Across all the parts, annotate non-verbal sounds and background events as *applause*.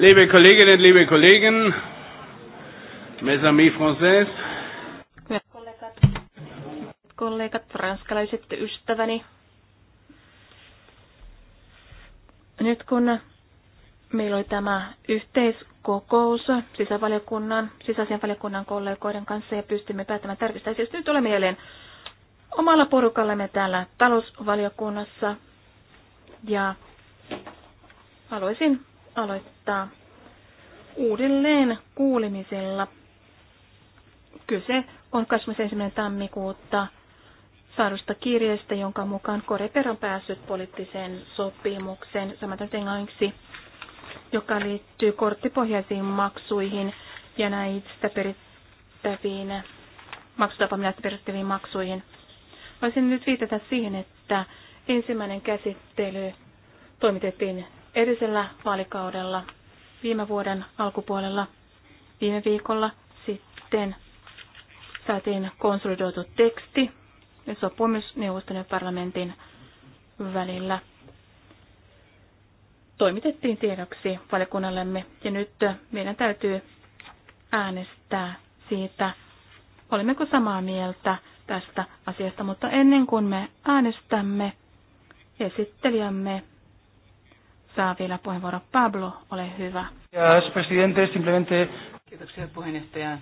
Liebe Kolleginnen, liebe Kollegen, mes amis français. Kollegat, kollegat, ranskalaiset ystäväni. Nyt kun meillä oli tämä yhteiskokous sisävaliokunnan, sisäasianvaliokunnan kollegoiden kanssa ja pystymme päättämään tärkeistä asioista, nyt olemme jälleen omalla porukallamme täällä talousvaliokunnassa ja haluaisin aloittaa uudelleen kuulemisella. Kyse on 21. tammikuutta saadusta kirjeestä, jonka mukaan Koreper on päässyt poliittiseen sopimukseen, samaten englanniksi, joka liittyy korttipohjaisiin maksuihin ja näistä perittäviin maksutapaminäistä perittäviin maksuihin. Voisin nyt viitata siihen, että ensimmäinen käsittely toimitettiin edellisellä vaalikaudella viime vuoden alkupuolella, viime viikolla sitten saatiin konsolidoitu teksti ja sopimus neuvoston ja parlamentin välillä. Toimitettiin tiedoksi valiokunnallemme ja nyt meidän täytyy äänestää siitä, olemmeko samaa mieltä tästä asiasta, mutta ennen kuin me äänestämme, esittelijämme saa vielä puheenvuoro. Pablo, ole hyvä. Yes, presidente, simplemente... Kiitoksia puheenjohtaja.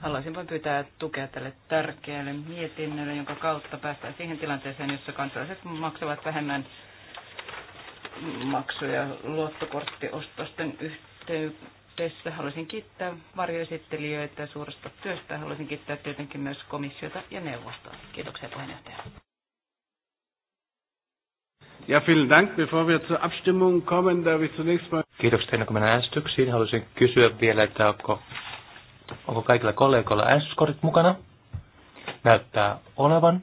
Haluaisin vain pyytää tukea tälle tärkeälle mietinnölle, jonka kautta päästään siihen tilanteeseen, jossa kansalaiset maksavat vähemmän maksuja luottokorttiostosten yhteydessä. Haluaisin kiittää varjoesittelijöitä suuresta työstä. Haluaisin kiittää tietenkin myös komissiota ja neuvostoa. Kiitoksia puheenjohtaja. Ja, vielen Dank. Bevor wir zur Abstimmung kommen, darf ich zunächst mal... Kiitokset ennen kuin mennään äänestyksiin. Haluaisin kysyä vielä, että onko, onko kaikilla kollegoilla äänestyskortit mukana? Näyttää olevan,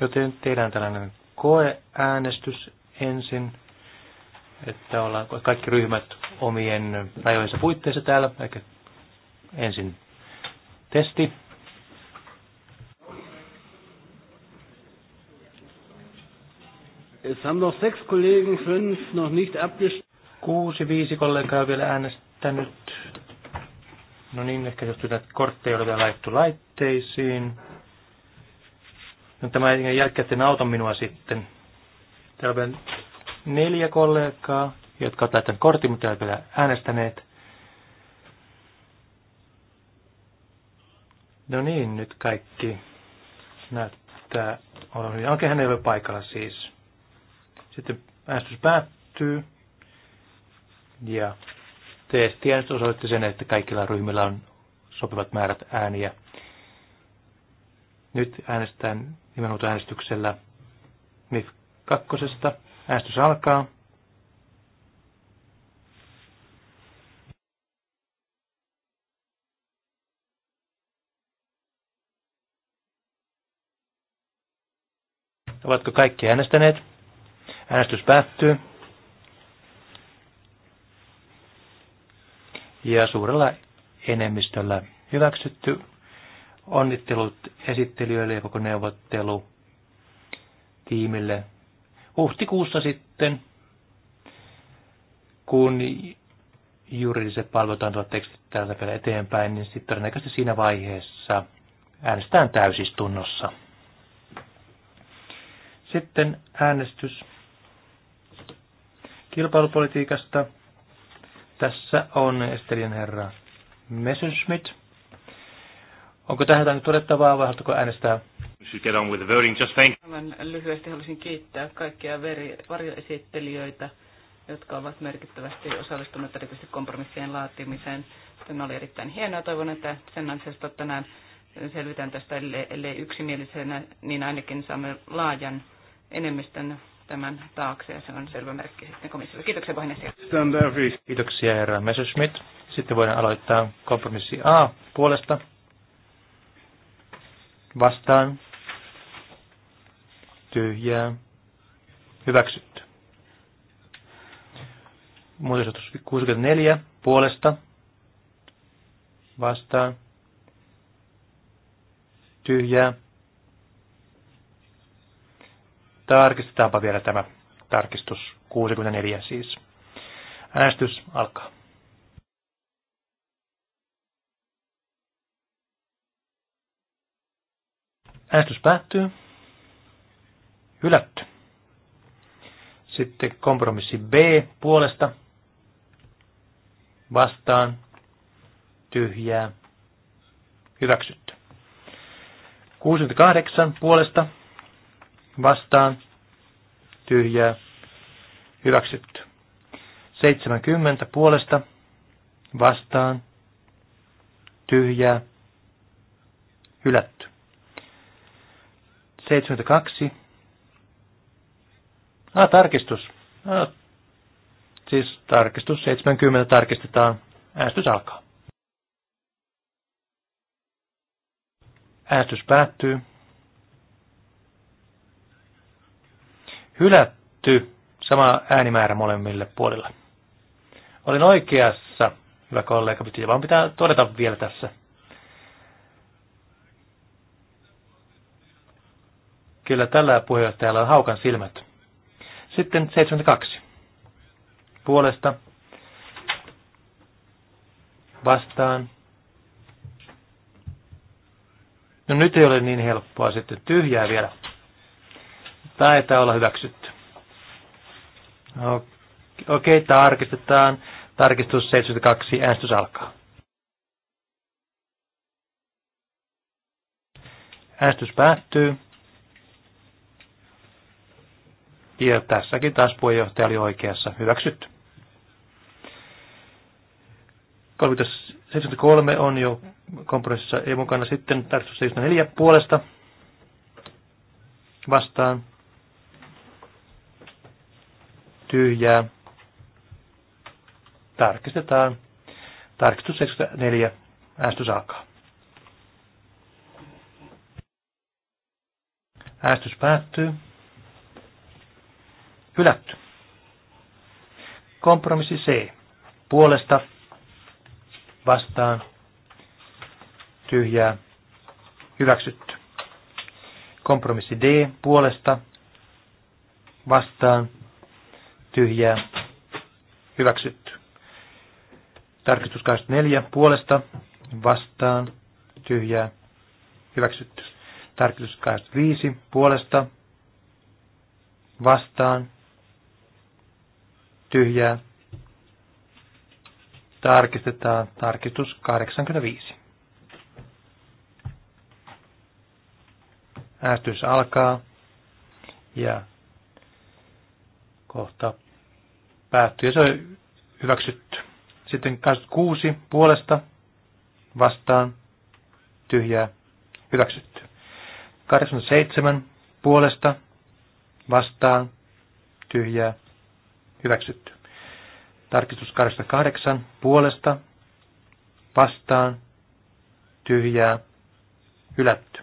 joten tehdään tällainen koeäänestys ensin, että ollaan kaikki ryhmät omien rajojensa puitteissa täällä, eli ensin testi. Es haben noch sechs Kollegen, fünf noch nicht abgestimmt. Kuusi, viisi kollegaa vielä äänestänyt. No niin, ehkä jos näitä kortteja oli vielä laittu laitteisiin. No tämä ei jälkeen auta minua sitten. Täällä on neljä kollegaa, jotka ovat laittaneet kortin, mutta eivät vielä äänestäneet. No niin, nyt kaikki näyttää olevan hyvin. Onkin hän ei ole paikalla siis. Sitten äänestys päättyy. Ja testiäänestys osoitti sen, että kaikilla ryhmillä on sopivat määrät ääniä. Nyt äänestetään äänestyksellä MIF 2. Äänestys alkaa. Ovatko kaikki äänestäneet? Äänestys päättyy. Ja suurella enemmistöllä hyväksytty. Onnittelut esittelijöille ja koko neuvottelu tiimille. Huhtikuussa sitten, kun juridiset palvelut antavat tekstit tältä vielä eteenpäin, niin sitten todennäköisesti siinä vaiheessa äänestetään täysistunnossa. Sitten äänestys kilpailupolitiikasta. Tässä on Estelien herra Messerschmidt. Onko tähän jotain todettavaa vai haluatko äänestää? Get on with the voting. Just thank lyhyesti haluaisin kiittää kaikkia veri, varjoesittelijöitä, jotka ovat merkittävästi osallistuneet erityisesti kompromissien laatimiseen. Tämä oli erittäin hienoa. Toivon, että sen ansiosta tänään selvitään tästä, ellei, ellei yksimielisenä, niin ainakin saamme laajan enemmistön tämän taakse ja se on selvä merkki sitten komissiolle. Kiitoksia puheenjohtaja. Kiitoksia herra Messerschmidt. Sitten voidaan aloittaa kompromissi A puolesta. Vastaan. Tyhjää. Hyväksytty. Muutosehdotus 64 puolesta. Vastaan. Tyhjää. Tarkistetaanpa vielä tämä tarkistus 64 siis. Äänestys alkaa. Äänestys päättyy. Hylätty. Sitten kompromissi B puolesta. Vastaan. Tyhjää. Hyväksytty. 68 puolesta vastaan, tyhjää, hyväksytty. 70 puolesta, vastaan, tyhjää, hylätty. 72. Ah, tarkistus. Ah, siis tarkistus 70 tarkistetaan. Äänestys alkaa. Äänestys päättyy. Hylätty. Sama äänimäärä molemmille puolille. Olin oikeassa, hyvä kollega, piti vaan pitää todeta vielä tässä. Kyllä tällä puheenjohtajalla on haukan silmät. Sitten 72. Puolesta vastaan. No nyt ei ole niin helppoa sitten tyhjää vielä. Taitaa olla hyväksytty. Okei, tarkistetaan. Tarkistus 72, äänestys alkaa. Äänestys päättyy. Ja tässäkin taas puheenjohtaja oli oikeassa. Hyväksytty. 73 on jo kompromississa ei mukana sitten tarkistus 74 puolesta vastaan tyhjää. Tarkistetaan. Tarkistus 74. Äänestys alkaa. Äänestys päättyy. Hylätty. Kompromissi C. Puolesta vastaan tyhjää hyväksytty. Kompromissi D puolesta vastaan tyhjää hyväksytty. Tarkistus 24 puolesta vastaan tyhjää hyväksytty. Tarkistus 25 puolesta vastaan tyhjää tarkistetaan tarkistus 85. Äästys alkaa ja kohta päättyy ja se on hyväksytty. Sitten 26 puolesta vastaan tyhjää hyväksytty. 87 puolesta vastaan tyhjää hyväksytty. Tarkistus 88 puolesta vastaan tyhjää hylätty.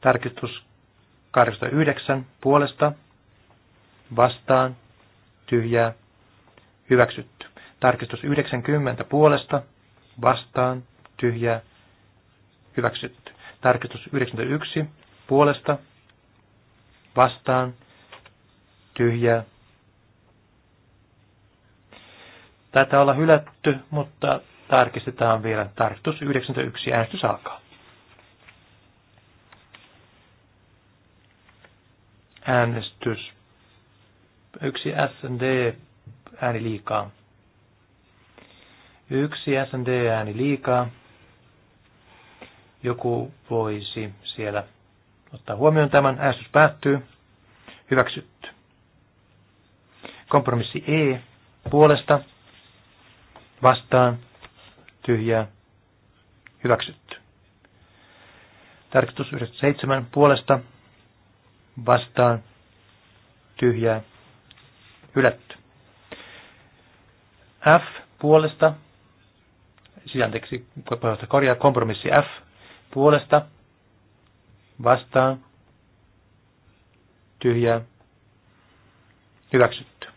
Tarkistus 89 puolesta vastaan tyhjää hyväksytty. Tarkistus 90 puolesta, vastaan, tyhjää, hyväksytty. Tarkistus 91 puolesta, vastaan, tyhjää. Tätä olla hylätty, mutta tarkistetaan vielä. Tarkistus 91 äänestys alkaa. Äänestys. Yksi S&D ääni liikaa. Yksi SND-ääni liikaa. Joku voisi siellä ottaa huomioon tämän. Äänestys päättyy. Hyväksytty. Kompromissi E puolesta vastaan tyhjää hyväksytty. Tarkistus 97 puolesta vastaan tyhjää hylätty. F puolesta, siis anteeksi, korjaa kompromissi F puolesta, vastaan, tyhjää, hyväksytty.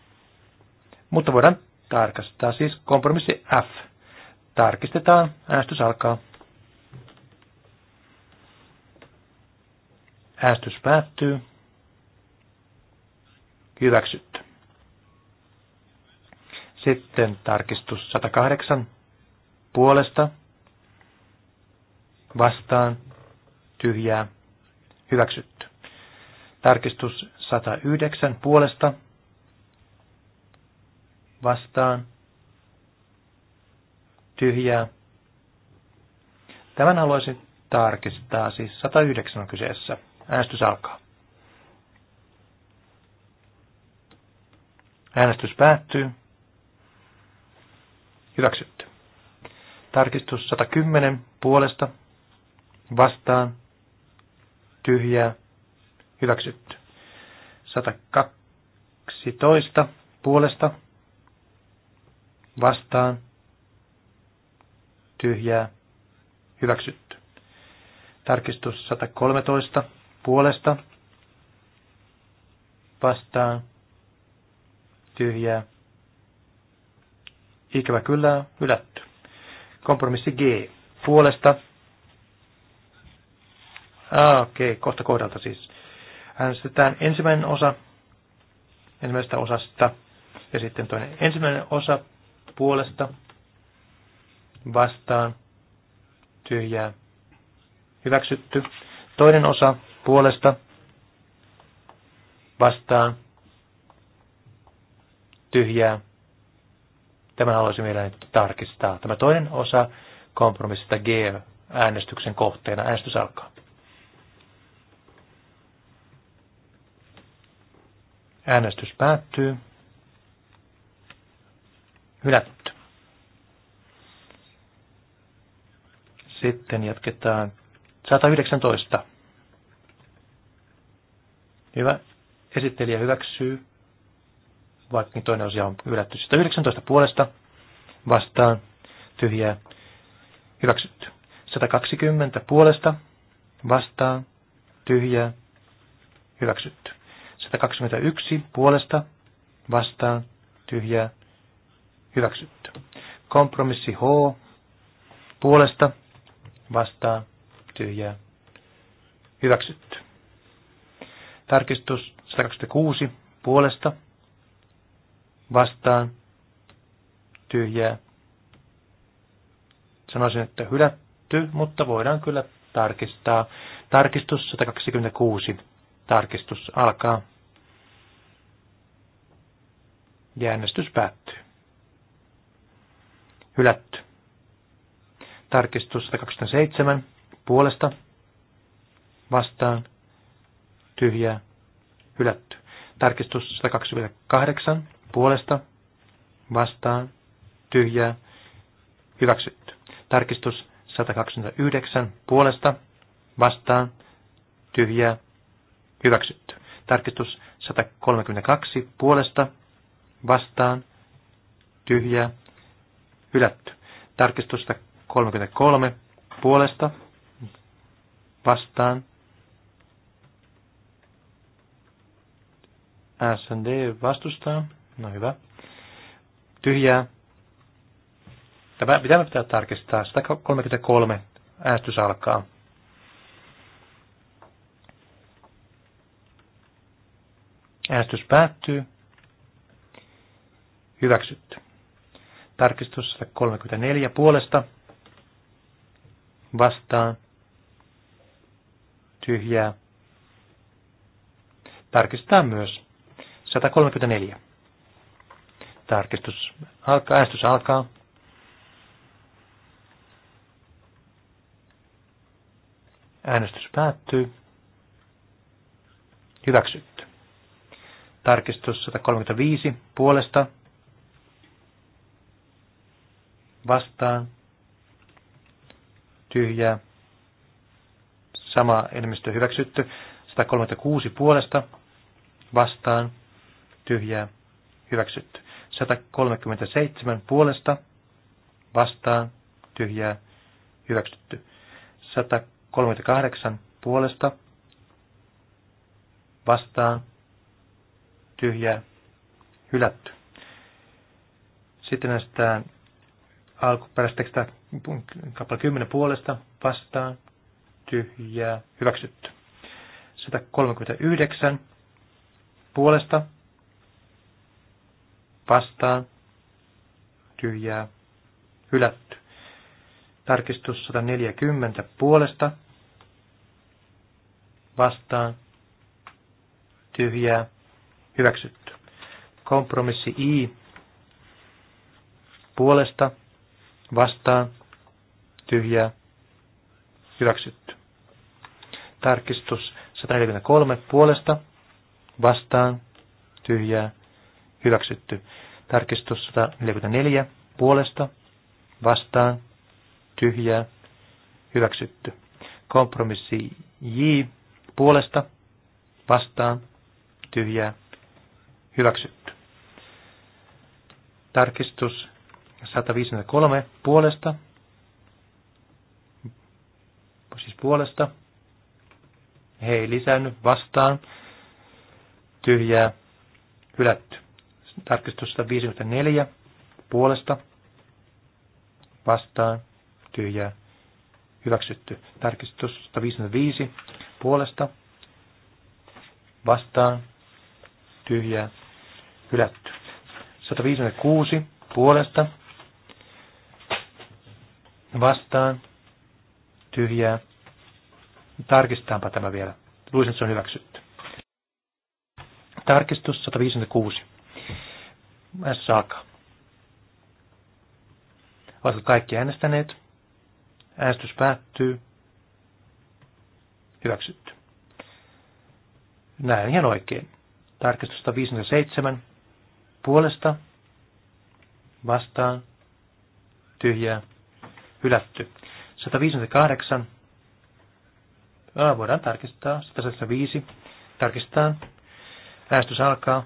Mutta voidaan tarkastaa, siis kompromissi F. Tarkistetaan, äänestys alkaa. Äänestys päättyy. Hyväksytty. Sitten tarkistus 108 puolesta vastaan tyhjää hyväksytty. Tarkistus 109 puolesta vastaan tyhjää. Tämän haluaisin tarkistaa, siis 109 on kyseessä. Äänestys alkaa. Äänestys päättyy. Hyväksytty. Tarkistus 110 puolesta vastaan tyhjää hyväksytty. 112 puolesta vastaan tyhjää hyväksytty. Tarkistus 113 puolesta vastaan tyhjää ikävä kyllä hylätty. Kompromissi G puolesta. Ah, okei, okay. kohta kohdalta siis. Äänestetään ensimmäinen osa ensimmäisestä osasta ja sitten toinen ensimmäinen osa puolesta vastaan tyhjää hyväksytty. Toinen osa puolesta vastaan tyhjää Tämän haluaisin vielä nyt tarkistaa. Tämä toinen osa kompromissista G äänestyksen kohteena. Äänestys alkaa. Äänestys päättyy. Hylätty. Sitten jatketaan 119. Hyvä. Esittelijä hyväksyy vaikkakin niin toinen osia on hylätty. 119 puolesta vastaan tyhjää hyväksytty. 120 puolesta vastaan tyhjää hyväksytty. 121 puolesta vastaan tyhjää hyväksytty. Kompromissi H puolesta vastaan tyhjää hyväksytty. Tarkistus 126 puolesta vastaan tyhjää. Sanoisin, että hylätty, mutta voidaan kyllä tarkistaa. Tarkistus 126. Tarkistus alkaa. Ja äänestys päättyy. Hylätty. Tarkistus 127. Puolesta. Vastaan. Tyhjää. Hylätty. Tarkistus 128 puolesta, vastaan, tyhjää, hyväksytty. Tarkistus 129 puolesta, vastaan, tyhjää, hyväksytty. Tarkistus 132 puolesta, vastaan, tyhjää, hylätty. Tarkistus 133 puolesta, vastaan, S&D vastustaa. No hyvä. Tyhjää. Tämä pitää pitää tarkistaa. 133 äänestys alkaa. Äänestys päättyy. Hyväksytty. Tarkistus 134 puolesta. Vastaan. Tyhjää. Tarkistetaan myös 134. Tarkistus alkaa, äänestys alkaa. Äänestys päättyy. Hyväksytty. Tarkistus 135 puolesta. Vastaan. Tyhjää. Sama enemmistö hyväksytty. 136 puolesta. Vastaan. Tyhjää. Hyväksytty. 137 puolesta vastaan tyhjää hyväksytty. 138 puolesta vastaan tyhjää hylätty. Sitten näistä alkuperäistekstä kappale 10 puolesta vastaan tyhjää hyväksytty. 139 puolesta vastaan, tyhjää, hylätty. Tarkistus 140 puolesta, vastaan, tyhjää, hyväksytty. Kompromissi I puolesta, vastaan, tyhjää, hyväksytty. Tarkistus 143 puolesta, vastaan, tyhjää, hyväksytty. Tarkistus 144 puolesta vastaan tyhjää hyväksytty. Kompromissi J puolesta vastaan tyhjää hyväksytty. Tarkistus 153 puolesta, siis puolesta, he ei lisännyt vastaan, tyhjää, hylätty. Tarkistus 154 puolesta vastaan tyhjää hyväksytty. Tarkistus 155 puolesta vastaan tyhjää hylätty. 156 puolesta vastaan tyhjää. Tarkistaanpa tämä vielä. Luisin, että se on hyväksytty. Tarkistus 156. Saka. Ovatko kaikki äänestäneet? Äänestys päättyy. Hyväksytty. Näin ihan oikein. Tarkistus 157. Puolesta. Vastaan. Tyhjää. Hylätty. 158. voidaan tarkistaa. 175. Tarkistetaan. Äänestys alkaa.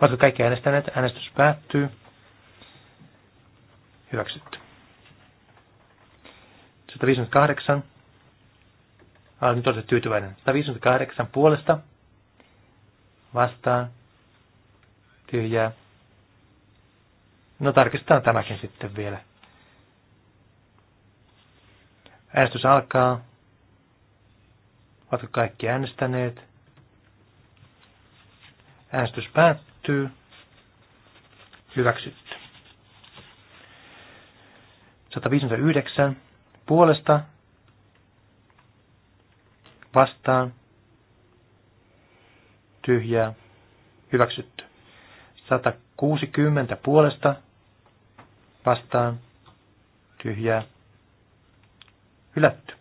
Vaikka kaikki äänestäneet? Äänestys päättyy. Hyväksytty. 158. Olen todella tyytyväinen. 158 puolesta. Vastaan. Tyhjää. No tarkistetaan tämäkin sitten vielä. Äänestys alkaa. Ovatko kaikki äänestäneet? Äänestys päättyy päättyy, hyväksytty. 159 puolesta vastaan tyhjää hyväksytty. 160 puolesta vastaan tyhjää hylätty.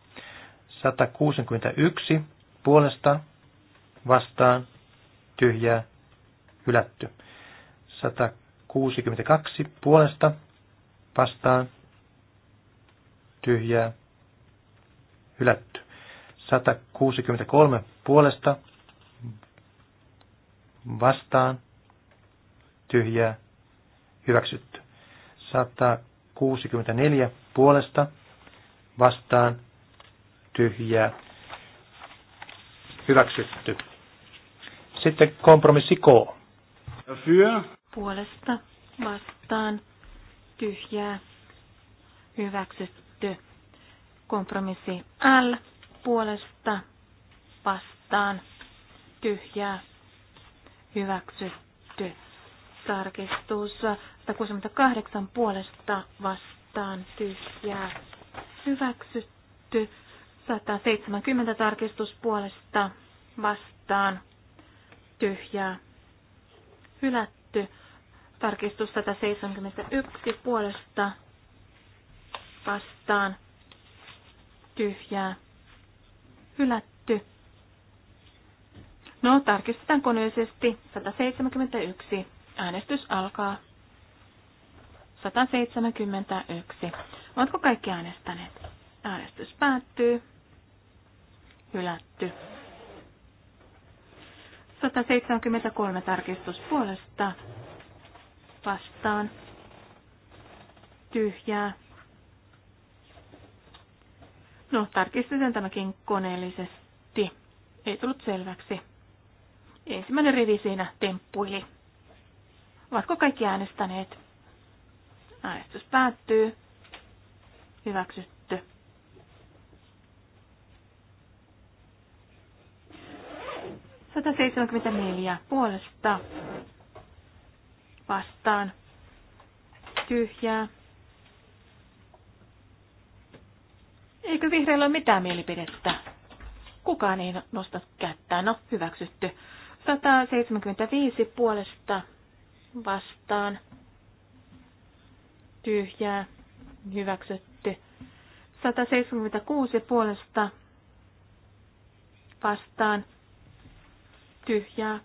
161 puolesta vastaan tyhjää hylätty. 162 puolesta vastaan tyhjää hylätty. 163 puolesta vastaan tyhjää hyväksytty. 164 puolesta vastaan tyhjää hyväksytty. Sitten kompromissi K Dafür. Puolesta vastaan tyhjää hyväksytty. Kompromissi L puolesta vastaan tyhjää hyväksytty. Tarkistus 168 puolesta vastaan tyhjää hyväksytty. 170 tarkistus puolesta vastaan tyhjää hylätty. Tarkistus 171 puolesta vastaan tyhjää hylätty. No, tarkistetaan koneellisesti 171. Äänestys alkaa. 171. Oletko kaikki äänestäneet? Äänestys päättyy. Hylätty. 173 tarkistus puolesta vastaan. Tyhjää. No, tarkistetaan tämäkin koneellisesti. Ei tullut selväksi. Ensimmäinen rivi siinä temppuili. Ovatko kaikki äänestäneet? Äänestys päättyy. Hyväksytty. 174 puolesta vastaan tyhjää. Eikö vihreillä ole mitään mielipidettä? Kukaan ei nosta kättään. No, hyväksytty. 175 puolesta vastaan. Tyhjää. Hyväksytty. 176 puolesta vastaan tyhjää.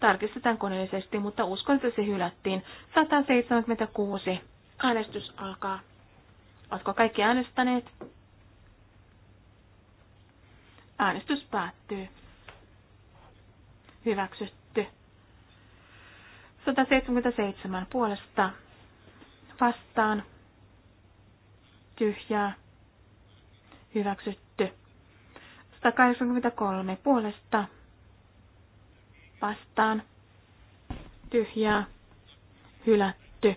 Tarkistetaan koneellisesti, mutta uskon, että se hylättiin. 176. Äänestys alkaa. Oletko kaikki äänestäneet? Äänestys päättyy. Hyväksytty. 177 puolesta vastaan. Tyhjää. Hyväksytty. 183 puolesta vastaan tyhjää hylätty.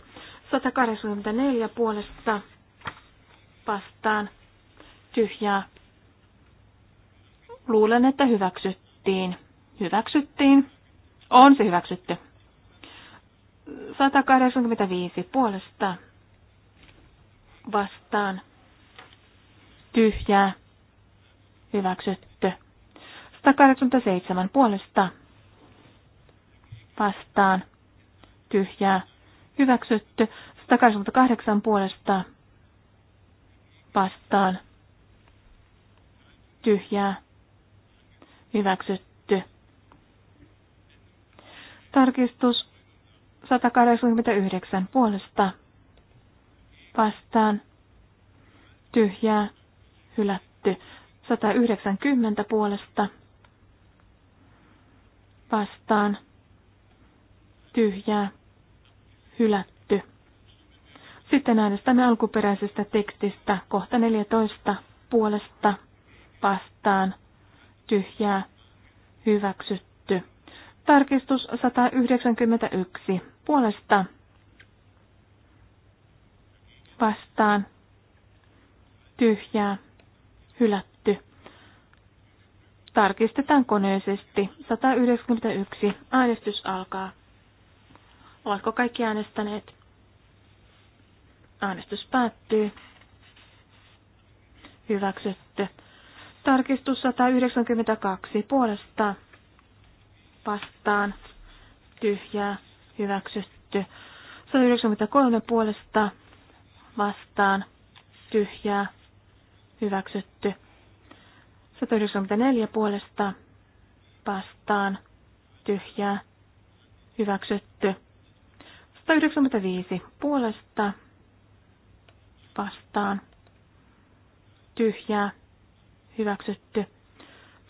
184 puolesta vastaan tyhjää. Luulen, että hyväksyttiin. Hyväksyttiin. On se hyväksytty. 185 puolesta vastaan tyhjää hyväksytty. 187 puolesta vastaan tyhjää hyväksytty. 188 puolesta vastaan tyhjää hyväksytty. Tarkistus 189 puolesta vastaan tyhjää hylätty. 190 puolesta vastaan tyhjää, hylätty. Sitten äänestämme alkuperäisestä tekstistä kohta 14 puolesta vastaan, tyhjää, hyväksytty. Tarkistus 191 puolesta vastaan, tyhjää, hylätty. Tarkistetaan koneisesti. 191. Äänestys alkaa. Ovatko kaikki äänestäneet? Äänestys päättyy. Hyväksytty. Tarkistus 192 puolesta vastaan tyhjää hyväksytty. 193 puolesta vastaan tyhjää hyväksytty. 194 puolesta vastaan tyhjää hyväksytty. 195 puolesta vastaan tyhjää hyväksytty.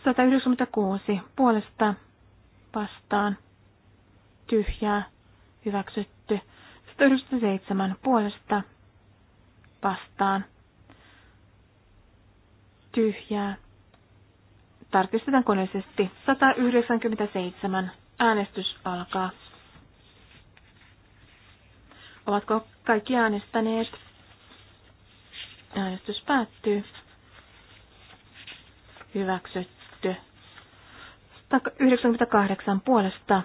196 puolesta vastaan tyhjää hyväksytty. 197 puolesta vastaan tyhjää. Tarkistetaan koneisesti. 197 äänestys alkaa. Ovatko kaikki äänestäneet? Äänestys päättyy. Hyväksytty. 98 puolesta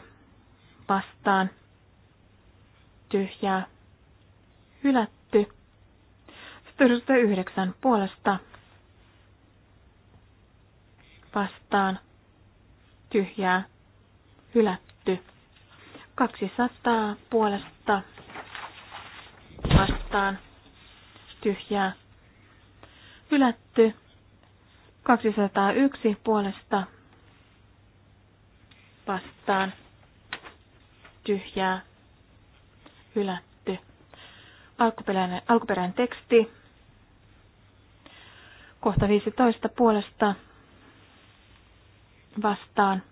vastaan. Tyhjää. Hylätty. 99 puolesta vastaan. Tyhjää. Hylätty. 200 puolesta vastaan tyhjää hylätty. 201 puolesta vastaan tyhjää hylätty. Alkuperäinen, alkuperäinen teksti. Kohta 15 puolesta vastaan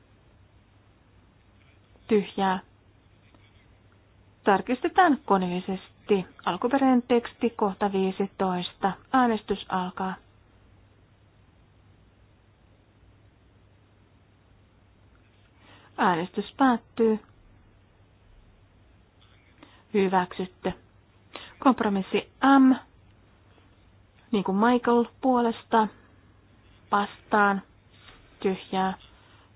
tyhjää. Tarkistetaan koneellisesti teksti, alkuperäinen teksti, kohta 15. Äänestys alkaa. Äänestys päättyy. Hyväksytty. Kompromissi M, niin kuin Michael puolesta, vastaan, tyhjää,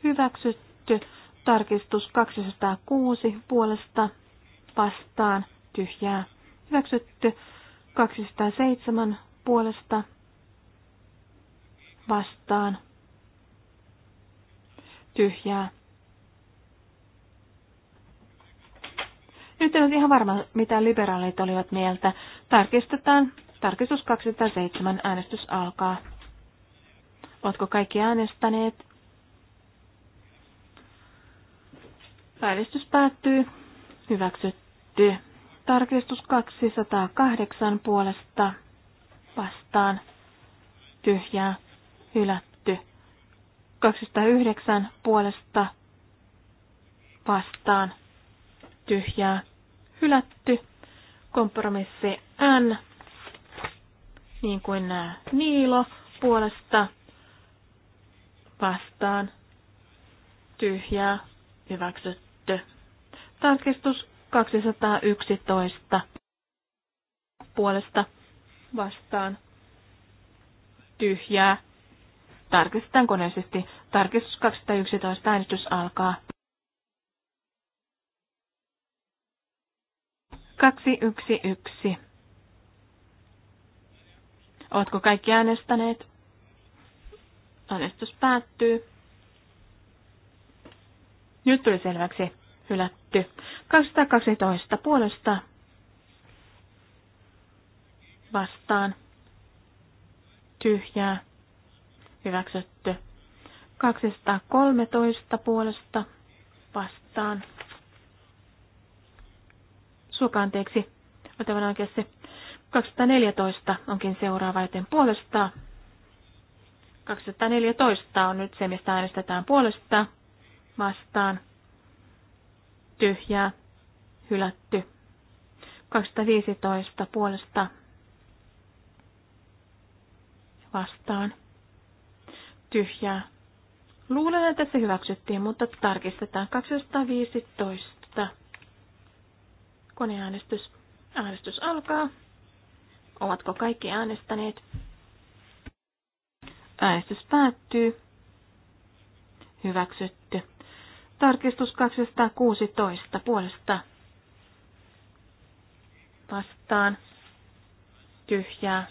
hyväksytty. Tarkistus 206 puolesta, vastaan, tyhjää, Hyväksytty 207 puolesta vastaan. Tyhjää. Nyt en ole ihan varma, mitä liberaalit olivat mieltä. Tarkistetaan. Tarkistus 207. Äänestys alkaa. Oletko kaikki äänestäneet? Äänestys päättyy. Hyväksytty. Tarkistus 208 puolesta vastaan tyhjää hylätty. 209 puolesta vastaan tyhjää hylätty. Kompromissi N, niin kuin nämä äh, Niilo puolesta vastaan tyhjää hyväksytty. Tarkistus 211 puolesta vastaan tyhjää. Tarkistetaan koneisesti. Tarkistus 211. Äänestys alkaa. 211. Oletko kaikki äänestäneet? Äänestys päättyy. Nyt tuli selväksi. Hylätty hylätty. 212 puolesta vastaan tyhjää hyväksytty. 213 puolesta vastaan. Suokaa anteeksi, otan oikeassa. 214 onkin seuraava, joten puolesta. 214 on nyt se, mistä äänestetään puolesta vastaan tyhjää, hylätty. 215 puolesta vastaan, tyhjää. Luulen, että se hyväksyttiin, mutta tarkistetaan. 215. Koneäänestys. Äänestys alkaa. Ovatko kaikki äänestäneet? Äänestys päättyy. Hyväksytty. Tarkistus 216 puolesta vastaan tyhjää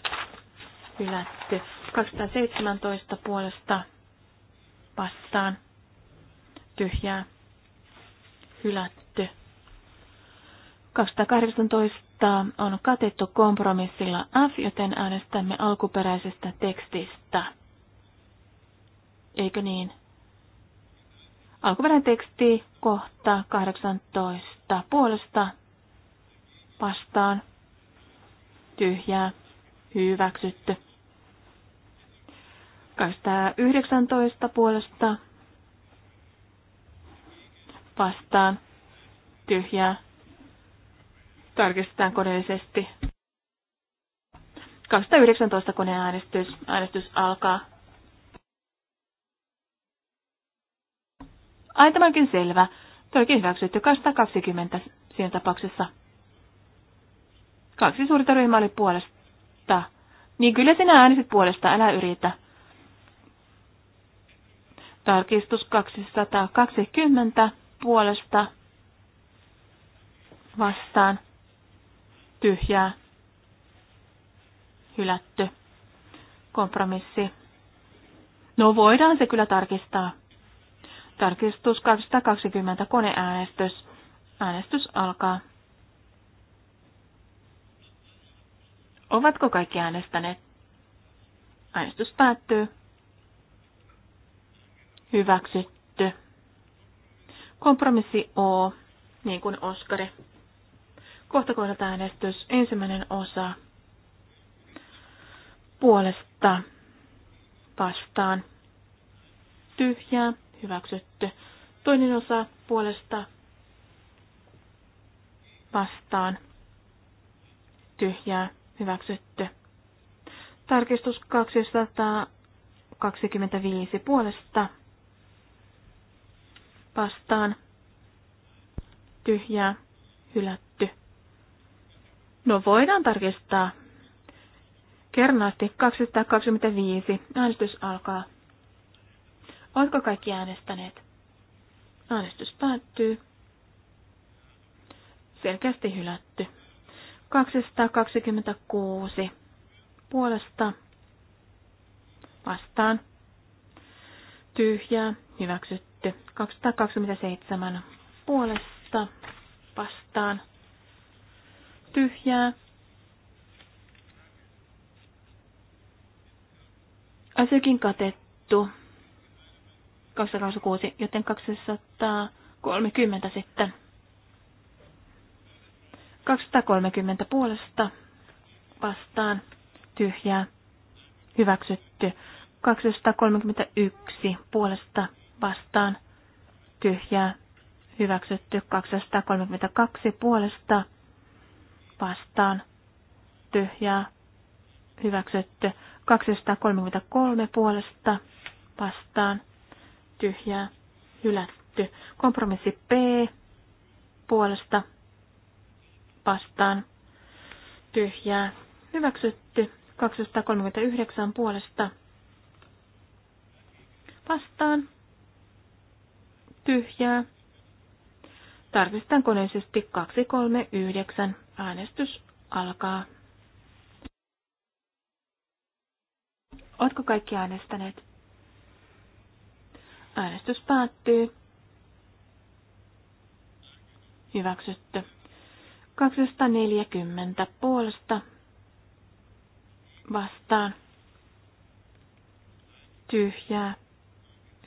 hylätty. 217 puolesta vastaan tyhjää hylätty. 218 on katettu kompromissilla F, joten äänestämme alkuperäisestä tekstistä. Eikö niin? Alkuperäinen teksti kohta 18 puolesta vastaan tyhjää hyväksytty. 19 puolesta vastaan tyhjää tarkistetaan koneellisesti. 219 koneäänestys. Äänestys alkaa. Ai tämäkin selvä. Toikin hyväksytty 220 siinä tapauksessa. Kaksi suurta ryhmää oli puolesta. Niin kyllä sinä äänisit puolesta, älä yritä. Tarkistus 220 puolesta vastaan tyhjää hylätty kompromissi. No voidaan se kyllä tarkistaa. Tarkistus 220 koneäänestys. Äänestys alkaa. Ovatko kaikki äänestäneet? Äänestys päättyy. Hyväksytty. Kompromissi O, niin kuin Oskari. Kohta äänestys, ensimmäinen osa. Puolesta vastaan. Tyhjää hyväksytty. Toinen osa puolesta vastaan tyhjää hyväksytty. Tarkistus 225 puolesta vastaan tyhjää hylätty. No voidaan tarkistaa. Kernaasti 225. Äänestys alkaa. Oletko kaikki äänestäneet? Äänestys päättyy. Selkeästi hylätty. 226 puolesta vastaan. Tyhjää hyväksytty. 227 puolesta vastaan. Tyhjää asiakin katettu. 226, joten 230 sitten. 230 puolesta vastaan tyhjää hyväksytty. 231 puolesta vastaan tyhjää hyväksytty. 232 puolesta vastaan tyhjää hyväksytty. 233 puolesta vastaan tyhjää tyhjää, hylätty. Kompromissi P puolesta vastaan tyhjää, hyväksytty. 239 puolesta vastaan tyhjää. Tarkistan koneisesti 239. Äänestys alkaa. Oletko kaikki äänestäneet? Äänestys päättyy. Hyväksytty. 240 puolesta vastaan. Tyhjää.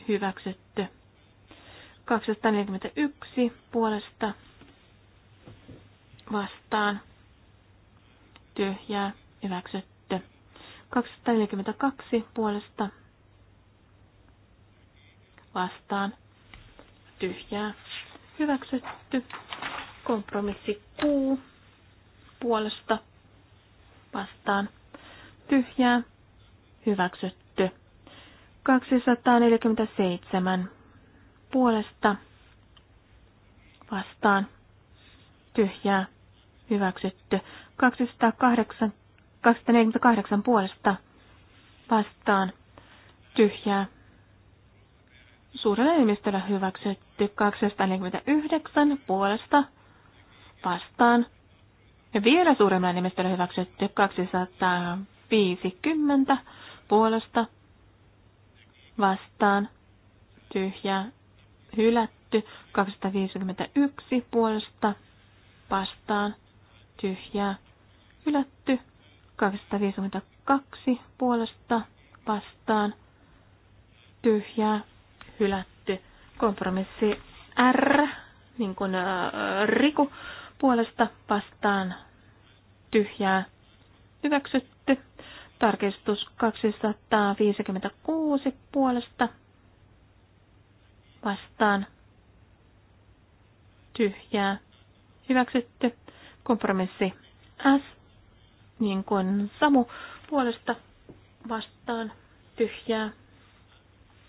Hyväksytty. 241 puolesta vastaan. Tyhjää. Hyväksytty. 242 puolesta vastaan vastaan tyhjää hyväksytty. Kompromissi Q puolesta vastaan tyhjää hyväksytty. 247 puolesta vastaan tyhjää hyväksytty. 208, 248 puolesta vastaan tyhjää suurella enemmistöllä hyväksytty 249 puolesta vastaan. Ja vielä suuremmalla enemmistöllä hyväksytty 250 puolesta vastaan. Tyhjä hylätty 251 puolesta vastaan. Tyhjä hylätty 252 puolesta vastaan. Tyhjää hylätty. Kompromissi R, niin kuin äh, Riku, puolesta vastaan tyhjää hyväksytty. Tarkistus 256 puolesta vastaan tyhjää hyväksytty. Kompromissi S, niin kuin Samu puolesta vastaan tyhjää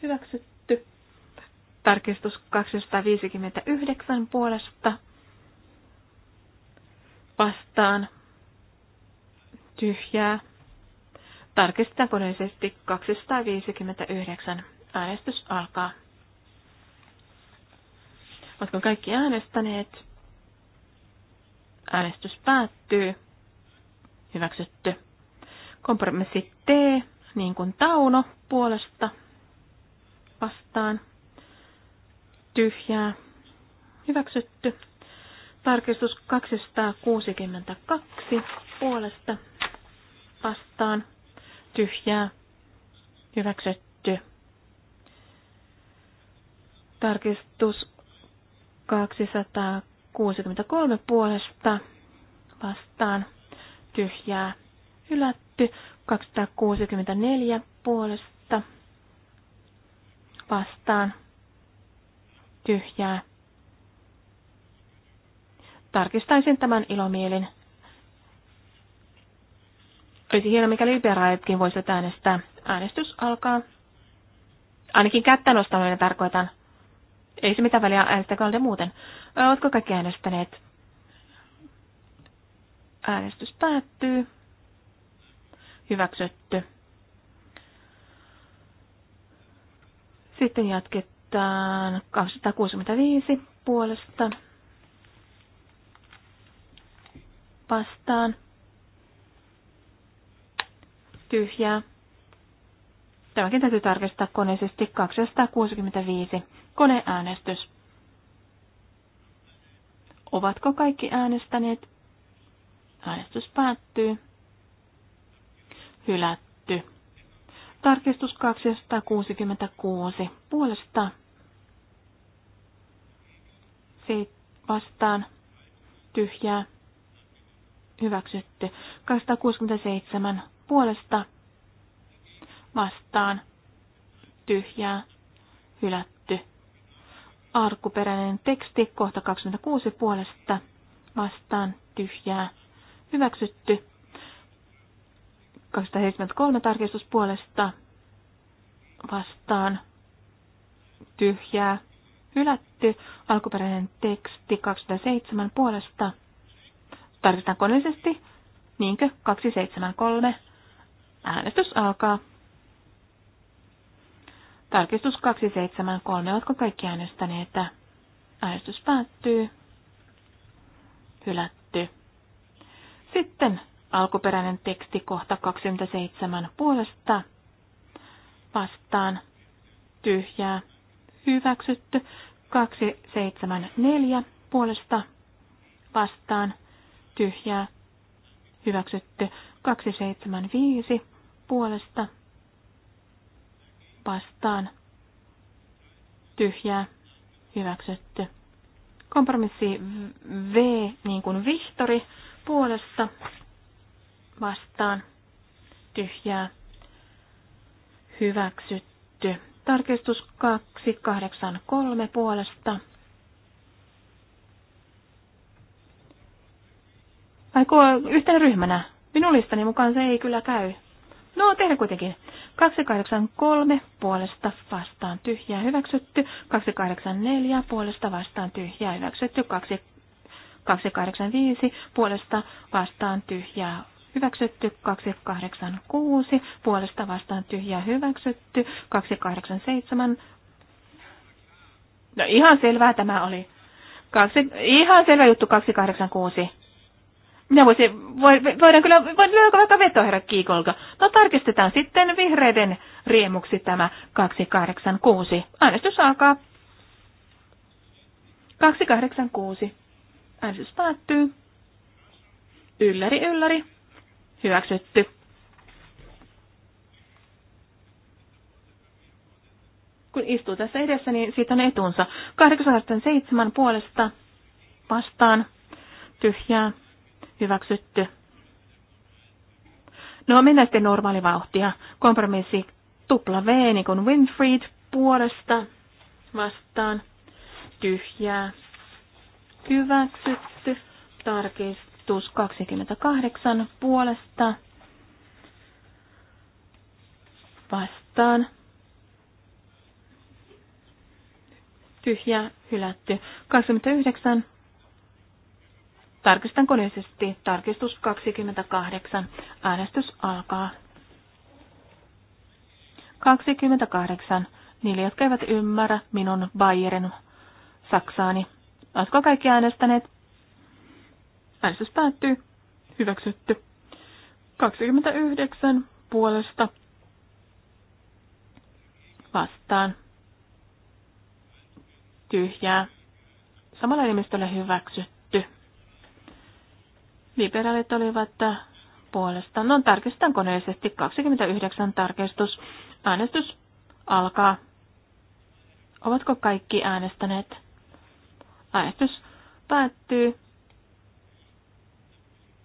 hyväksytty Tarkistus 259 puolesta vastaan tyhjää. Tarkistetaan koneisesti 259. Äänestys alkaa. Oletko kaikki äänestäneet? Äänestys päättyy. Hyväksytty. Kompromissi T, niin kuin Tauno puolesta vastaan tyhjää, hyväksytty. Tarkistus 262 puolesta vastaan, tyhjää, hyväksytty. Tarkistus 263 puolesta vastaan, tyhjää, hylätty. 264 puolesta vastaan, tyhjää. Tarkistaisin tämän ilomielin. Olisi hienoa, mikäli liberaalitkin voisivat äänestää. Äänestys alkaa. Ainakin kättä nostaminen tarkoitan. Ei se mitään väliä äänestäkö muuten. Oletko kaikki äänestäneet? Äänestys päättyy. Hyväksytty. Sitten jatketaan kohtaan 265 puolesta vastaan tyhjää. Tämäkin täytyy tarkistaa koneisesti 265 koneäänestys. Ovatko kaikki äänestäneet? Äänestys päättyy. Hylätty. Tarkistus 266 puolesta Seit vastaan tyhjää hyväksytty. 267 puolesta vastaan tyhjää hylätty. Arkuperäinen teksti kohta 26 puolesta vastaan tyhjää hyväksytty. 273 tarkistuspuolesta vastaan tyhjää hylätty. Alkuperäinen teksti 207 puolesta. Tarkistetaan koneellisesti. Niinkö? 273. Äänestys alkaa. Tarkistus 273. Oletko kaikki äänestäneet? Äänestys päättyy. Hylätty. Sitten alkuperäinen teksti kohta 27 puolesta vastaan tyhjää hyväksytty 274 puolesta vastaan tyhjää hyväksytty 275 puolesta vastaan tyhjää hyväksytty kompromissi V niin kuin Vihtori puolesta vastaan tyhjää hyväksytty. Tarkistus 283 puolesta. Aiko yhtenä ryhmänä? Minun listani mukaan se ei kyllä käy. No, tehdä kuitenkin. 283 puolesta vastaan tyhjää hyväksytty, 284 puolesta vastaan tyhjää hyväksytty, 285 puolesta vastaan tyhjää hyväksytty, 286 puolesta vastaan tyhjää hyväksytty, 287. No ihan selvää tämä oli. Kaksi, ihan selvä juttu 286. Minä voisin, voi, voidaan kyllä, voin lyödä vaikka veto herra Kiikolka. No tarkistetaan sitten vihreiden riemuksi tämä 286. Äänestys alkaa. 286. Äänestys päättyy. Ylläri, ylläri. Hyväksytty. Kun istuu tässä edessä, niin siitä on etunsa. 807 puolesta vastaan. Tyhjää. Hyväksytty. No mennään sitten normaalivauhtia. Kompromissi tupla V, niin kuin Winfried puolesta vastaan. Tyhjää. Hyväksytty. Tarkistus. Kristus 28 puolesta vastaan. Tyhjä hylätty. 29. Tarkistan koneisesti Tarkistus 28. Äänestys alkaa. 28. Niille, jotka eivät ymmärrä minun Bayerin Saksaani. Oletko kaikki äänestäneet? Äänestys päättyy. Hyväksytty. 29 puolesta vastaan. Tyhjää. Samalla enemmistöllä hyväksytty. Liberaalit olivat puolesta. No tarkistan koneisesti 29 tarkistus. Äänestys alkaa. Ovatko kaikki äänestäneet? Äänestys päättyy.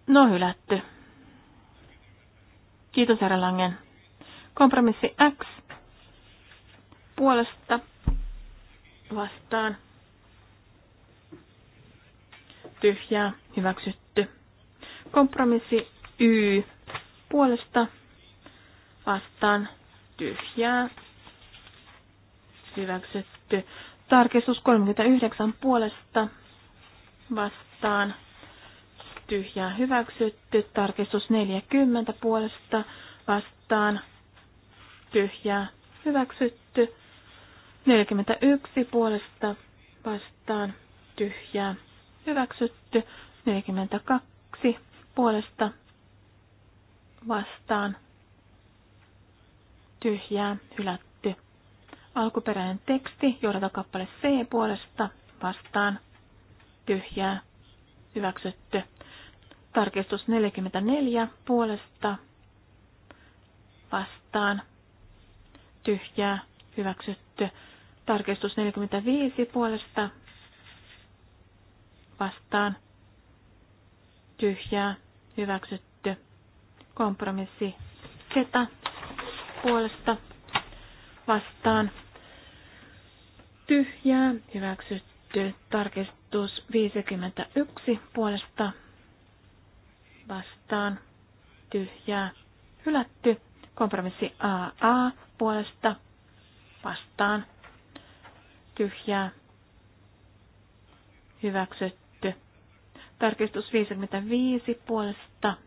No hylätty. Kiitos herra Langen. Kompromissi X puolesta vastaan. Tyhjää hyväksytty. Kompromissi Y puolesta vastaan tyhjää hyväksytty. Tarkistus 39 puolesta vastaan tyhjää hyväksytty. Tarkistus 40 puolesta vastaan tyhjää hyväksytty. 41 puolesta vastaan tyhjää hyväksytty. 42 puolesta vastaan tyhjää hylätty. Alkuperäinen teksti kappale C puolesta vastaan tyhjää hyväksytty. Tarkistus 44 puolesta vastaan. Tyhjää hyväksytty. Tarkistus 45 puolesta vastaan. Tyhjää hyväksytty. Kompromissi Z puolesta vastaan. Tyhjää hyväksytty. Tarkistus 51 puolesta vastaan tyhjää hylätty. Kompromissi AA puolesta vastaan tyhjää hyväksytty. Tarkistus 55 puolesta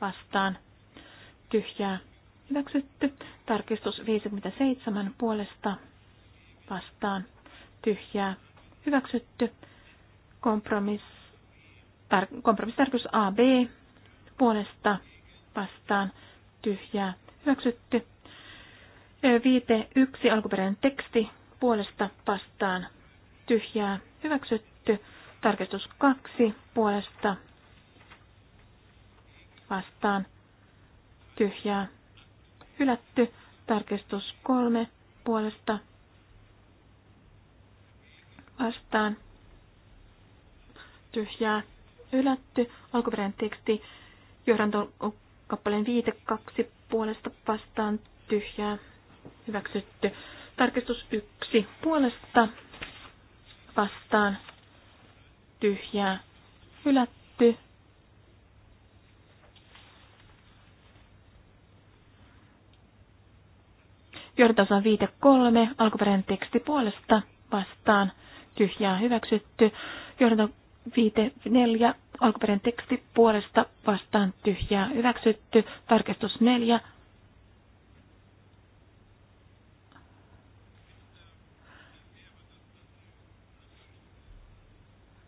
vastaan tyhjää hyväksytty. Tarkistus 57 puolesta vastaan tyhjää hyväksytty. Kompromissi tar- kompromissitarkoitus AB puolesta vastaan tyhjää hyväksytty. Viite yksi alkuperäinen teksti puolesta vastaan tyhjää hyväksytty. Tarkistus kaksi puolesta vastaan tyhjää hylätty. Tarkistus kolme puolesta vastaan tyhjää ylätty Alkuperäinen teksti johdanto kappaleen viite kaksi puolesta vastaan tyhjää hyväksytty. Tarkistus yksi puolesta vastaan tyhjää hylätty. Johdantason viite kolme, alkuperäinen teksti puolesta vastaan, tyhjää hyväksytty. Johdanto viite, neljä, alkuperäinen teksti puolesta vastaan tyhjää hyväksytty, tarkistus neljä.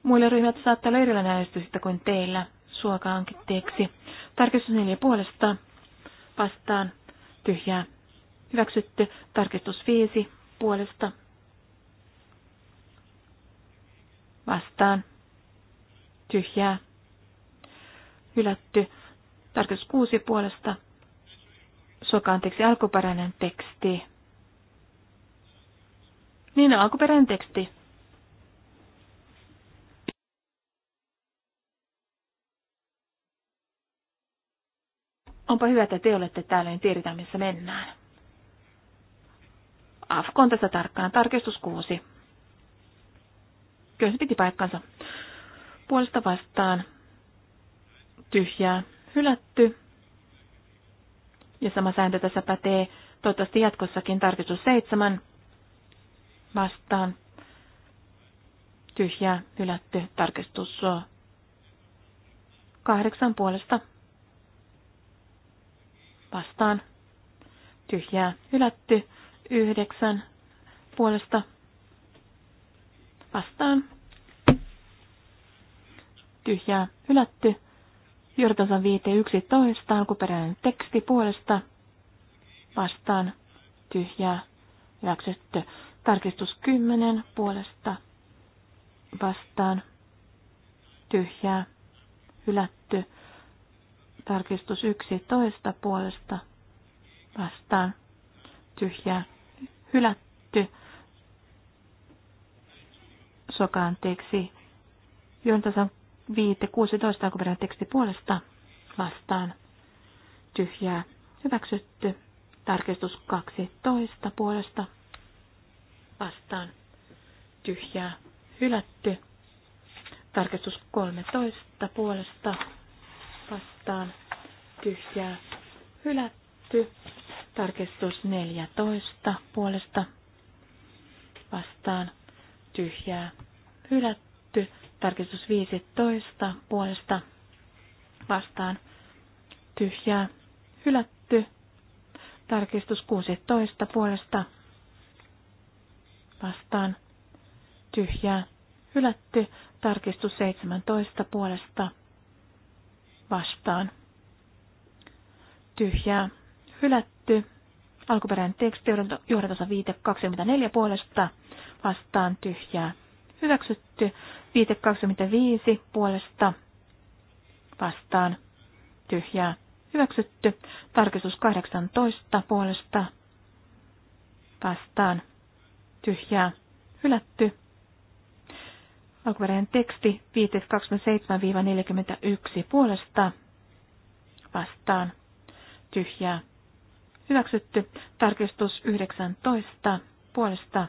Muille ryhmät saattaa olla erilainen äänestysistä kuin teillä, suokaa teeksi. Tarkistus neljä puolesta vastaan tyhjää hyväksytty, tarkistus viisi puolesta vastaan tyhjää, hylätty. Tarkoitus kuusi puolesta, soka anteeksi, alkuperäinen teksti. Niin, no, alkuperäinen teksti. Onpa hyvä, että te olette täällä, niin tiedetään, missä mennään. Afkon tässä tarkkaan. Tarkistus kuusi. Kyllä se piti paikkansa puolesta vastaan tyhjää hylätty. Ja sama sääntö tässä pätee toivottavasti jatkossakin tarkistus seitsemän vastaan tyhjää hylätty tarkistus kahdeksan puolesta vastaan tyhjää hylätty yhdeksän puolesta vastaan tyhjää hylätty. yksi toista alkuperäinen teksti puolesta vastaan tyhjää hyväksytty. Tarkistus 10 puolesta vastaan tyhjää hylätty. Tarkistus 11 puolesta vastaan tyhjää hylätty. Sokaanteeksi. Jontasan 5.16 alkuperäinen teksti puolesta vastaan tyhjää hyväksytty. Tarkistus 12 puolesta vastaan tyhjää hylätty. Tarkistus 13 puolesta vastaan tyhjää hylätty. Tarkistus 14 puolesta vastaan tyhjää hylätty. Tarkistus 15 puolesta vastaan tyhjää hylätty. Tarkistus 16 puolesta vastaan tyhjää hylätty. Tarkistus 17 puolesta vastaan tyhjää hylätty. Alkuperäinen teksti johdatossa viite puolesta vastaan tyhjää hyväksytty. Viite 25 puolesta vastaan tyhjää hyväksytty. Tarkistus 18 puolesta vastaan tyhjää hylätty. Alkuperäinen teksti viiteet 27-41 puolesta vastaan tyhjää hyväksytty. Tarkistus 19 puolesta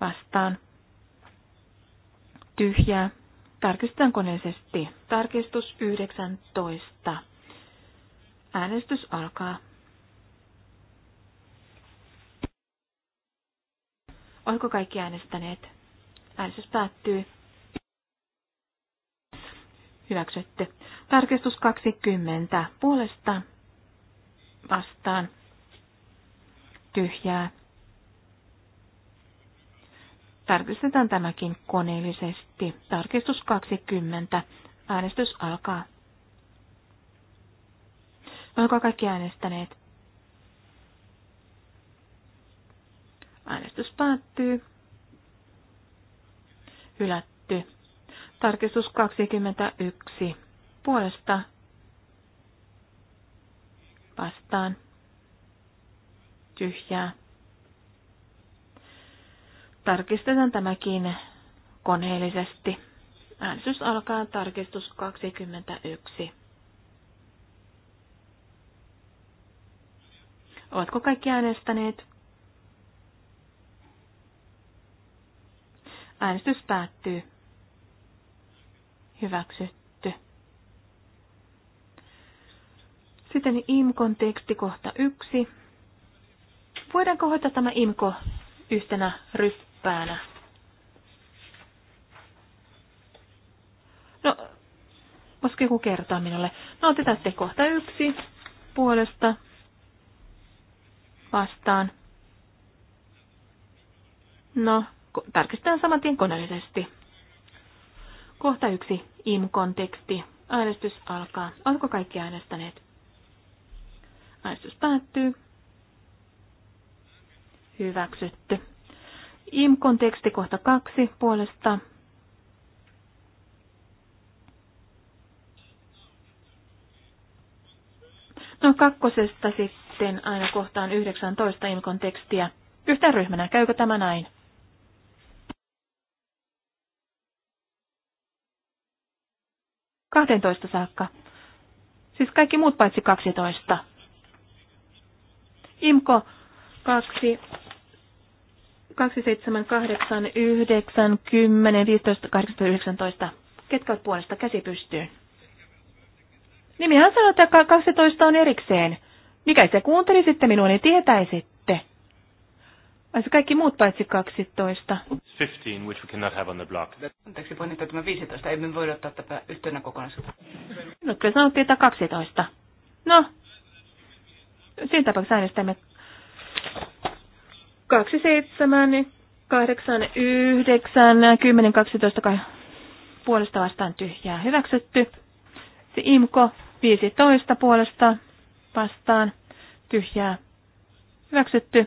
vastaan tyhjä, Tarkistetaan koneellisesti. Tarkistus 19. Äänestys alkaa. Oliko kaikki äänestäneet? Äänestys päättyy. Hyväksytte. Tarkistus 20. Puolesta vastaan. Tyhjää. Tarkistetaan tämäkin koneellisesti. Tarkistus 20. Äänestys alkaa. Oliko kaikki äänestäneet? Äänestys päättyy. Hylätty. Tarkistus 21. Puolesta vastaan. Tyhjää. Tarkistetaan tämäkin koneellisesti. Äänestys alkaa tarkistus 21. Ovatko kaikki äänestäneet? Äänestys päättyy. Hyväksytty. Sitten IMKon teksti kohta yksi. Voidaanko hoitaa tämä IMKO yhtenä ryppänä? päänä. No, voisiko joku kertoa minulle? No, otetaan sitten kohta yksi puolesta vastaan. No, tarkistetaan saman tien koneellisesti. Kohta yksi, im teksti. Äänestys alkaa. Oletko kaikki äänestäneet? Äänestys päättyy. Hyväksytty. IMKON teksti kohta kaksi puolesta No kakkosesta sitten aina kohtaan 19 imkon tekstiä. Yhtä ryhmänä, käykö tämä näin? Kahdentoista saakka. Siis kaikki muut paitsi 12. Imko 2 2, 7, 8, 9, 10, 15, 18, 19. Ketkä ovat puolesta käsi pystyyn? Nimihän sanoo, että 12 on erikseen. Mikä se kuuntelisitte minua, niin tietäisitte. Vai se kaikki muut paitsi 12? 15, which we cannot have on the block. Anteeksi, voin että tämä 15, emme voi ottaa tätä yhtenä kokonaisuutta. No kyllä sanottiin, että 12. No, siinä tapauksessa äänestämme 2, 7, 8, 9, 10, 12 puolesta vastaan tyhjää hyväksytty. Se imko 15 puolesta vastaan tyhjää hyväksytty.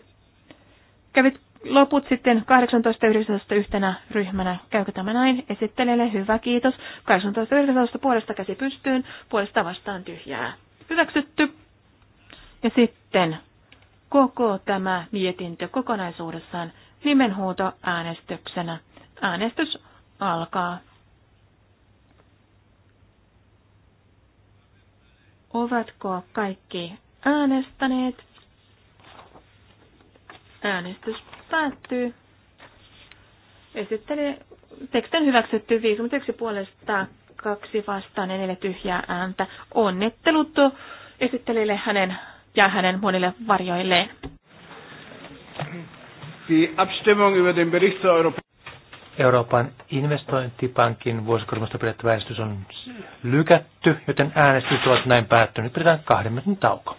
Kävit loput sitten 18 19 yhtenä ryhmänä. Käykö tämä näin? Esittelijälle hyvä kiitos. 18 19 puolesta käsi pystyyn, puolesta vastaan tyhjää. Hyväksytty. Ja sitten koko tämä mietintö kokonaisuudessaan nimenhuuto äänestyksenä. Äänestys alkaa. Ovatko kaikki äänestäneet? Äänestys päättyy. Esitteli tekstin hyväksytty 51 puolesta, kaksi vastaan ja neljä tyhjää ääntä. Onnittelut esittelijälle hänen jää hänen monille varjoilleen. Euroopan Euroopan investointipankin vuosikorvasta pidettävä äänestys on lykätty, joten äänestys ovat näin päättynyt. Pidetään kahden minuutin tauko.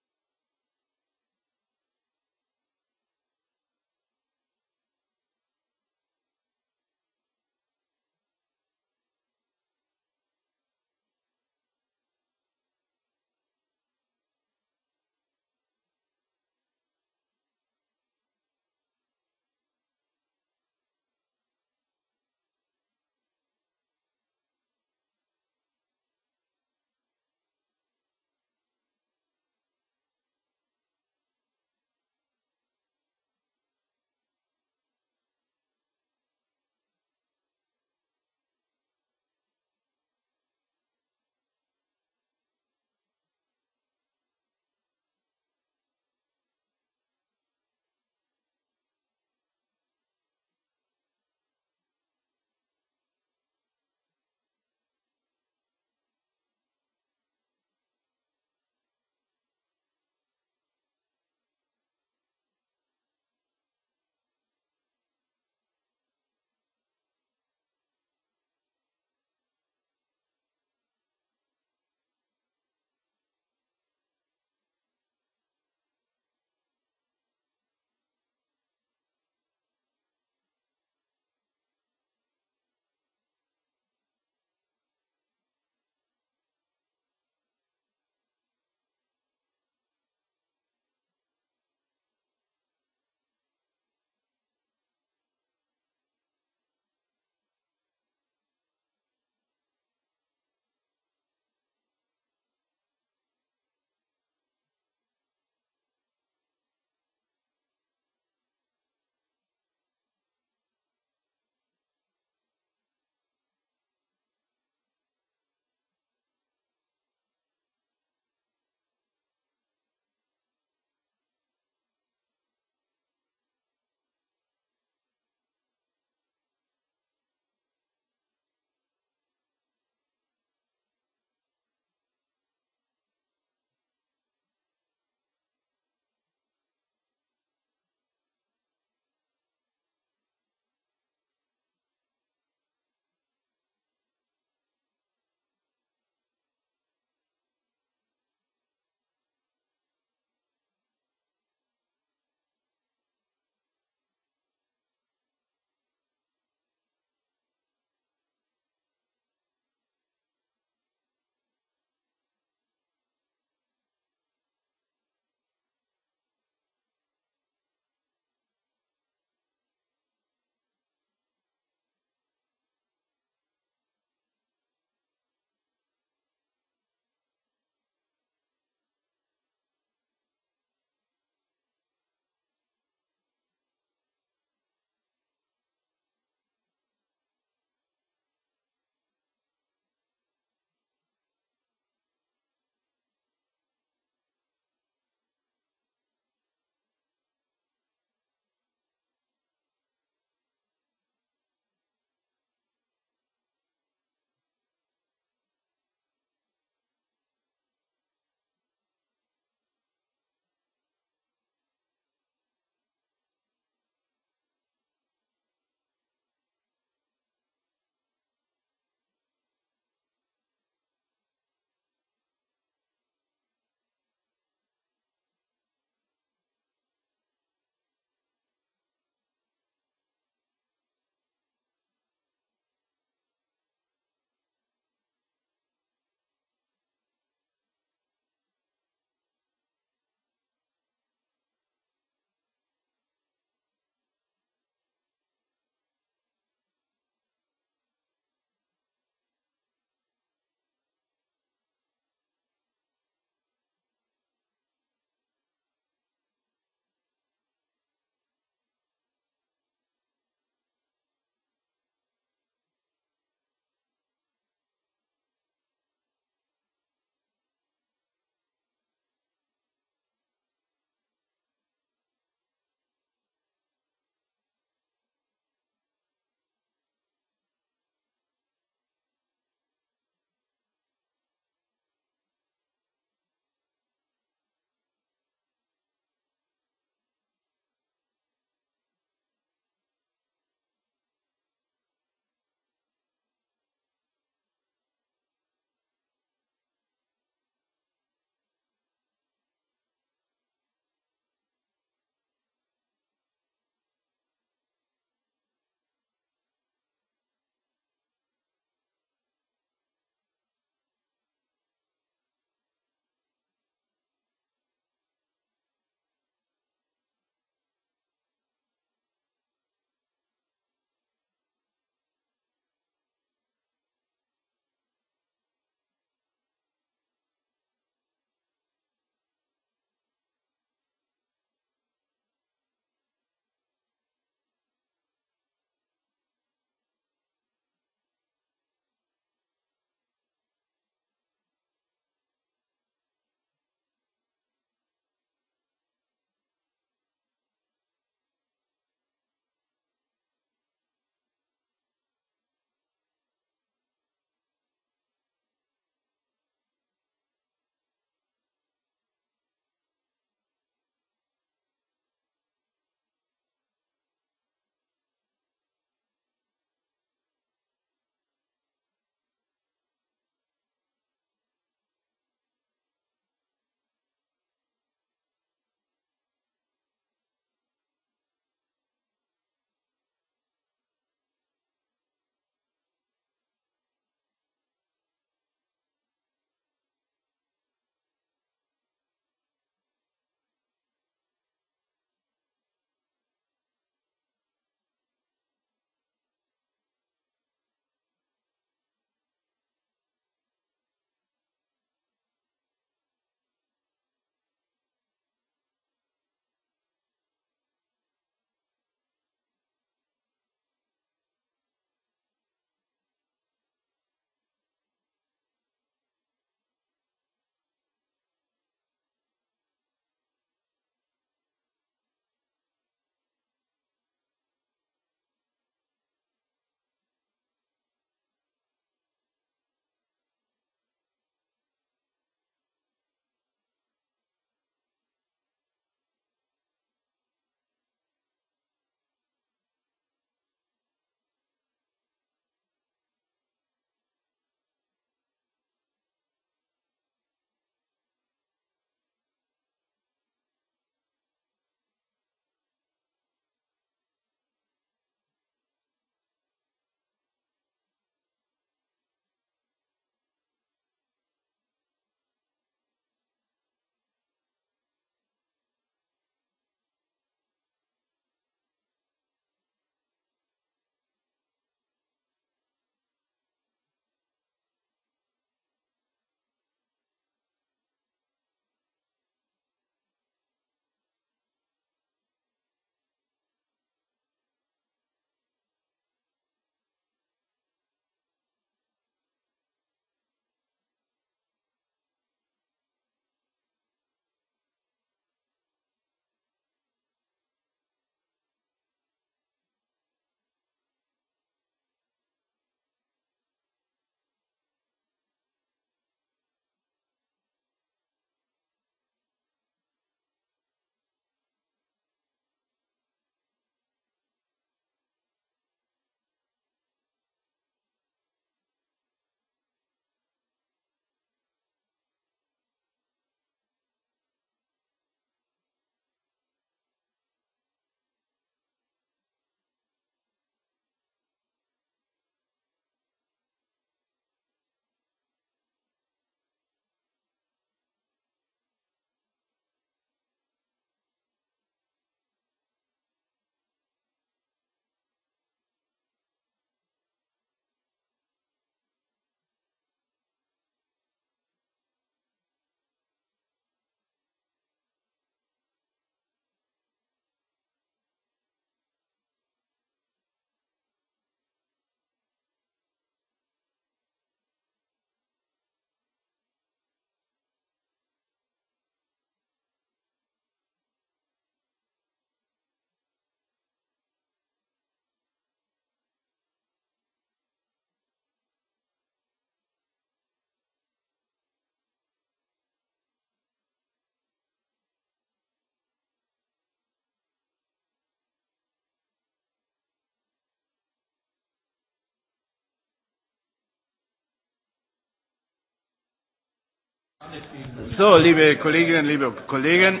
So, liebe Kolleginnen, liebe Kollegen.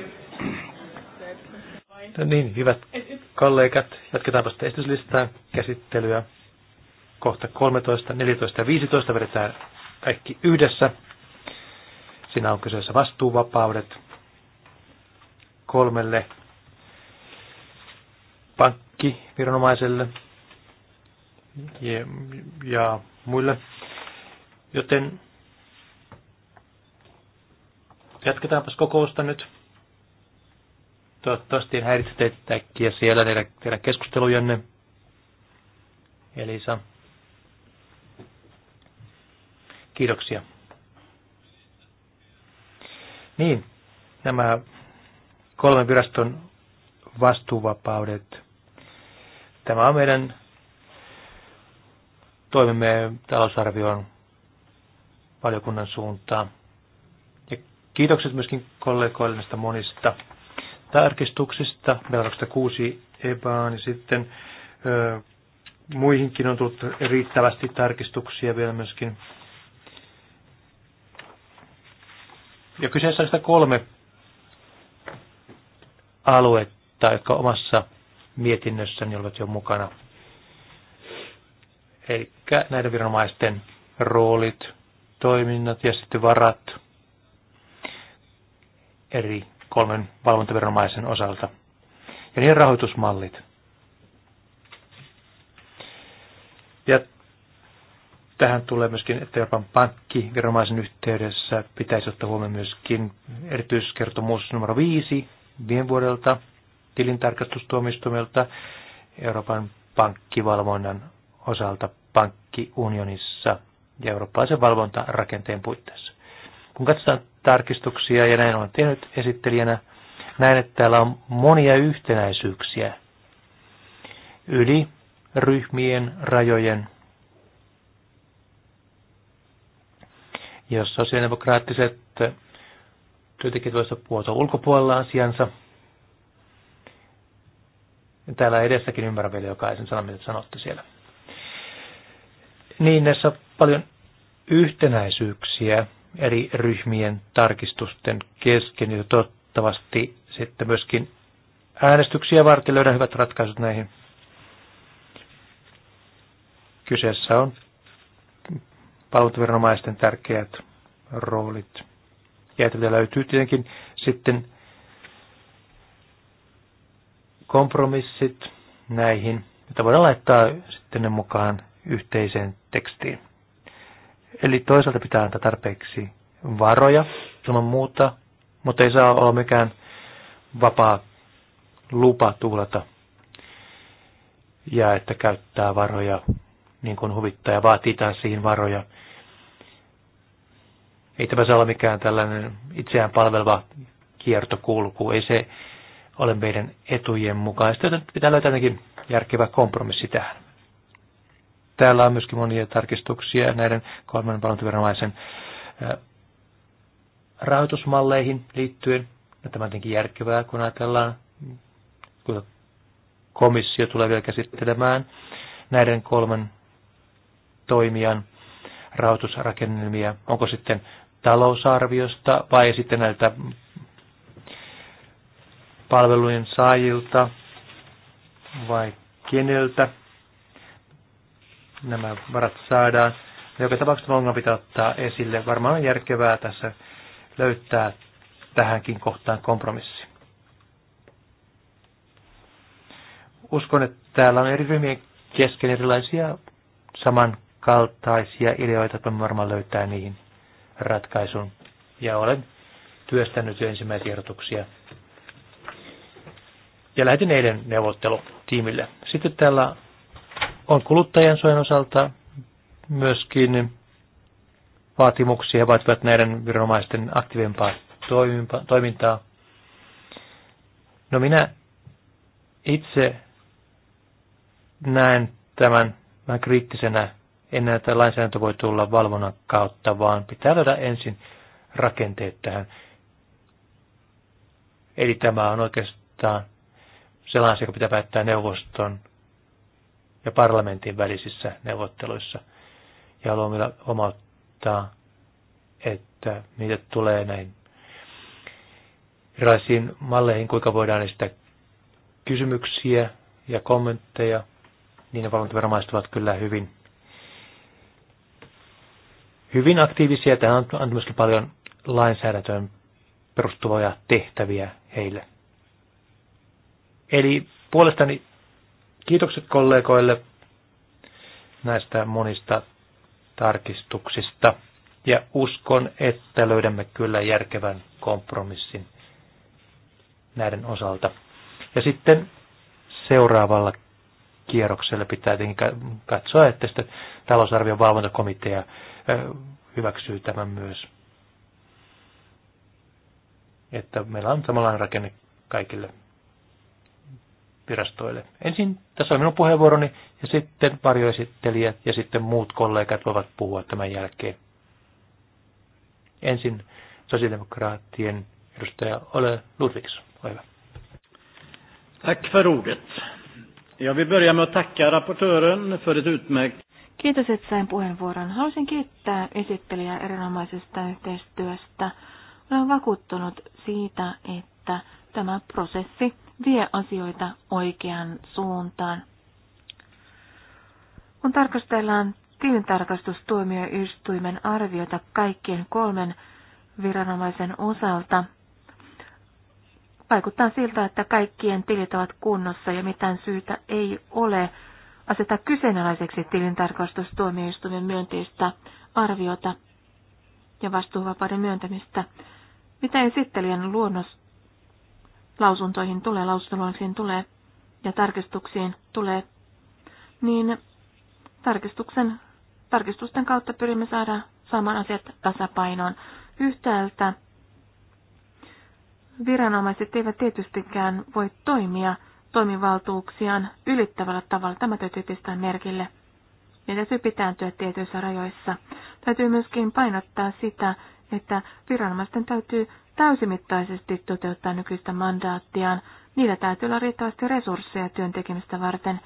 No niin, hyvät kollegat, jatketaanpa sitten esityslistaa käsittelyä. Kohta 13, 14 ja 15 vedetään kaikki yhdessä. Siinä on kyseessä vastuuvapaudet kolmelle pankkiviranomaiselle ja, ja muille. Joten Jatketaanpas kokousta nyt. Toivottavasti en häiritse teitä äkkiä siellä teidän, teidän keskustelujenne. Elisa. Kiitoksia. Niin, nämä kolmen viraston vastuuvapaudet. Tämä on meidän toimimme talousarvion valiokunnan suuntaan. Kiitokset myöskin kollegoille näistä monista tarkistuksista. Meillä on kuusi, EBAan niin sitten ö, muihinkin on tullut riittävästi tarkistuksia vielä myöskin. Ja kyseessä on sitä kolme aluetta, jotka omassa mietinnössäni olivat jo mukana. Eli näiden viranomaisten roolit, toiminnat ja sitten varat – eri kolmen valvontaviranomaisen osalta ja niiden rahoitusmallit. Ja tähän tulee myöskin, että Euroopan pankki yhteydessä pitäisi ottaa huomioon myöskin erityiskertomus numero 5 viime vuodelta tilintarkastustuomistumilta Euroopan pankkivalvonnan osalta pankkiunionissa ja eurooppalaisen valvontarakenteen puitteissa. Kun katsotaan tarkistuksia ja näin olen tehnyt esittelijänä. Näin, että täällä on monia yhtenäisyyksiä yli ryhmien rajojen. Jos sosiaalidemokraattiset työntekijät voisivat puolta ulkopuolella asiansa, täällä edessäkin ymmärrän vielä jokaisen sanan, mitä sanotte siellä. Niin näissä on paljon yhtenäisyyksiä eri ryhmien tarkistusten kesken, ja toivottavasti sitten myöskin äänestyksiä varten löydä hyvät ratkaisut näihin. Kyseessä on palveluviranomaisten tärkeät roolit. Ja löytyy tietenkin sitten kompromissit näihin, joita voidaan laittaa sitten ne mukaan yhteiseen tekstiin. Eli toisaalta pitää antaa tarpeeksi varoja ilman muuta, mutta ei saa olla mikään vapaa lupa tuulata ja että käyttää varoja niin kuin huvittaa ja vaatii taas siihen varoja. Ei tämä saa olla mikään tällainen itseään palveleva kiertokulku, ei se ole meidän etujen mukaista, joten pitää löytää jotenkin järkevä kompromissi tähän. Täällä on myöskin monia tarkistuksia näiden kolmen valvontaviranomaisen rahoitusmalleihin liittyen. Ja tämä on tietenkin järkevää, kun ajatellaan, kun komissio tulee vielä käsittelemään näiden kolmen toimijan rahoitusrakennelmia. Onko sitten talousarviosta vai sitten näiltä palvelujen saajilta vai keneltä nämä varat saadaan. Joka tapauksessa ongelma pitää ottaa esille. Varmaan on järkevää tässä löytää tähänkin kohtaan kompromissi. Uskon, että täällä on eri ryhmien kesken erilaisia samankaltaisia ideoita, että me varmaan löytää niihin ratkaisun. Ja olen työstänyt jo ensimmäisiä ehdotuksia. Ja lähetin eilen neuvottelutiimille. Sitten täällä on kuluttajan suojan osalta myöskin vaatimuksia, he vaativat näiden viranomaisten aktiivempaa toimintaa. No minä itse näen tämän vähän kriittisenä. En näe, että lainsäädäntö voi tulla valvonnan kautta, vaan pitää löydä ensin rakenteet tähän. Eli tämä on oikeastaan sellainen asia, joka pitää päättää neuvoston ja parlamentin välisissä neuvotteluissa. Ja haluan vielä omauttaa, että mitä tulee näin erilaisiin malleihin, kuinka voidaan esittää kysymyksiä ja kommentteja, niin ne valvontaviranomaiset ovat kyllä hyvin, hyvin aktiivisia. Tähän on antanut myöskin paljon lainsäädäntöön perustuvia tehtäviä heille. Eli puolestani Kiitokset kollegoille näistä monista tarkistuksista ja uskon, että löydämme kyllä järkevän kompromissin näiden osalta. Ja sitten seuraavalla kierroksella pitää tietenkin katsoa, että sitten talousarvion valvontakomitea hyväksyy tämän myös. Että meillä on samanlainen rakenne kaikille virastoille. Ensin tässä on minun puheenvuoroni ja sitten varjoesittelijät ja sitten muut kollegat voivat puhua tämän jälkeen. Ensin sosiaalidemokraattien edustaja Ole Ludvigs. Ole hyvä. Tack för ordet. Jag vill börja med att tacka rapportören för ett utmärkt... Kiitos, että sain puheenvuoron. Haluaisin kiittää esittelijää erinomaisesta yhteistyöstä. Olen vakuuttunut siitä, että tämä prosessi vie asioita oikeaan suuntaan. Kun tarkastellaan tilintarkastustuomioistuimen arviota kaikkien kolmen viranomaisen osalta, vaikuttaa siltä, että kaikkien tilit ovat kunnossa ja mitään syytä ei ole asettaa kyseenalaiseksi tilintarkastustuomioistuimen myönteistä arviota ja vastuuvapauden myöntämistä. Mitä esittelijän luonnos lausuntoihin tulee, lausuntoluonnoksiin tulee ja tarkistuksiin tulee, niin tarkistuksen, tarkistusten kautta pyrimme saada saamaan asiat tasapainoon. Yhtäältä viranomaiset eivät tietystikään voi toimia toimivaltuuksiaan ylittävällä tavalla. Tämä täytyy pistää merkille. Ne täytyy pitääntyä tietyissä rajoissa. Täytyy myöskin painottaa sitä, että viranomaisten täytyy täysimittaisesti toteuttaa nykyistä mandaattiaan, niillä täytyy olla riittävästi resursseja työntekemistä varten.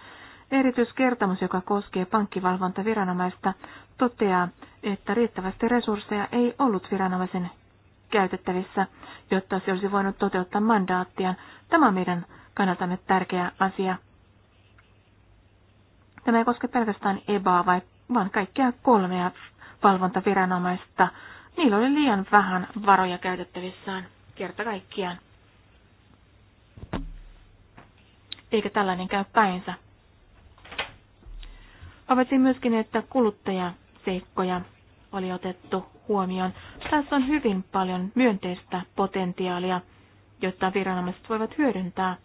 Erityiskertomus, joka koskee pankkivalvontaviranomaista, toteaa, että riittävästi resursseja ei ollut viranomaisen käytettävissä, jotta se olisi voinut toteuttaa mandaattiaan. Tämä on meidän kannaltamme tärkeä asia. Tämä ei koske pelkästään EBAa, vaan kaikkia kolmea valvontaviranomaista, Niillä oli liian vähän varoja käytettävissään kerta kaikkiaan. Eikä tällainen käy päinsä. Havaitsin myöskin, että kuluttajaseikkoja oli otettu huomioon. Tässä on hyvin paljon myönteistä potentiaalia, jotta viranomaiset voivat hyödyntää.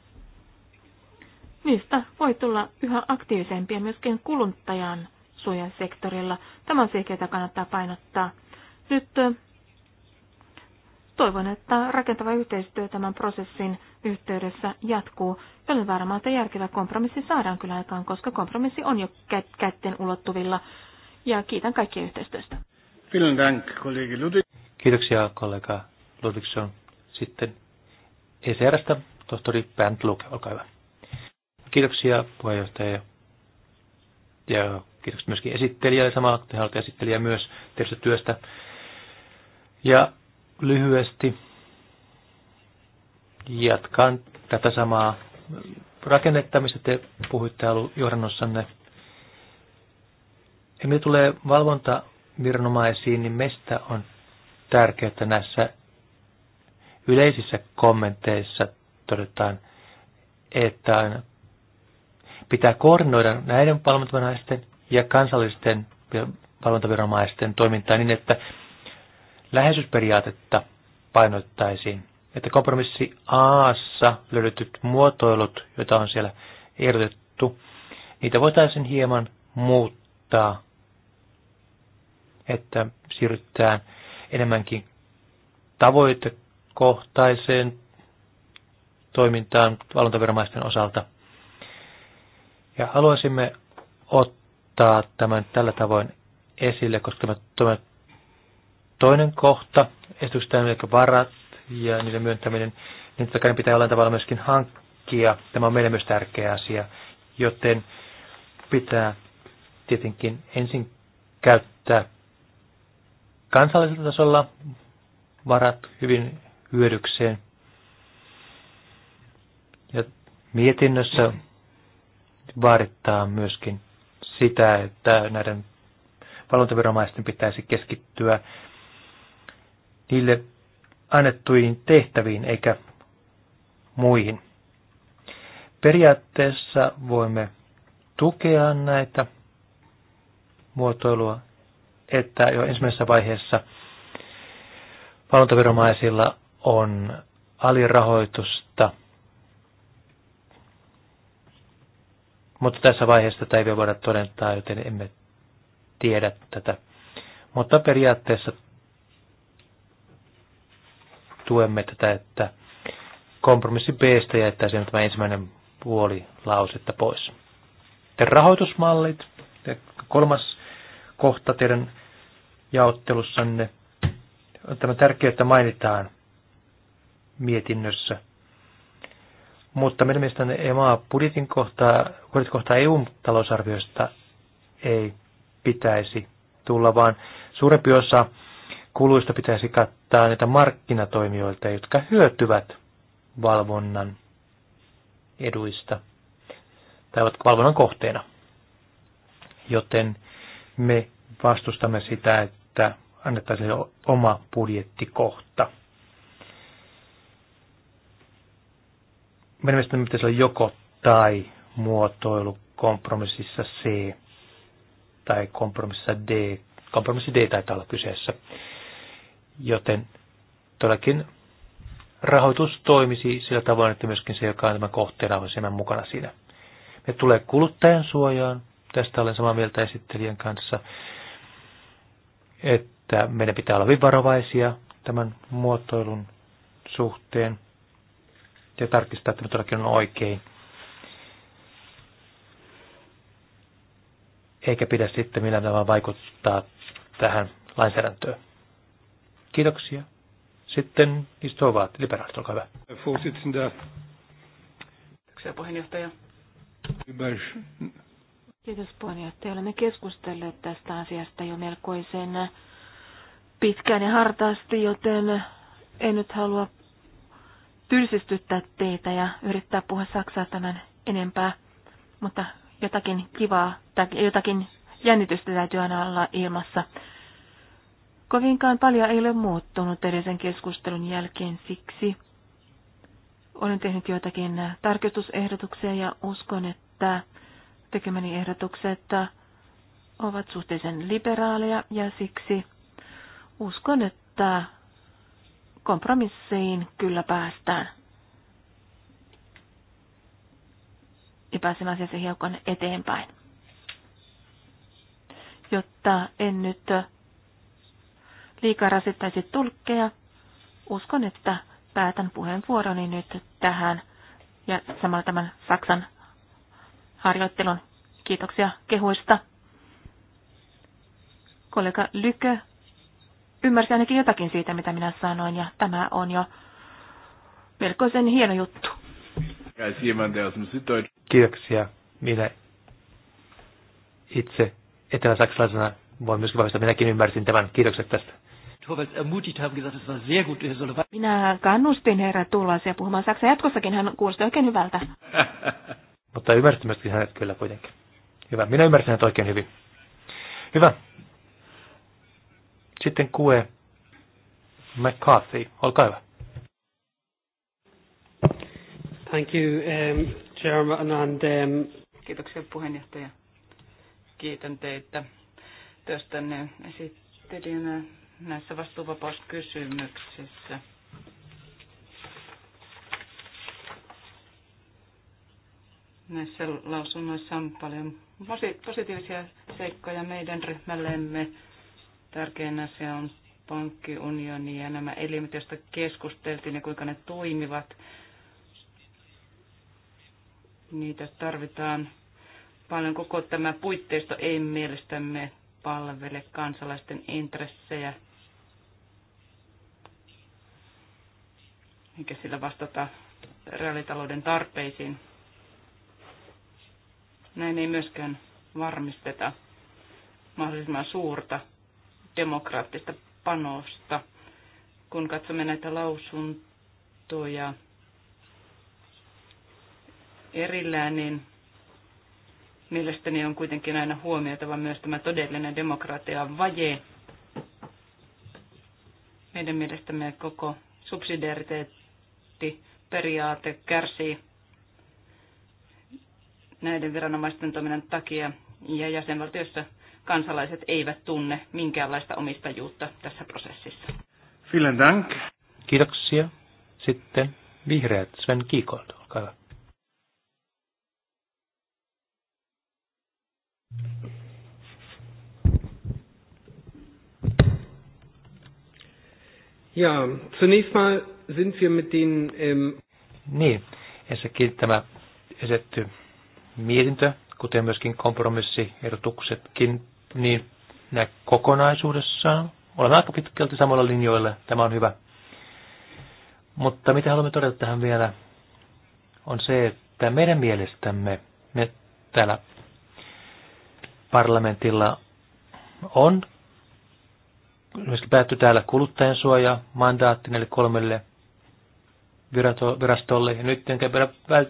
Niistä voi tulla yhä aktiivisempia myöskin kuluttajan suojasektorilla. Tämä on se, kannattaa painottaa. Nyt toivon, että rakentava yhteistyö tämän prosessin yhteydessä jatkuu. Olen varmaan, että järkevä kompromissi saadaan kyllä aikaan, koska kompromissi on jo kätten ulottuvilla. Ja kiitän kaikkia yhteistyöstä. Kiitoksia kollega Ludvigsson. Sitten ECRstä tohtori Bernd Luke, olkaa hyvä. Kiitoksia puheenjohtaja ja kiitoksia myöskin esittelijälle, samalla te esittelijä myös tietystä työstä. Ja lyhyesti jatkan tätä samaa rakennetta, mistä te puhuitte johdannossanne. Ja mitä tulee valvontaviranomaisiin, niin meistä on tärkeää, että näissä yleisissä kommenteissa todetaan, että pitää koordinoida näiden valvontaviranomaisten ja kansallisten valvontaviranomaisten toimintaa niin, että läheisyysperiaatetta painottaisiin, että kompromissi Aassa löydetyt muotoilut, joita on siellä ehdotettu, niitä voitaisiin hieman muuttaa, että siirrytään enemmänkin tavoitekohtaiseen toimintaan valvontaviranomaisten osalta. Ja haluaisimme ottaa tämän tällä tavoin esille, koska tämä Toinen kohta, esityksetään eli varat ja niiden myöntäminen, niin totta kai pitää jollain tavalla myöskin hankkia. Tämä on meille myös tärkeä asia, joten pitää tietenkin ensin käyttää kansallisella tasolla varat hyvin hyödykseen. Ja mietinnössä vaadittaa myöskin sitä, että näiden valvontaviranomaisten pitäisi keskittyä niille annettuihin tehtäviin eikä muihin. Periaatteessa voimme tukea näitä muotoilua, että jo ensimmäisessä vaiheessa valvontaviranomaisilla on alirahoitusta, mutta tässä vaiheessa tätä ei vielä voida todentaa, joten emme tiedä tätä. Mutta periaatteessa tuemme tätä, että kompromissi B-stä sen tämä ensimmäinen puoli lausetta pois. Te rahoitusmallit, te kolmas kohta teidän jaottelussanne, on tämä tärkeää, että mainitaan mietinnössä. Mutta meidän mielestämme emaa budjetin kohtaa, budjetin kohtaa EU-talousarviosta ei pitäisi tulla, vaan suurempi osa kuluista pitäisi katsoa haittaa näitä markkinatoimijoilta, jotka hyötyvät valvonnan eduista tai ovat valvonnan kohteena. Joten me vastustamme sitä, että annettaisiin oma budjettikohta. Meidän mielestämme pitäisi olla joko tai muotoilu kompromississa C tai kompromississa D. Kompromissi D taitaa olla kyseessä. Joten todellakin rahoitus toimisi sillä tavoin, että myöskin se, joka on tämän kohteena, olisi enemmän mukana siinä. Me tulee kuluttajan suojaan, tästä olen samaa mieltä esittelijän kanssa, että meidän pitää olla hyvin varovaisia tämän muotoilun suhteen ja tarkistaa, että me todellakin on oikein. Eikä pidä sitten millään tavalla vaikuttaa tähän lainsäädäntöön. Kiitoksia. Sitten istuvaat liberaalit, olkaa hyvä. Kiitoksia puheenjohtaja. Kiitos puheenjohtaja. Olemme keskustelleet tästä asiasta jo melkoisen pitkään ja hartaasti, joten en nyt halua tylsistyttää teitä ja yrittää puhua saksaa tämän enempää, mutta jotakin kivaa tai jotakin jännitystä täytyy aina olla ilmassa. Kovinkaan paljon ei ole muuttunut edellisen keskustelun jälkeen siksi. Olen tehnyt joitakin tarkistusehdotuksia ja uskon, että tekemäni ehdotukset ovat suhteellisen liberaaleja ja siksi uskon, että kompromisseihin kyllä päästään. Ja pääsen asiassa hiukan eteenpäin. Jotta en nyt liikaa rasittaisi tulkkeja. Uskon, että päätän puheenvuoroni nyt tähän ja samalla tämän Saksan harjoittelun. Kiitoksia kehuista. Kollega Lykö ymmärsi ainakin jotakin siitä, mitä minä sanoin, ja tämä on jo melkoisen hieno juttu. Kiitoksia. Minä itse etelä-saksalaisena voin myöskin vahvistaa, minäkin ymmärsin tämän. Kiitokset tästä. Torvalds ermutigt haben, gesagt, es war sehr gut, Herr Solovan. Minä kannustin herra Tuulaisia puhumaan Saksaa. Jatkossakin hän kuulosti oikein hyvältä. *laughs* Mutta ymmärsit myöskin hänet kyllä kuitenkin. Hyvä, minä ymmärsin hänet oikein hyvin. Hyvä. Sitten kue McCarthy, olkaa hyvä. Thank you, um, Chairman, and, um... Kiitoksia puheenjohtaja. Kiitän teitä työstänne esittelijänä näissä vastuuvapauskysymyksissä. Näissä lausunnoissa on paljon positiivisia seikkoja meidän ryhmällemme. Tärkein asia on pankkiunioni ja nämä elimet, joista keskusteltiin ja kuinka ne toimivat. Niitä tarvitaan paljon. Koko tämä puitteisto ei mielestämme palvele kansalaisten intressejä eikä sillä vastata reaalitalouden tarpeisiin. Näin ei myöskään varmisteta mahdollisimman suurta demokraattista panosta. Kun katsomme näitä lausuntoja erillään, niin mielestäni on kuitenkin aina huomioitava myös tämä todellinen demokratian vaje. Meidän mielestämme koko subsidiariteetti periaate kärsii näiden viranomaisten toiminnan takia ja jäsenvaltiossa kansalaiset eivät tunne minkäänlaista omistajuutta tässä prosessissa. Vielen dank. Kiitoksia. Sitten vihreät Sven Kiikold, olkaa hyvä. Ja, zunächst mal sind wir mit den... Ähm... Niin, ensinnäkin tämä esitetty mietintö, kuten myöskin kompromissiehdotuksetkin, niin nämä kokonaisuudessaan olemme aika pitkälti samalla linjoilla. Tämä on hyvä. Mutta mitä haluamme todeta tähän vielä, on se, että meidän mielestämme me täällä parlamentilla on myöskin päätty täällä kuluttajansuoja mandaatti näille kolmelle virastolle ja nyt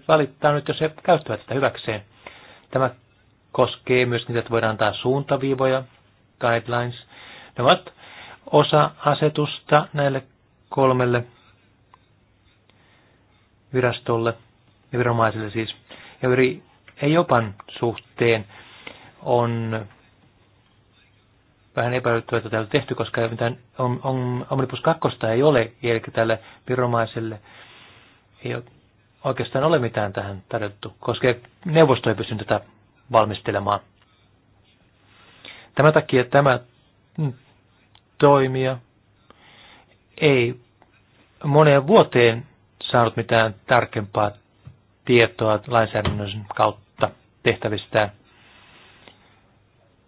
valittaa nyt, jos he käyttävät sitä hyväkseen. Tämä koskee myös niitä, että voidaan antaa suuntaviivoja, guidelines. Ne ovat osa asetusta näille kolmelle virastolle ja viranomaisille siis. Ja yri jopan suhteen on vähän epäilyttävää, että täällä on tehty, koska mitään on, on, Omnibus 2 ei ole, eli tälle viranomaiselle ei oikeastaan ole mitään tähän tarjottu, koska neuvosto ei pysty tätä valmistelemaan. Tämän takia tämä toimija ei moneen vuoteen saanut mitään tarkempaa tietoa lainsäädännön kautta tehtävistään.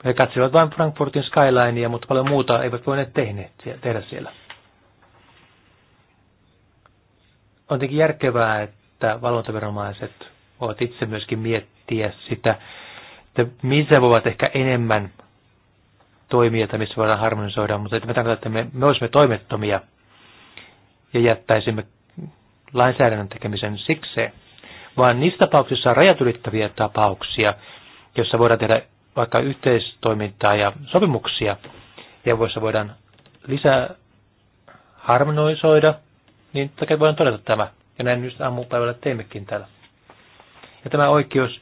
He katsivat vain Frankfurtin skylinea, mutta paljon muuta eivät voineet tehdä siellä. on tietenkin järkevää, että valvontaviranomaiset voivat itse myöskin miettiä sitä, että missä voivat ehkä enemmän toimia tai missä voidaan harmonisoida, mutta että me tarkoitan, että me, me olisimme toimettomia ja jättäisimme lainsäädännön tekemisen sikseen, vaan niissä tapauksissa on rajat ylittäviä tapauksia, jossa voidaan tehdä vaikka yhteistoimintaa ja sopimuksia, ja joissa voidaan lisää harmonisoida niin takia voidaan todeta tämä. Ja näin just aamupäivällä teimmekin täällä. Ja tämä oikeus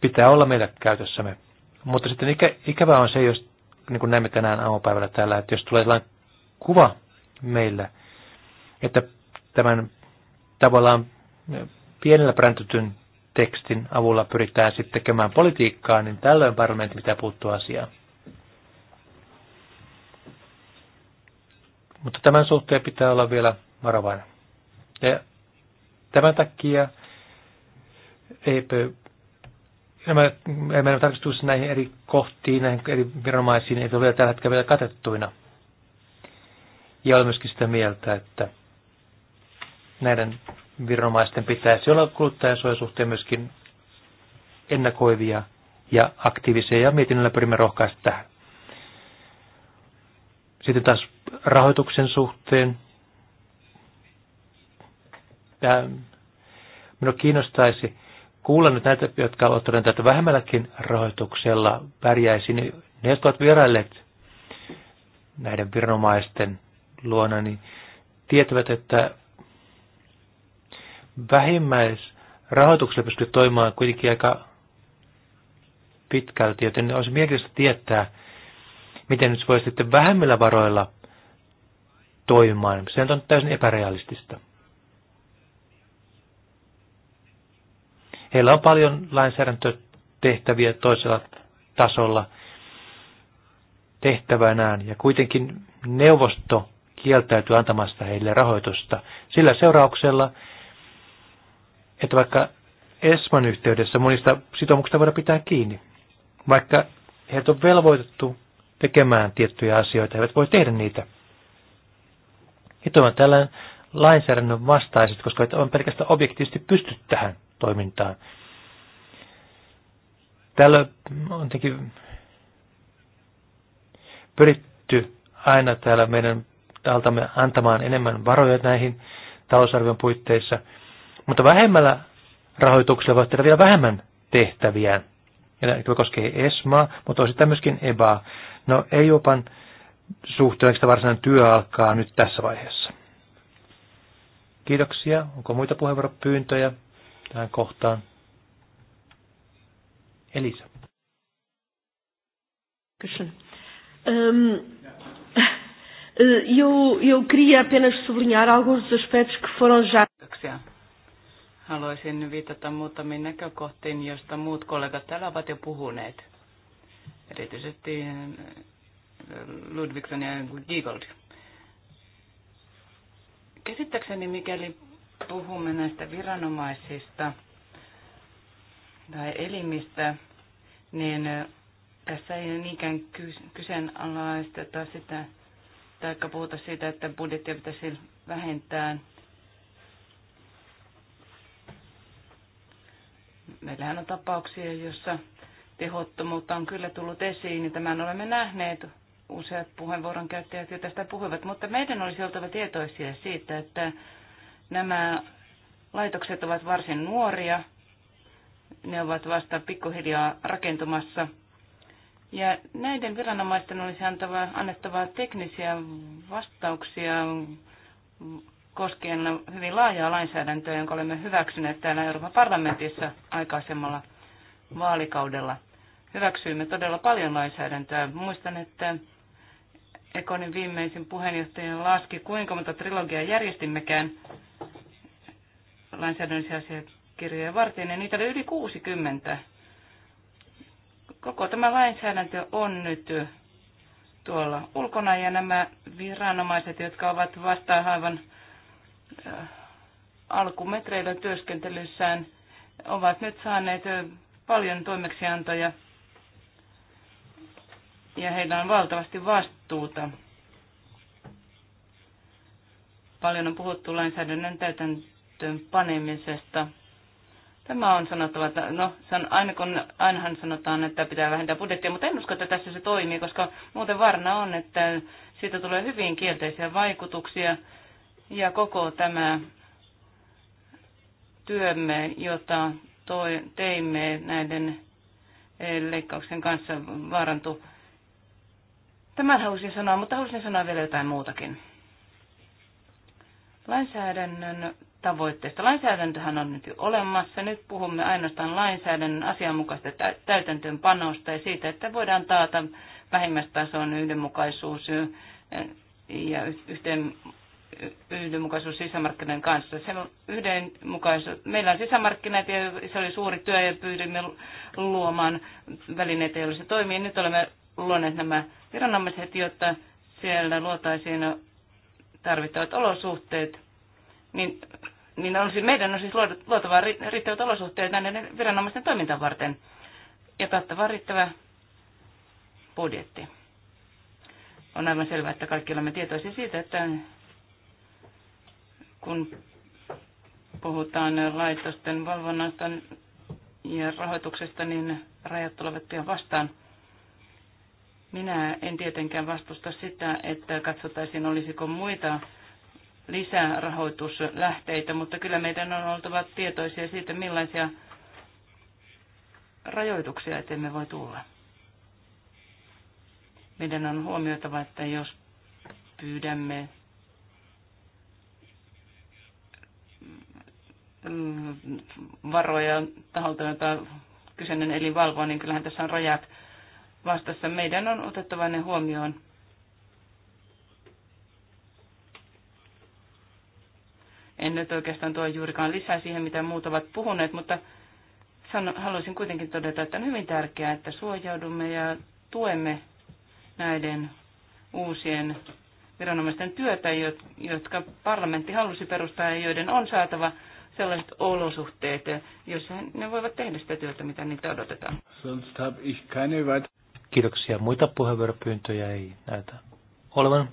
pitää olla meillä käytössämme. Mutta sitten ikä, ikävä on se, jos niin kuin näemme tänään aamupäivällä täällä, että jos tulee sellainen kuva meillä, että tämän tavallaan pienellä präntytyn tekstin avulla pyritään sitten tekemään politiikkaa, niin tällöin parlamentti pitää puuttua asiaan. Mutta tämän suhteen pitää olla vielä varovainen. Ja tämän takia e ei nämä, meidän tarkistuisi näihin eri kohtiin, näihin eri viranomaisiin, ei ole vielä tällä hetkellä vielä katettuina. Ja olen myöskin sitä mieltä, että näiden viranomaisten pitäisi olla kuluttajansuojan suhteen myöskin ennakoivia ja aktiivisia, ja mietinnöllä pyrimme rohkaista tähän. Sitten taas rahoituksen suhteen ja minua kiinnostaisi kuulla nyt näitä, jotka ovat todenneet, että vähemmälläkin rahoituksella pärjäisi, niin ne, jotka ovat vierailleet näiden viranomaisten luona, niin tietävät, että vähimmäisrahoituksella pystyy toimimaan kuitenkin aika pitkälti, joten olisi mielenkiintoista tietää, miten nyt voisi sitten vähemmillä varoilla toimimaan. Se on täysin epärealistista. Heillä on paljon lainsäädäntötehtäviä toisella tasolla tehtävänään ja kuitenkin neuvosto kieltäytyy antamasta heille rahoitusta sillä seurauksella, että vaikka Esman yhteydessä monista sitoumuksista voidaan pitää kiinni, vaikka heidät on velvoitettu tekemään tiettyjä asioita, he eivät voi tehdä niitä. He ovat tällainen lainsäädännön vastaiset, koska on pelkästään objektiivisesti pysty tähän toimintaan. Täällä on tietenkin pyritty aina täällä meidän altamme antamaan enemmän varoja näihin talousarvion puitteissa, mutta vähemmällä rahoituksella voi tehdä vielä vähemmän tehtäviä. Ja koskee ESMAa, mutta osittain myöskin EBAa. No EUPan suhteen, sitä varsinainen työ alkaa nyt tässä vaiheessa. Kiitoksia. Onko muita puheenvuoropyyntöjä? tähän kohtaan. Elisa. Kysyn. Um... Eu, eu queria apenas sublinhar alguns dos aspectos que foram já. Kiitoksia. Haluaisin viitata muutamiin näkökohtiin, joista muut kollegat täällä ovat jo puhuneet. Erityisesti Ludvigson ja Giegold. Käsittääkseni, mikäli puhumme näistä viranomaisista tai elimistä, niin tässä ei niinkään kyseenalaisteta sitä, tai puhuta siitä, että budjettia pitäisi vähentää. Meillähän on tapauksia, joissa tehottomuutta on kyllä tullut esiin, ja tämän olemme nähneet. Useat puheenvuoron käyttäjät jo tästä puhuivat, mutta meidän olisi oltava tietoisia siitä, että Nämä laitokset ovat varsin nuoria, ne ovat vasta pikkuhiljaa rakentumassa. Ja näiden viranomaisten olisi antava, annettava teknisiä vastauksia koskien hyvin laajaa lainsäädäntöä, jonka olemme hyväksyneet täällä Euroopan parlamentissa aikaisemmalla vaalikaudella. Hyväksyimme todella paljon lainsäädäntöä. Muistan, että Ekonin viimeisin puheenjohtaja laski, kuinka monta trilogiaa järjestimmekään lainsäädännöllisiä asiakirjoja varten, ja niitä oli yli 60. Koko tämä lainsäädäntö on nyt tuolla ulkona, ja nämä viranomaiset, jotka ovat vasta aivan äh, alkumetreillä työskentelyssään, ovat nyt saaneet äh, paljon toimeksiantoja ja heillä on valtavasti vastuuta. Paljon on puhuttu lainsäädännön täytäntöön pystyyn panemisesta. Tämä on sanottava, että no, aina kun, ainahan sanotaan, että pitää vähentää budjettia, mutta en usko, että tässä se toimii, koska muuten varna on, että siitä tulee hyvin kielteisiä vaikutuksia ja koko tämä työmme, jota toi, teimme näiden eh, leikkauksen kanssa vaarantu. Tämän halusin sanoa, mutta halusin sanoa vielä jotain muutakin. Lainsäädännön tavoitteesta. Lainsäädäntöhän on nyt jo olemassa. Nyt puhumme ainoastaan lainsäädännön asianmukaista täytäntöönpanosta ja siitä, että voidaan taata vähimmäistason yhdenmukaisuus ja yhteen yhdenmukaisuus sisämarkkinoiden kanssa. Se on yhdenmukaisuus. Meillä on sisämarkkinat ja se oli suuri työ ja pyydimme luomaan välineitä, joilla se toimii. Nyt olemme luoneet nämä viranomaiset, jotta siellä luotaisiin tarvittavat olosuhteet niin niin on siis, meidän on siis luotava riittävät olosuhteet näiden viranomaisten toimintaan varten ja kattava riittävä budjetti. On aivan selvää, että kaikki olemme tietoisia siitä, että kun puhutaan laitosten valvonnasta ja rahoituksesta, niin rajat tulevat pian vastaan. Minä en tietenkään vastusta sitä, että katsottaisiin, olisiko muita lisää rahoituslähteitä, mutta kyllä meidän on oltava tietoisia siitä, millaisia rajoituksia me voi tulla. Meidän on huomioitava, että jos pyydämme varoja taholta, jota kyseinen eli valvoo, niin kyllähän tässä on rajat vastassa. Meidän on otettava ne huomioon En nyt oikeastaan tuo juurikaan lisää siihen, mitä muut ovat puhuneet, mutta sano, haluaisin kuitenkin todeta, että on hyvin tärkeää, että suojaudumme ja tuemme näiden uusien viranomaisten työtä, jotka parlamentti halusi perustaa ja joiden on saatava sellaiset olosuhteet, joissa ne voivat tehdä sitä työtä, mitä niitä odotetaan. Kiitoksia. Muita puheenvuoropyyntöjä ei näytä olevan.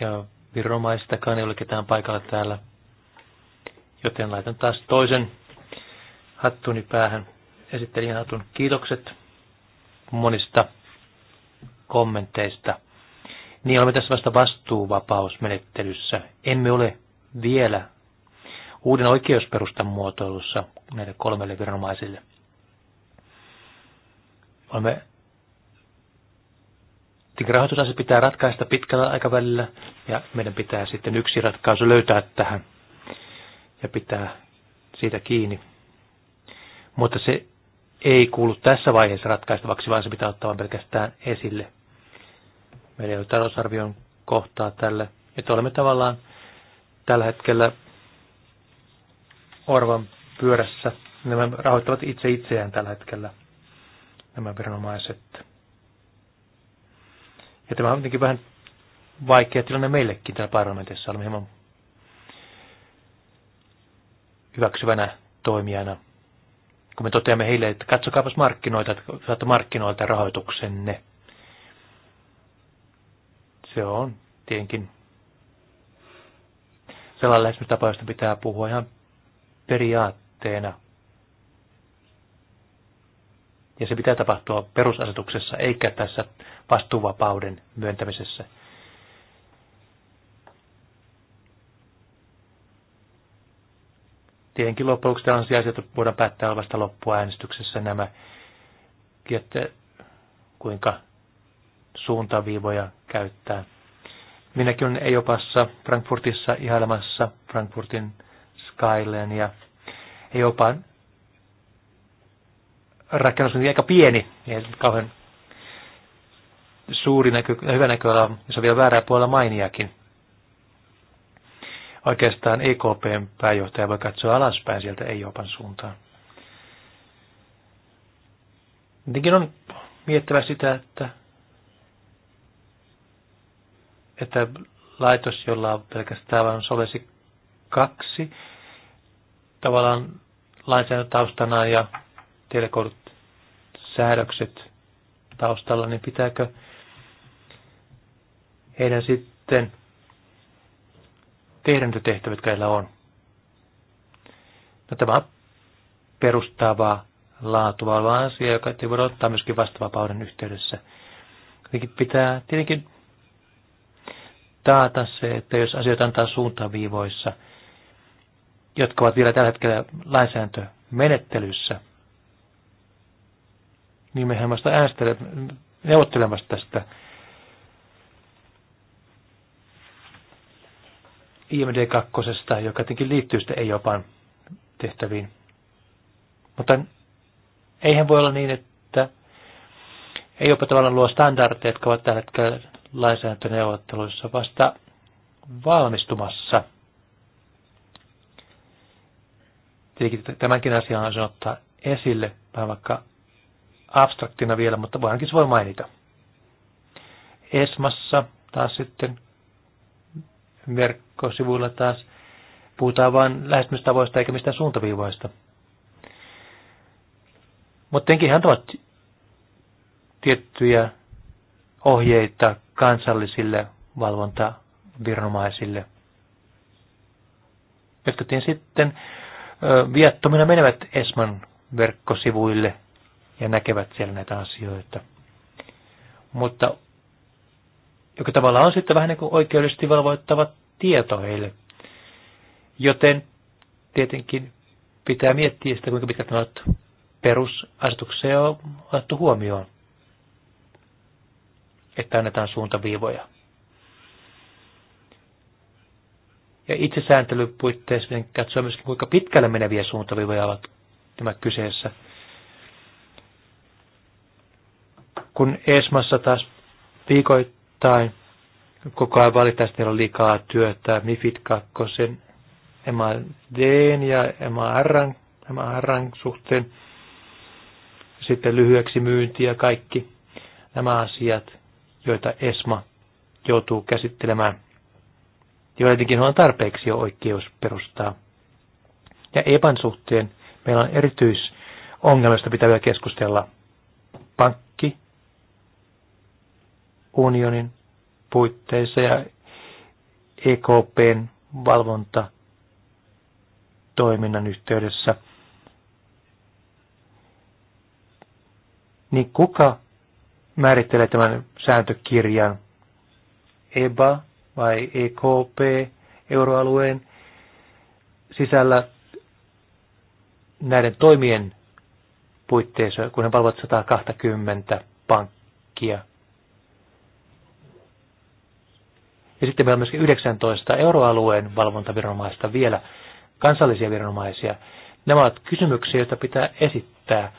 Ja viromaistakaan ei ole ketään paikalla täällä. Joten laitan taas toisen hattuni päähän. Esittelijän hatun kiitokset monista kommenteista. Niin olemme tässä vasta vastuuvapausmenettelyssä. Emme ole vielä uuden oikeusperustan muotoilussa näille kolmelle viranomaisille. Olemme rahoitusasia pitää ratkaista pitkällä aikavälillä ja meidän pitää sitten yksi ratkaisu löytää tähän ja pitää siitä kiinni. Mutta se ei kuulu tässä vaiheessa ratkaistavaksi, vaan se pitää ottaa vain pelkästään esille. Meillä ei ole talousarvion kohtaa tälle, että olemme tavallaan tällä hetkellä orvan pyörässä. Nämä rahoittavat itse itseään tällä hetkellä, nämä viranomaiset. Ja tämä on jotenkin vähän vaikea tilanne meillekin täällä parlamentissa. Olemme hieman hyväksyvänä toimijana. Kun me toteamme heille, että katsokaapas markkinoita, että saatte markkinoilta rahoituksenne. Se on tietenkin sellainen lähestymistapa, josta pitää puhua ihan periaatteena – ja se pitää tapahtua perusasetuksessa eikä tässä vastuuvapauden myöntämisessä. Tietenkin loppujen lopuksi tällaisia asioita voidaan päättää vasta loppuäänestyksessä nämä, että kuinka suuntaviivoja käyttää. Minäkin olen Eopassa Frankfurtissa ihailemassa Frankfurtin Skylen ja Eopan rakennus on aika pieni, ei kauhean suuri näky, hyvä näköala, jos on vielä väärää puolella mainiakin. Oikeastaan EKPn pääjohtaja voi katsoa alaspäin sieltä opan e suuntaan. Tietenkin on miettivä sitä, että, että laitos, jolla on pelkästään vain sovesi kaksi tavallaan lainsäädäntötaustanaan ja telekoodit säädökset taustalla, niin pitääkö heidän sitten tehdä niitä tehtävät, jotka heillä on? No tämä on perustavaa laatua oleva asia, joka ei voida ottaa myöskin vastavapauden yhteydessä. Kuitenkin pitää tietenkin taata se, että jos asioita antaa suuntaviivoissa, jotka ovat vielä tällä hetkellä menettelyssä niin mehän vasta äänestele, neuvottelemassa tästä IMD2, joka tietenkin liittyy sitten EIOPAan tehtäviin. Mutta eihän voi olla niin, että ei jopa tavallaan luo standardeja, jotka ovat tällä hetkellä lainsäädäntöneuvotteluissa vasta valmistumassa. Tietenkin tämänkin asian on ottaa esille, vaikka abstraktina vielä, mutta voinkin se voi mainita. Esmassa taas sitten verkkosivuilla taas puhutaan vain lähestymistavoista eikä mistään suuntaviivoista. Mutta tietenkin ovat tiettyjä ohjeita kansallisille valvontaviranomaisille, jotka sitten viattomina menevät Esman verkkosivuille ja näkevät siellä näitä asioita. Mutta joka tavallaan on sitten vähän niin kuin oikeudellisesti valvoittava tieto heille. Joten tietenkin pitää miettiä sitä, kuinka pitkälti nämä perusasetukseen on otettu huomioon, että annetaan suuntaviivoja. Ja itsesääntelypuitteissa katsoa myöskin, kuinka pitkälle meneviä suuntaviivoja ovat tämä kyseessä – kun Esmassa taas viikoittain koko ajan valitaan, että on liikaa työtä, Mifit 2, MAD ja MAR, MAR suhteen, sitten lyhyeksi myynti ja kaikki nämä asiat, joita ESMA joutuu käsittelemään. joitakin on tarpeeksi jo oikeus perustaa. Ja EPAN suhteen meillä on erityisongelmista pitää vielä keskustella unionin puitteissa ja EKPn valvonta toiminnan yhteydessä. Niin kuka määrittelee tämän sääntökirjan? EBA vai EKP euroalueen sisällä näiden toimien puitteissa, kun ne valvovat 120 pankkia Ja sitten meillä on myöskin 19 euroalueen valvontaviranomaista vielä, kansallisia viranomaisia. Nämä ovat kysymyksiä, joita pitää esittää.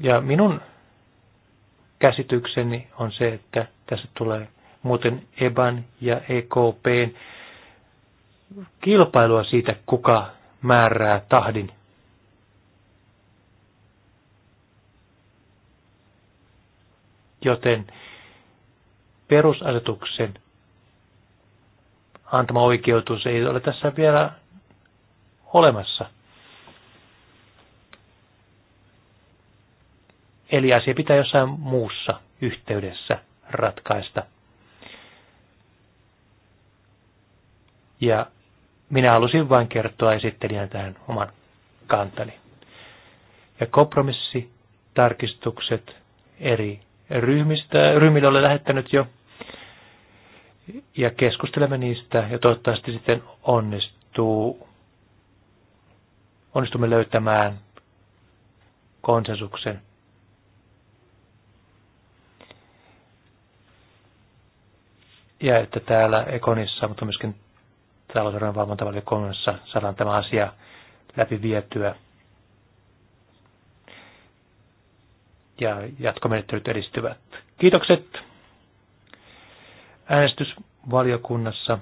Ja minun käsitykseni on se, että tässä tulee muuten EBAN ja EKPn kilpailua siitä, kuka määrää tahdin. Joten perusasetuksen antama oikeutus ei ole tässä vielä olemassa. Eli asia pitää jossain muussa yhteydessä ratkaista. Ja minä halusin vain kertoa esittelijän tähän oman kantani. Ja kompromissitarkistukset eri ryhmistä, ryhmille olen lähettänyt jo ja keskustelemme niistä ja toivottavasti sitten onnistuu, onnistumme löytämään konsensuksen. Ja että täällä Ekonissa, mutta myöskin talousarvojen valvontavaliokunnassa saadaan tämä asia läpi vietyä. Ja jatkomenettelyt edistyvät. Kiitokset äänestysvaliokunnassa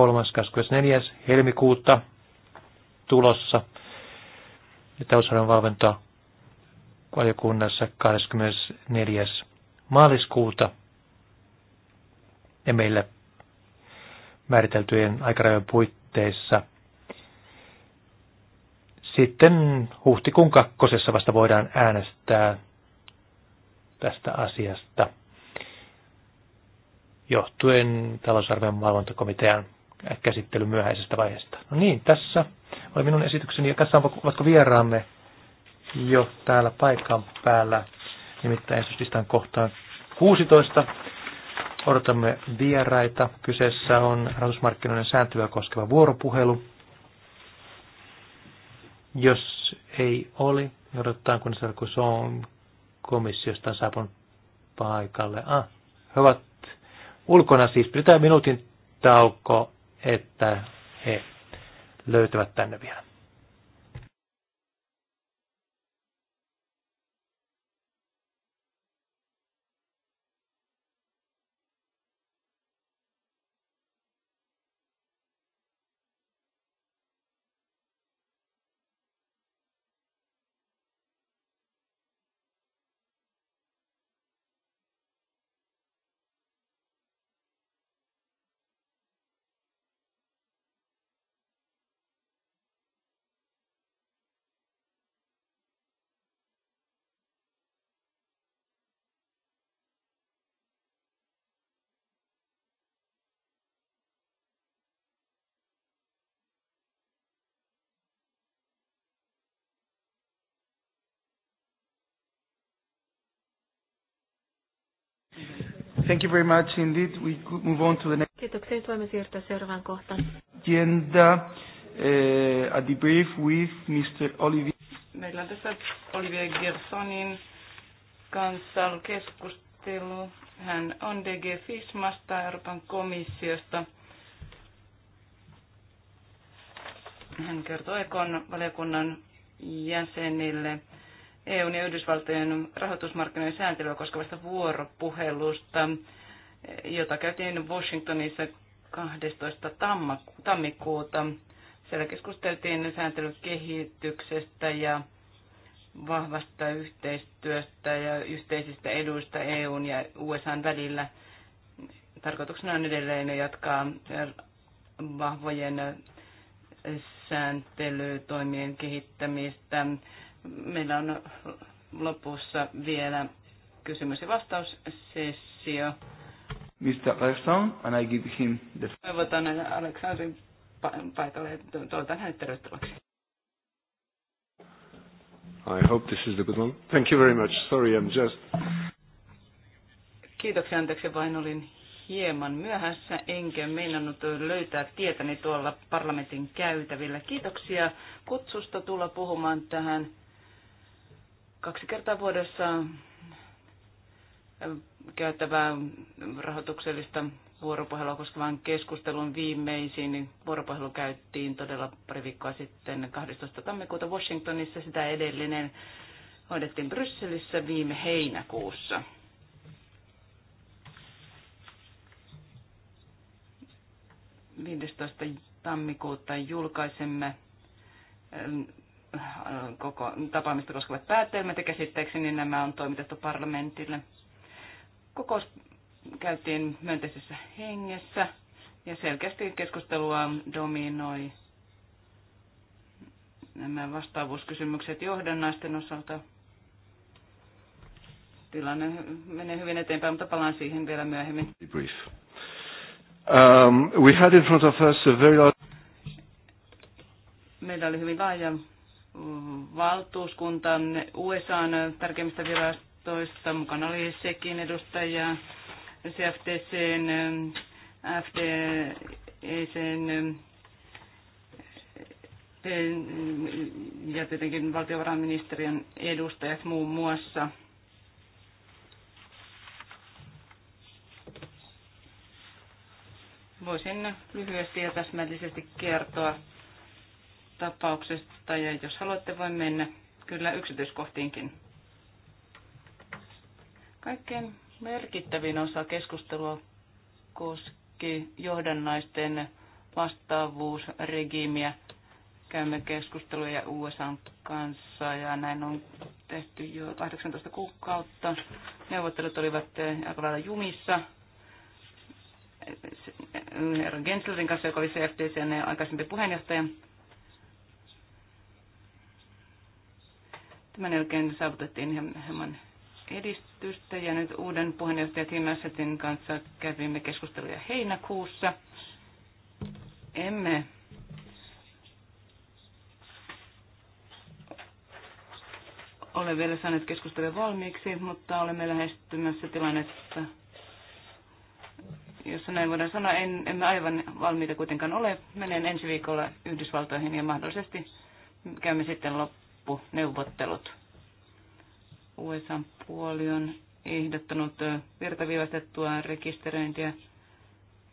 on helmikuuta tulossa ja talousarvon valvonta valiokunnassa 24. maaliskuuta ja meillä määriteltyjen aikarajojen puitteissa. Sitten huhtikuun kakkosessa vasta voidaan äänestää tästä asiasta johtuen talousarvion valvontakomitean käsittely myöhäisestä vaiheesta. No niin, tässä oli minun esitykseni ja tässä ovatko vieraamme jo täällä paikan päällä, nimittäin esityslistan kohtaan 16. Odotamme vieraita. Kyseessä on rahoitusmarkkinoiden sääntelyä koskeva vuoropuhelu. Jos ei ole, niin odotetaan kun se on komissiosta saapunut paikalle. Ah, he ovat ulkona siis pitää minuutin tauko, että he löytävät tänne vielä. Thank you very much indeed. We could move on to the next. Kiitoksia. voimme siirtyä seuraavaan kohtaan. Agenda, uh, a debrief with Mr. Olivier. Meillä on tässä Olivier Gersonin kanssa keskustelu. Hän on DG Fismasta, Euroopan komissiosta. Hän kertoo Ekon valiokunnan jäsenille EUn ja Yhdysvaltojen rahoitusmarkkinoiden sääntelyä koskevasta vuoropuhelusta, jota käytiin Washingtonissa 12. tammikuuta. Siellä keskusteltiin sääntelykehityksestä ja vahvasta yhteistyöstä ja yhteisistä eduista EUn ja USAn välillä. Tarkoituksena on edelleen jatkaa vahvojen sääntelytoimien kehittämistä Meillä on lopussa vielä kysymys- ja vastaussessio. Mr. Alexan, and I give him the... Toivotan Alexandrin paikalle ja toivotan hänet tervetulleeksi. I hope this is the good one. Thank you very much. Sorry, I'm just... Kiitoksia, anteeksi, vain olin hieman myöhässä, enkä meinannut löytää tietäni tuolla parlamentin käytävillä. Kiitoksia kutsusta tulla puhumaan tähän kaksi kertaa vuodessa äh, käyttävää rahoituksellista vuoropuhelua koskevan keskustelun viimeisiin. Vuoropuhelu käyttiin todella pari viikkoa sitten 12. tammikuuta Washingtonissa. Sitä edellinen hoidettiin Brysselissä viime heinäkuussa. Viidestoista tammikuuta julkaisemme ähm, koko tapaamista koskevat päätelmät ja käsitteeksi, niin nämä on toimitettu parlamentille. Kokous käytiin myönteisessä hengessä ja selkeästi keskustelua dominoi nämä vastaavuuskysymykset johdannaisten osalta. Tilanne menee hyvin eteenpäin, mutta palaan siihen vielä myöhemmin. Brief. Um, we had in front of us a very large... Meillä oli hyvin laaja Valtuuskuntaan USA tärkeimmistä virastoista. Mukana oli sekin edustaja CFTCn, FDECn ja tietenkin valtiovarainministeriön edustajat muun muassa. Voisin lyhyesti ja täsmällisesti kertoa tapauksesta ja jos haluatte, voi mennä kyllä yksityiskohtiinkin. Kaikkein merkittävin osa keskustelua koski johdannaisten vastaavuusregiimiä. Käymme keskusteluja USA kanssa ja näin on tehty jo 18 kuukautta. Neuvottelut olivat eh, aika lailla jumissa. Eh, eh, Herran Genslerin kanssa, joka oli ja aikaisempi puheenjohtaja, Tämän jälkeen saavutettiin hieman edistystä ja nyt uuden puheenjohtaja Tim Assetin kanssa kävimme keskusteluja heinäkuussa. Emme ole vielä saaneet keskustelua valmiiksi, mutta olemme lähestymässä tilannetta, jossa näin voidaan sanoa, en, emme aivan valmiita kuitenkaan ole. Menen ensi viikolla Yhdysvaltoihin ja mahdollisesti käymme sitten loppuun loppuneuvottelut. USA puoli on ehdottanut virtaviivastettua rekisteröintiä.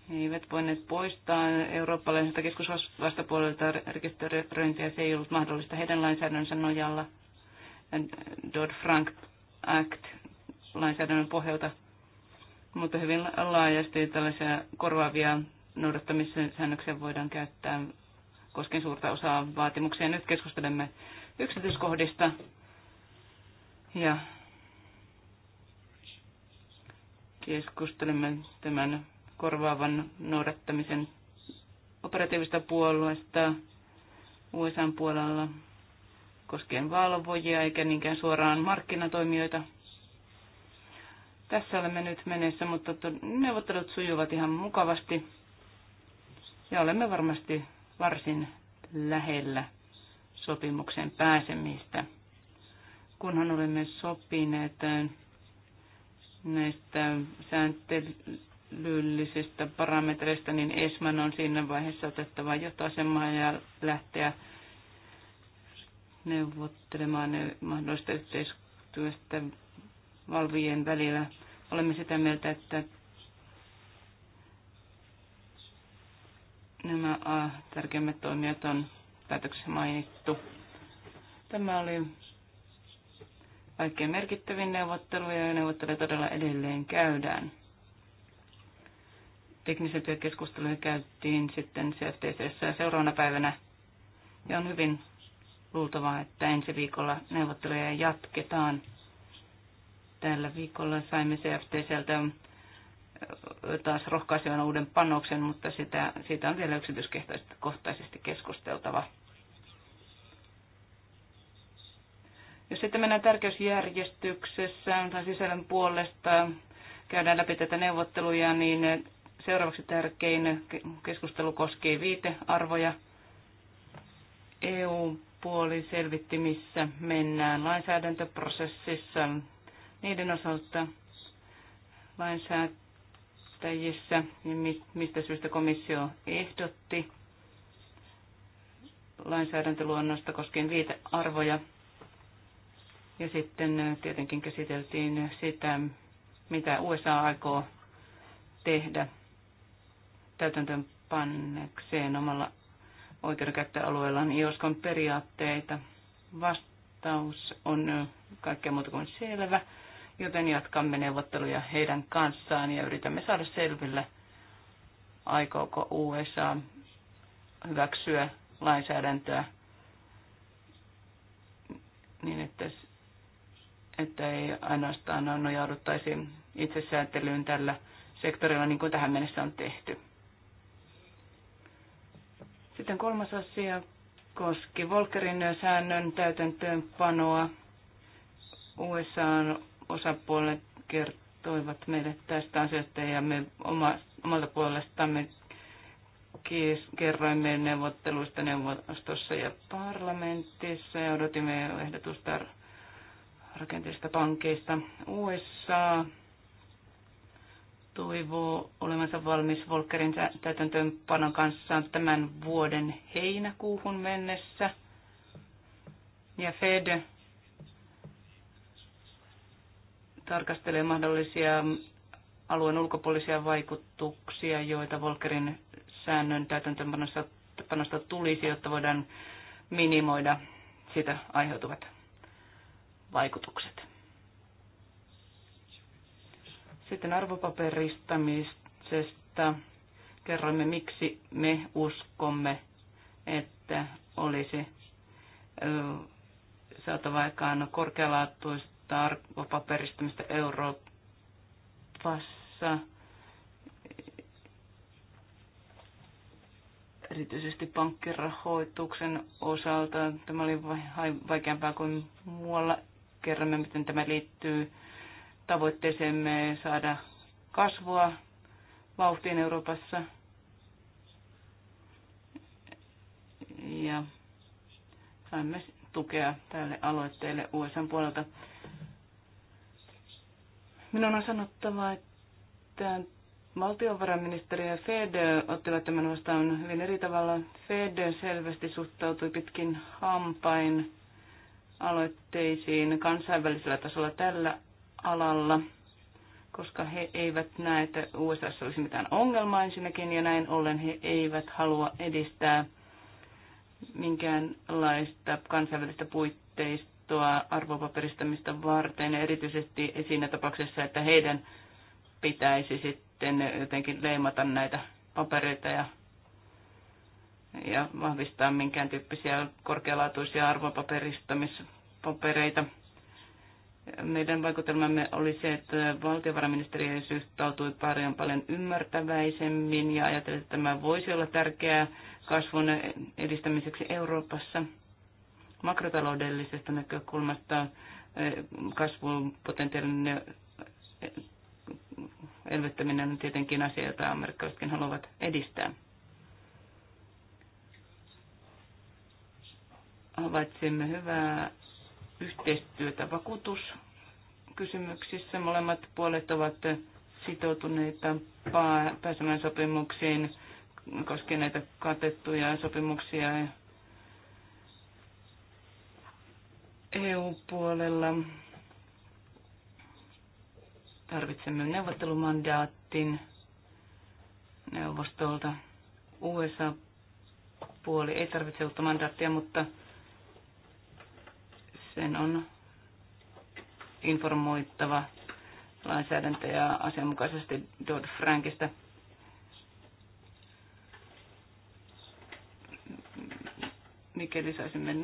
He eivät voineet poistaa eurooppalaiselta keskusvastapuolelta rekisteröintiä. Se ei ollut mahdollista heidän lainsäädännönsä nojalla. Dodd-Frank Act lainsäädännön pohjalta, mutta hyvin laajasti tällaisia korvaavia noudattamissäännöksiä voidaan käyttää koskien suurta osaa vaatimuksia. Nyt keskustelemme yksityiskohdista. Ja keskustelemme tämän korvaavan noudattamisen operatiivista puolueesta USA puolella koskien valvojia eikä niinkään suoraan markkinatoimijoita. Tässä olemme nyt menessä, mutta neuvottelut sujuvat ihan mukavasti ja olemme varmasti varsin lähellä sopimuksen pääsemistä. Kunhan olemme sopineet näistä sääntelyllisistä parametreista, niin ESMAN on siinä vaiheessa otettava johtoasemaa ja lähteä neuvottelemaan mahdollista yhteistyöstä valvojien välillä. Olemme sitä mieltä, että nämä tärkeimmät toimijat on päätöksessä mainittu. Tämä oli kaikkein merkittävin neuvottelu ja neuvotteluja todella edelleen käydään. Teknisen työkeskusteluja käytiin sitten CFTCssä seuraavana päivänä ja on hyvin luultavaa, että ensi viikolla neuvotteluja jatketaan. Tällä viikolla saimme CFTCltä taas rohkaisevan uuden panoksen, mutta sitä, siitä on vielä yksityiskohtaisesti keskusteltava. Jos sitten mennään tärkeysjärjestyksessä tai sisällön puolesta, käydään läpi tätä neuvotteluja, niin seuraavaksi tärkein keskustelu koskee viitearvoja. EU-puoli selvitti, missä mennään lainsäädäntöprosessissa niiden osalta lainsäädäntö päättäjissä, niin mistä syystä komissio ehdotti lainsäädäntöluonnosta koskien viitearvoja. Ja sitten tietenkin käsiteltiin sitä, mitä USA aikoo tehdä täytäntöön pannekseen omalla oikeudenkäyttöalueellaan IOSKON periaatteita. Vastaus on kaikkea muuta kuin selvä joten jatkamme neuvotteluja heidän kanssaan ja yritämme saada selville, aikooko USA hyväksyä lainsäädäntöä niin, että, että ei ainoastaan nojauduttaisi itsesääntelyyn tällä sektorilla, niin kuin tähän mennessä on tehty. Sitten kolmas asia koski Volkerin säännön täytäntöönpanoa. USA osapuolet kertoivat meille tästä asiasta ja me oma, omalta puolestamme kerroimme neuvotteluista neuvostossa ja parlamentissa ja odotimme ehdotusta rakenteista pankeista. USA toivoo olemassa valmis Volkerin täytäntöönpanon kanssa tämän vuoden heinäkuuhun mennessä. Ja Fed tarkastelee mahdollisia alueen ulkopuolisia vaikutuksia, joita Volkerin säännön täytäntöönpanosta tulisi, jotta voidaan minimoida sitä aiheutuvat vaikutukset. Sitten arvopaperistamisesta kerroimme, miksi me uskomme, että olisi saatava aikaan korkealaatuista tar- paperistamista Euroopassa. Erityisesti pankkirahoituksen osalta tämä oli vaikeampaa kuin muualla. Kerromme, miten tämä liittyy tavoitteeseemme saada kasvua vauhtiin Euroopassa. Ja saimme tukea tälle aloitteelle USA puolelta. Minun on sanottava, että valtiovarainministeri ja Fed ottivat tämän vastaan hyvin eri tavalla. Fed selvästi suhtautui pitkin hampain aloitteisiin kansainvälisellä tasolla tällä alalla, koska he eivät näe, että USA olisi mitään ongelmaa ensinnäkin, ja näin ollen he eivät halua edistää minkäänlaista kansainvälistä puitteista luottoa arvopaperistamista varten, erityisesti siinä tapauksessa, että heidän pitäisi sitten jotenkin leimata näitä papereita ja, ja vahvistaa minkään tyyppisiä korkealaatuisia arvopaperistamispapereita. Meidän vaikutelmamme oli se, että valtiovarainministeriö suhtautui paljon, paljon ymmärtäväisemmin ja ajateli, että tämä voisi olla tärkeää kasvun edistämiseksi Euroopassa – makrotaloudellisesta näkökulmasta eh, kasvun potentiaalinen eh, elvyttäminen on tietenkin asia, jota amerikkalaisetkin haluavat edistää. Havaitsimme hyvää yhteistyötä vakuutuskysymyksissä. Molemmat puolet ovat sitoutuneita pääsemään sopimuksiin koskien näitä katettuja sopimuksia EU-puolella tarvitsemme neuvottelumandaattin neuvostolta. USA-puoli ei tarvitse uutta mandaattia, mutta sen on informoittava ja asianmukaisesti Dodd-Frankista. mikäli saisimme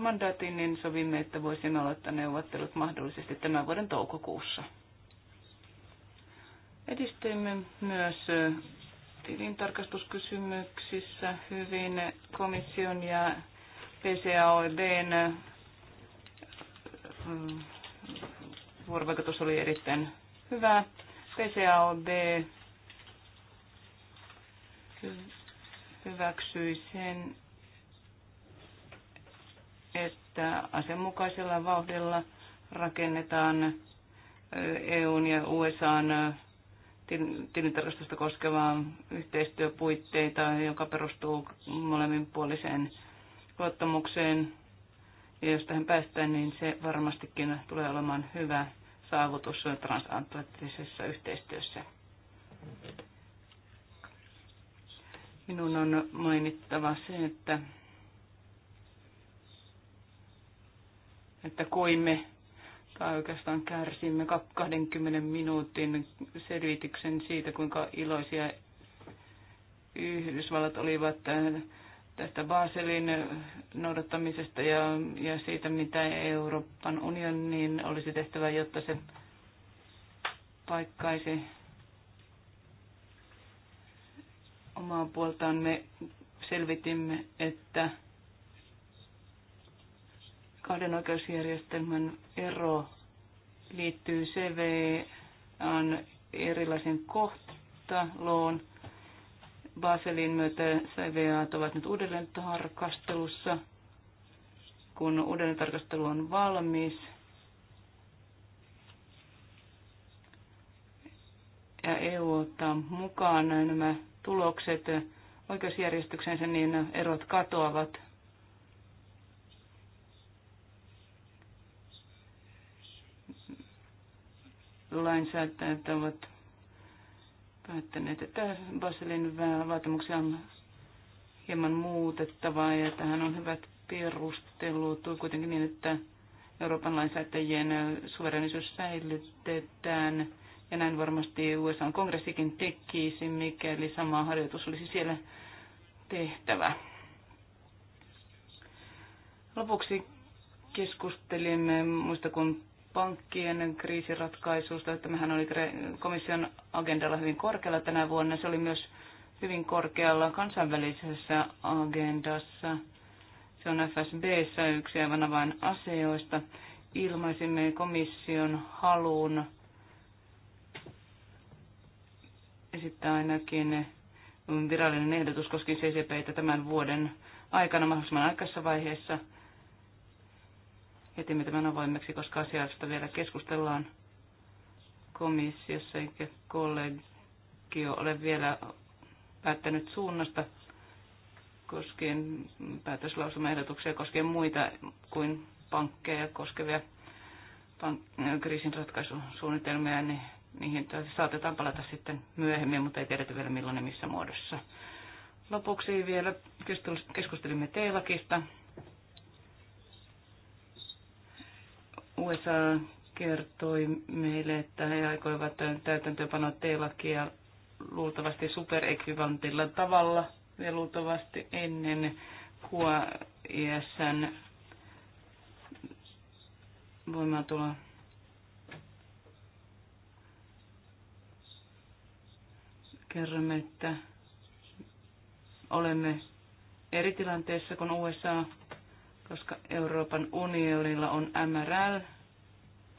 mandaatin, niin sovimme, että voisimme aloittaa neuvottelut mahdollisesti tämän vuoden toukokuussa. Edistyimme myös tilintarkastuskysymyksissä hyvin komission ja PCAOBn vuorovaikutus oli erittäin hyvä. PCAOB hyväksyi sen, että asianmukaisella vauhdilla rakennetaan EUn ja USAn tilintarkastusta koskevaa yhteistyöpuitteita, joka perustuu molemminpuoliseen luottamukseen. Ja jos tähän päästään, niin se varmastikin tulee olemaan hyvä saavutus transatlanttisessa yhteistyössä. Minun on mainittava se, että että koimme tai oikeastaan kärsimme 20 minuutin selvityksen siitä, kuinka iloisia Yhdysvallat olivat äh, tästä Baselin noudattamisesta ja, ja siitä, mitä Euroopan unionin olisi tehtävä, jotta se paikkaisi omaa puoltaan. Me selvitimme, että kahden oikeusjärjestelmän ero liittyy CVAn erilaisen kohtaloon. Baselin myötä CVA ovat nyt uudelleen tarkastelussa, kun uudelleen tarkastelu on valmis. Ja EU ottaa mukaan nämä tulokset oikeusjärjestyksensä, niin erot katoavat lainsäätäjät ovat päättäneet, että Baselin vaatimuksia on hieman muutettava ja tähän on hyvät perustelut kuitenkin niin, että Euroopan lainsäätäjien suverenisuus säilytetään. Ja näin varmasti USA-kongressikin tekisi, mikäli sama harjoitus olisi siellä tehtävä. Lopuksi keskustelimme muista kuin pankkien kriisiratkaisusta. että mehän oli komission agendalla hyvin korkealla tänä vuonna. Se oli myös hyvin korkealla kansainvälisessä agendassa. Se on FSBssä yksi aivan avain asioista. Ilmaisimme komission halun esittää ainakin virallinen ehdotus koskien CCPtä tämän vuoden aikana mahdollisimman aikaisessa vaiheessa – jätimme tämän avoimeksi, koska asiasta vielä keskustellaan komissiossa, eikä kollegio ole vielä päättänyt suunnasta koskien päätöslausumaehdotuksia koskien muita kuin pankkeja koskevia pank- kriisinratkaisusuunnitelmia, niin niihin saatetaan palata sitten myöhemmin, mutta ei tiedetä vielä milloin ja missä muodossa. Lopuksi vielä keskustelimme T-lakista. USA kertoi meille, että he aikoivat täytäntöönpanoa T-lakia luultavasti superekvivalentilla tavalla ja luultavasti ennen QISn voimaantuloa. Kerromme, että olemme eri tilanteessa kuin USA koska Euroopan unionilla on MRL,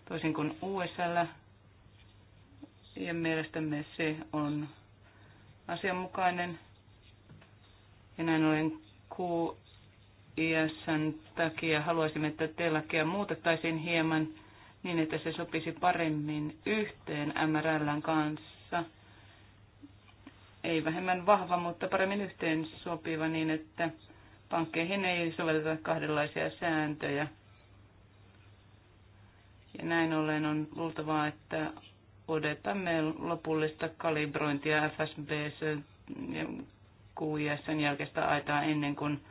toisin kuin USL, ja mielestämme se on asianmukainen. Ja näin ollen QISn takia haluaisimme, että t muutettaisiin hieman niin, että se sopisi paremmin yhteen MRLn kanssa. Ei vähemmän vahva, mutta paremmin yhteen sopiva niin, että pankkeihin ei sovelleta kahdenlaisia sääntöjä. Ja näin ollen on luultavaa, että odotamme lopullista kalibrointia FSB ja QISn jälkeistä aitaa ennen kuin,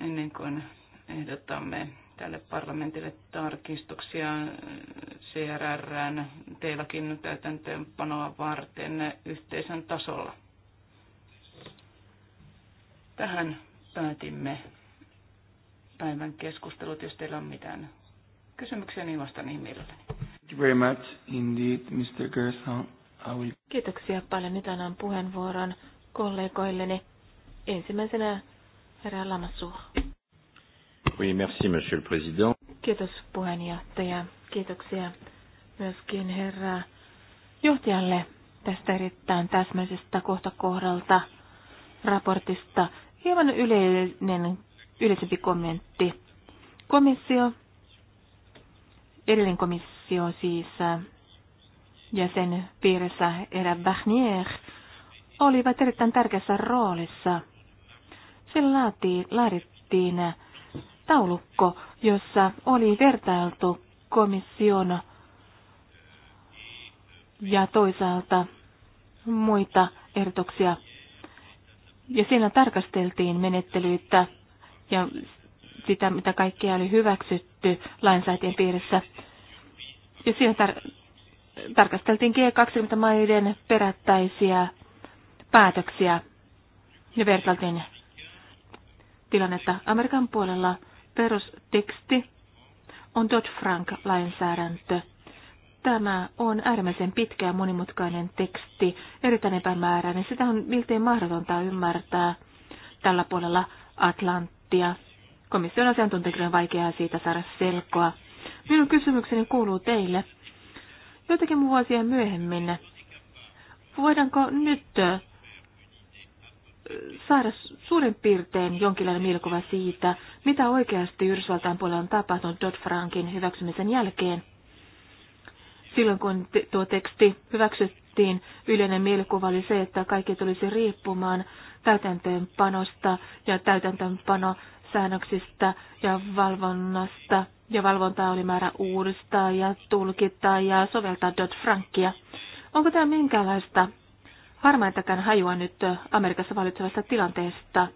ennen kuin ehdotamme tälle parlamentille tarkistuksia CRRn teilläkin täytäntöönpanoa varten yhteisön tasolla. Tähän päätimme päivän keskustelut. Jos teillä on mitään kysymyksiä, niin vastaan niihin mielelläni. Thank you very much indeed, Mr. Gerson. I will... Kiitoksia paljon. Nyt annan puheenvuoron kollegoilleni. Ensimmäisenä herra Lamassu. Oui, merci, monsieur le président. Kiitos puheenjohtaja. Kiitoksia myöskin herra johtajalle tästä erittäin täsmällisestä kohta kohdalta raportista. Hieman yleinen, yleisempi kommentti. Komissio, edellinen komissio siis, äh, ja sen piirissä erä Barnier, olivat erittäin tärkeässä roolissa. Se laati, laadittiin taulukko, jossa oli vertailtu komission ja toisaalta muita ehdotuksia ja siellä tarkasteltiin menettelyitä ja sitä, mitä kaikkea oli hyväksytty lainsäätien piirissä. Ja siellä tar- tarkasteltiin G20-maiden perättäisiä päätöksiä ja vertailtiin tilannetta. Amerikan puolella perusteksti on Dodd-Frank-lainsäädäntö. Tämä on äärimmäisen pitkä ja monimutkainen teksti, erittäin epämääräinen. Sitä on miltei mahdotonta ymmärtää tällä puolella Atlanttia. Komission asiantuntijoille on vaikeaa siitä saada selkoa. Minun kysymykseni kuuluu teille. Joitakin vuosia myöhemmin, voidaanko nyt saada suurin piirtein jonkinlainen mielikuva siitä, mitä oikeasti Yhdysvaltain puolella on tapahtunut Dodd-Frankin hyväksymisen jälkeen? silloin kun tuo teksti hyväksyttiin, yleinen mielikuva oli se, että kaikki tulisi riippumaan täytäntöönpanosta ja täytäntöönpano säännöksistä ja valvonnasta. Ja valvontaa oli määrä uudistaa ja tulkita ja soveltaa Dodd-Frankia. Onko tämä minkälaista harmaintakään hajua nyt Amerikassa valitsevasta tilanteesta?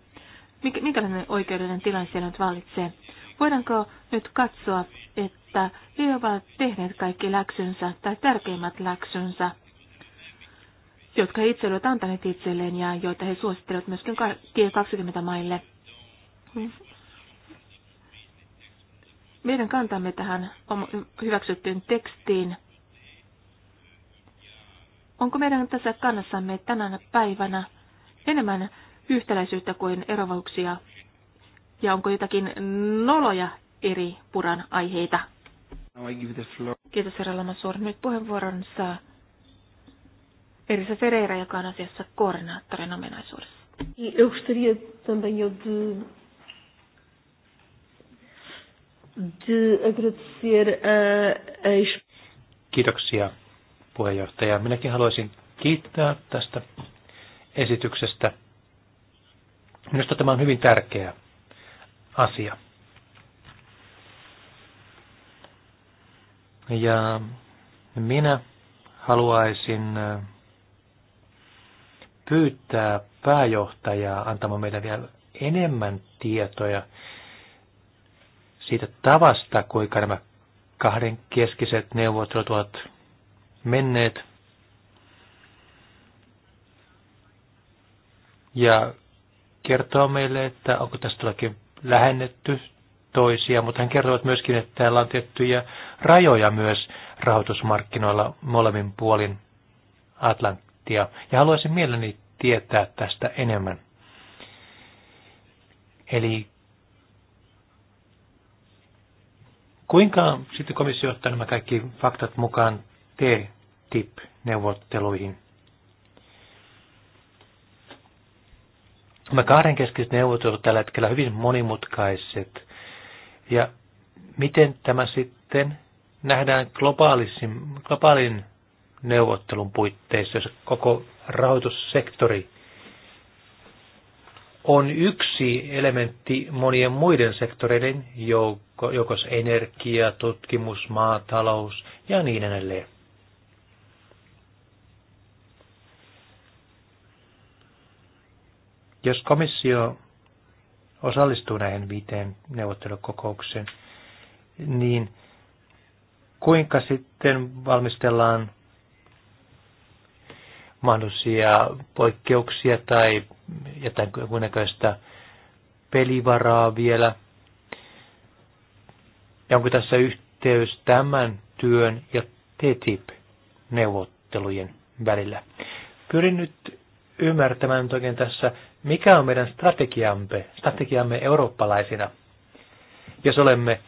Minkälainen oikeudellinen tilanne siellä nyt vallitsee? Voidaanko nyt katsoa, että he ovat tehneet kaikki läksynsä tai tärkeimmät läksynsä, jotka he itse olivat antaneet itselleen ja joita he suosittelevat myöskin G20-maille? Meidän kantamme tähän hyväksyttyyn tekstiin. Onko meidän tässä kannassamme tänä päivänä enemmän yhtäläisyyttä kuin erovauksia ja onko jotakin noloja eri puran aiheita? Kiitos herra Lamassuor. Nyt puheenvuoron saa Erisa Ferreira, joka on asiassa koordinaattorin ominaisuudessa. Kiitoksia puheenjohtaja. Minäkin haluaisin kiittää tästä esityksestä. Minusta tämä on hyvin tärkeää asia. Ja minä haluaisin pyytää pääjohtajaa antamaan meille vielä enemmän tietoja siitä tavasta, kuinka nämä kahden keskiset neuvottelut ovat menneet. Ja kertoo meille, että onko tässä todellakin lähennetty toisia, mutta hän kertovat myöskin, että täällä on tiettyjä rajoja myös rahoitusmarkkinoilla molemmin puolin Atlanttia. Ja haluaisin mielelläni tietää tästä enemmän. Eli kuinka sitten komissio ottaa nämä kaikki faktat mukaan TTIP-neuvotteluihin? Nämä kahdenkeskiset neuvottelut tällä hetkellä hyvin monimutkaiset. Ja miten tämä sitten nähdään globaalin neuvottelun puitteissa, jos koko rahoitussektori on yksi elementti monien muiden sektoreiden joukossa, energia, tutkimus, maatalous ja niin edelleen. Jos komissio osallistuu näihin viiteen neuvottelukokoukseen, niin kuinka sitten valmistellaan mahdollisia poikkeuksia tai jotain näköistä pelivaraa vielä? Ja onko tässä yhteys tämän työn ja TTIP-neuvottelujen välillä? Pyrin nyt ymmärtämään nyt oikein tässä mikä on meidän strategiamme, strategiamme eurooppalaisina, jos olemme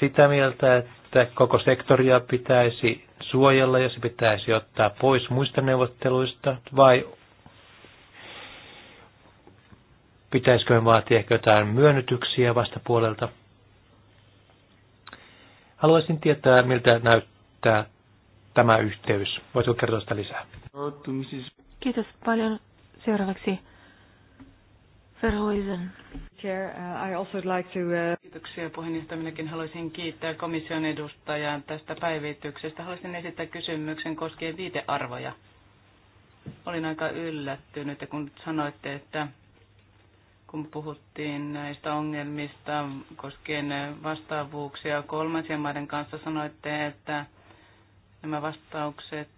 sitä mieltä, että koko sektoria pitäisi suojella ja se pitäisi ottaa pois muista neuvotteluista, vai pitäisikö me vaatia ehkä jotain myönnytyksiä vastapuolelta? Haluaisin tietää, miltä näyttää tämä yhteys. Voitko kertoa sitä lisää? Kiitos paljon. Seuraavaksi Verhoiven. Chair, uh, I also like to... Uh, Kiitoksia puheenjohtaja. Minäkin haluaisin kiittää komission edustajaa tästä päivityksestä. Haluaisin esittää kysymyksen koskien viitearvoja. Olin aika yllättynyt, kun sanoitte, että kun puhuttiin näistä ongelmista koskien vastaavuuksia kolmansien maiden kanssa, sanoitte, että nämä vastaukset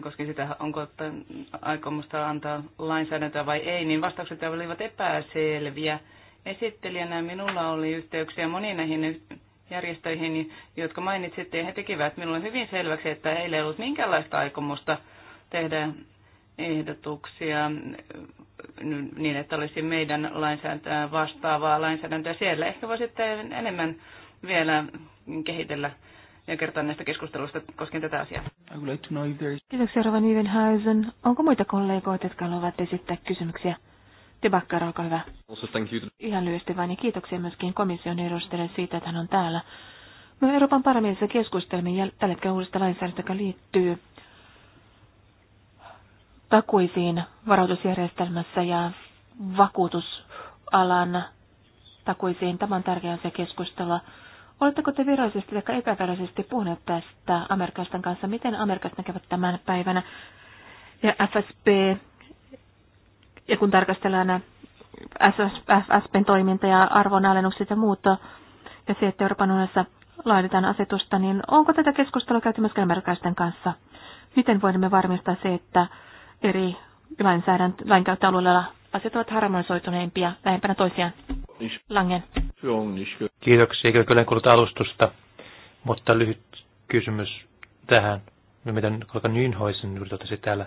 koskien sitä, onko aikomusta antaa lainsäädäntöä vai ei, niin vastaukset olivat epäselviä. Esittelijänä minulla oli yhteyksiä moniin näihin järjestöihin, jotka mainitsitte, ja he tekivät minulle hyvin selväksi, että heillä ei ollut minkäänlaista aikomusta tehdä ehdotuksia niin, että olisi meidän lainsäädäntöä vastaavaa lainsäädäntöä siellä. Ehkä voisitte enemmän vielä kehitellä ja kertoa näistä keskusteluista koskien tätä asiaa. Like Kiitoksia Rova Nivenhausen. Onko muita kollegoita, jotka haluavat esittää kysymyksiä? Tebakkar, olkaa hyvä. Also, thank you. Ihan lyhyesti vain ja kiitoksia myöskin komission edustajalle siitä, että hän on täällä. Me no, Euroopan parlamentissa keskustelemme tällä hetkellä uudesta lainsäädäntöä, joka liittyy takuisiin varautusjärjestelmässä ja vakuutusalan takuisiin. Tämä on tärkeä asia keskustella Oletteko te virallisesti tai epävirallisesti puhuneet tästä Amerikastan kanssa? Miten Amerikasta näkevät tämän päivänä? Ja FSB, ja kun tarkastellaan FSBn toiminta ja arvonalennukset ja muut, ja se, että Euroopan unionissa laaditaan asetusta, niin onko tätä keskustelua käyty myös amerikkalaisten kanssa? Miten voimme varmistaa se, että eri lainsäädäntö, lainkäyttöalueilla asiat ovat harmonisoituneempia lähempänä toisiaan? Langen. Kiitoksia, eikö kyllä kuulut alustusta, mutta lyhyt kysymys tähän, no, mitä kolka Nynhoisen juuri täällä.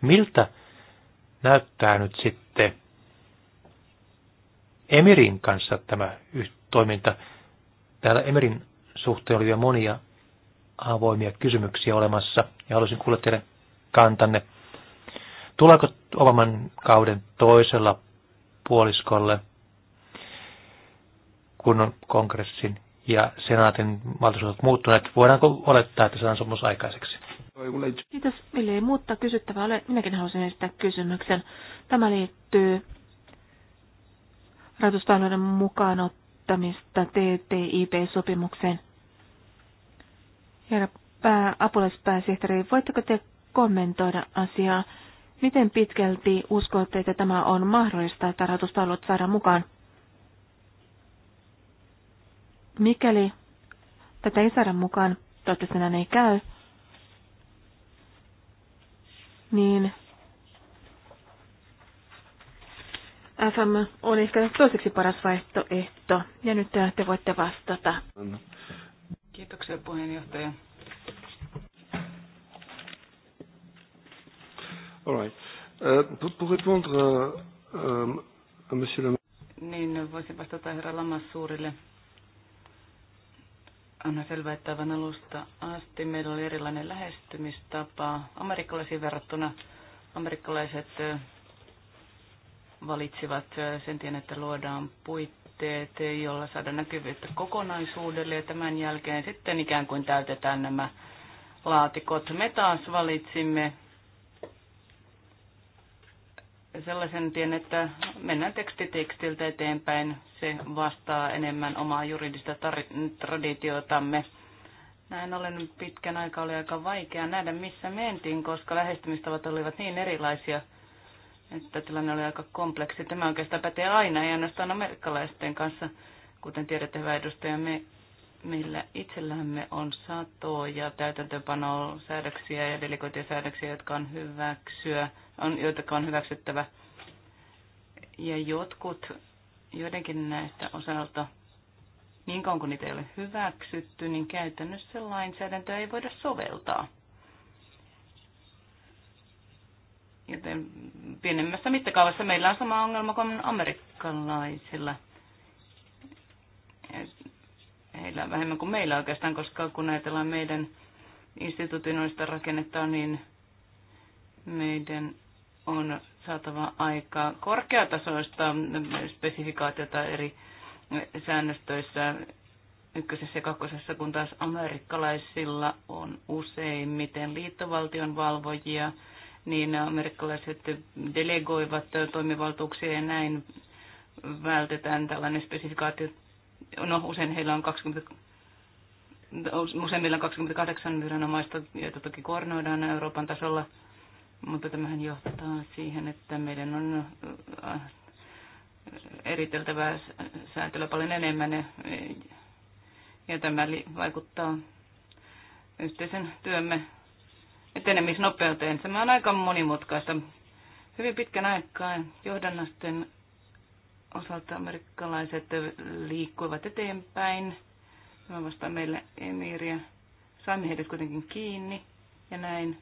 Miltä näyttää nyt sitten Emirin kanssa tämä toiminta? Täällä Emirin suhteen oli vielä monia avoimia kysymyksiä olemassa ja haluaisin kuulla teidän kantanne. Tuleeko Obaman kauden toisella puoliskolle kun on kongressin ja senaatin valtuustot muuttuneet. Voidaanko olettaa, että saadaan sopimus aikaiseksi? Kiitos, Ville. Ei muutta kysyttävää ole. Minäkin haluaisin esittää kysymyksen. Tämä liittyy rahoituspalveluiden mukaan ottamista TTIP-sopimukseen. Herra pää, apulaispääsihteeri, voitteko te kommentoida asiaa? Miten pitkälti uskotte, että tämä on mahdollista, että rahoituspalvelut saadaan mukaan? Mikäli tätä ei saada mukaan, toivottavasti näin ei käy, niin FM on ehkä toiseksi paras vaihtoehto. Ja nyt te voitte vastata. Kiitoksia puheenjohtaja. All right. Uh, pour répondre uh, uh, monsieur le... Niin, voisin vastata herra Lamassuurille. Anna selvää, että aivan alusta asti meillä oli erilainen lähestymistapa amerikkalaisiin verrattuna. Amerikkalaiset valitsivat sen tien, että luodaan puitteet, jolla saadaan näkyvyyttä kokonaisuudelle ja tämän jälkeen sitten ikään kuin täytetään nämä laatikot. Me taas valitsimme sellaisen tien, että mennään teksti eteenpäin. Se vastaa enemmän omaa juridista traditiotamme. Näin ollen pitkän aikaa oli aika vaikea nähdä, missä mentiin, koska lähestymistavat olivat niin erilaisia, että tilanne oli aika kompleksi. Tämä oikeastaan pätee aina, ei ainoastaan amerikkalaisten kanssa, kuten tiedätte, hyvä edustaja, me, meillä itsellämme on satoja täytäntöpanosäädöksiä ja delegointisäädöksiä, jotka on hyväksyä on, joitakin on hyväksyttävä. Ja jotkut, joidenkin näistä osalta, niin kauan kuin niitä ei ole hyväksytty, niin käytännössä lainsäädäntöä ei voida soveltaa. Joten pienemmässä mittakaavassa meillä on sama ongelma kuin amerikkalaisilla. Heillä on vähemmän kuin meillä oikeastaan, koska kun ajatellaan meidän institutionaalista rakennetta, niin meidän on saatava aika korkeatasoista spesifikaatiota eri säännöstöissä ykkösessä ja kakkosessa, kun taas amerikkalaisilla on useimmiten liittovaltion valvojia, niin amerikkalaiset delegoivat toimivaltuuksia ja näin vältetään tällainen spesifikaatio. No usein heillä on 20, useimmilla on 28 viranomaista, joita toki koordinoidaan Euroopan tasolla – mutta tämähän johtaa siihen, että meidän on äh, eriteltävää sääntelyä paljon enemmän ja tämä vaikuttaa yhteisen työmme etenemisnopeuteen. Tämä on aika monimutkaista. Hyvin pitkän aikaa johdannasten osalta amerikkalaiset liikkuivat eteenpäin. Tämä vastaa meille emiriä. Saimme heidät kuitenkin kiinni ja näin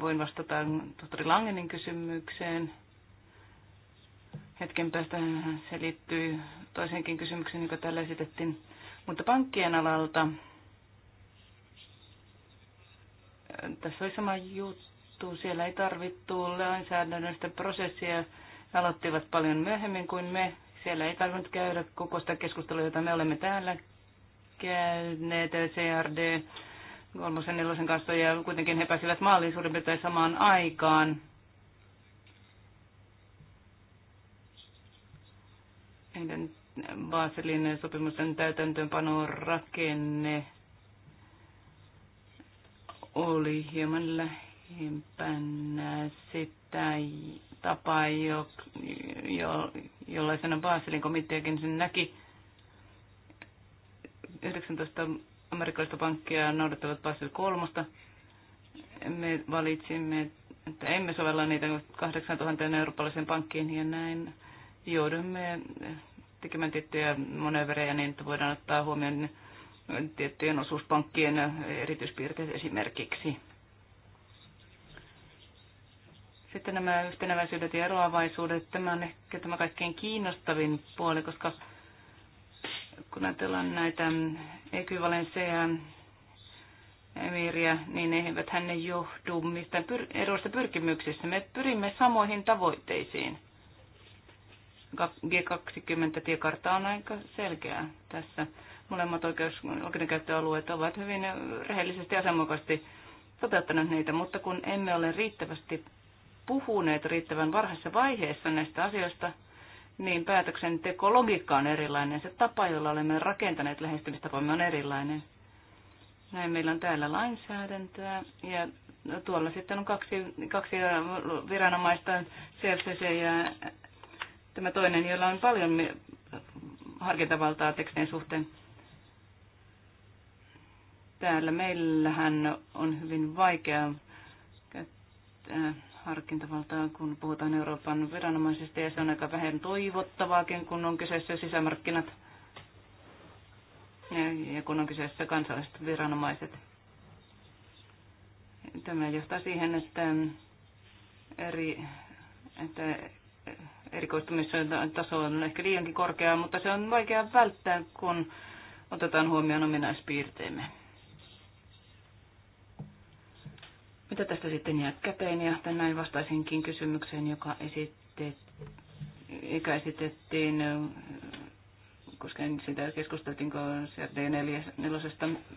voin vastata tohtori Langenin kysymykseen. Hetken päästä se liittyy toiseenkin kysymykseen, joka täällä esitettiin. Mutta pankkien alalta tässä oli sama juttu. Siellä ei tarvittu lainsäädännöstä prosessia. He aloittivat paljon myöhemmin kuin me. Siellä ei tarvinnut käydä koko sitä keskustelua, jota me olemme täällä käyneet. CRD kolmosen nelosen kanssa ja kuitenkin he pääsivät maaliin suurin piirtein samaan aikaan. Heidän Baselin sopimusten täytäntöönpano rakenne oli hieman lähempänä sitä tapaa, jo, jo, jollaisena Baselin komiteakin sen näki. 19 amerikkalaista pankkia noudattavat Basel kolmosta. Me valitsimme, että emme sovella niitä 8000 eurooppalaisen pankkiin ja näin joudumme tekemään tiettyjä monöverejä niin, että voidaan ottaa huomioon tiettyjen osuuspankkien erityispiirteet esimerkiksi. Sitten nämä yhtenäväisyydet ja eroavaisuudet, tämä on ehkä tämä kaikkein kiinnostavin puoli, koska kun ajatellaan näitä ekvivalensseja emiriä, niin eivät hänne johdu mistä pyr- eroista pyrkimyksissä. Me pyrimme samoihin tavoitteisiin. G20-tiekartta on aika selkeä tässä. Molemmat oikeus- oikeudenkäyttöalueet ovat hyvin rehellisesti ja asianmukaisesti toteuttaneet niitä, mutta kun emme ole riittävästi puhuneet riittävän varhaisessa vaiheessa näistä asioista, niin päätöksentekologiikka on erilainen. Se tapa, jolla olemme rakentaneet lähestymistapamme on erilainen. Näin meillä on täällä lainsäädäntöä ja tuolla sitten on kaksi, kaksi viranomaista, CFCC ja tämä toinen, jolla on paljon harkintavaltaa tekstien suhteen. Täällä meillähän on hyvin vaikea käyttää harkintavaltaa, kun puhutaan Euroopan viranomaisista, ja se on aika vähän toivottavaakin, kun on kyseessä sisämarkkinat ja kun on kyseessä kansalliset viranomaiset. Tämä johtaa siihen, että eri, että erikoistumisen taso on ehkä liiankin korkea, mutta se on vaikea välttää, kun otetaan huomioon ominaispiirteemme. Mitä tästä sitten jää käteen? Ja näin vastaisinkin kysymykseen, joka esitettiin, esitettiin koska sitä keskusteltiinko CRD4.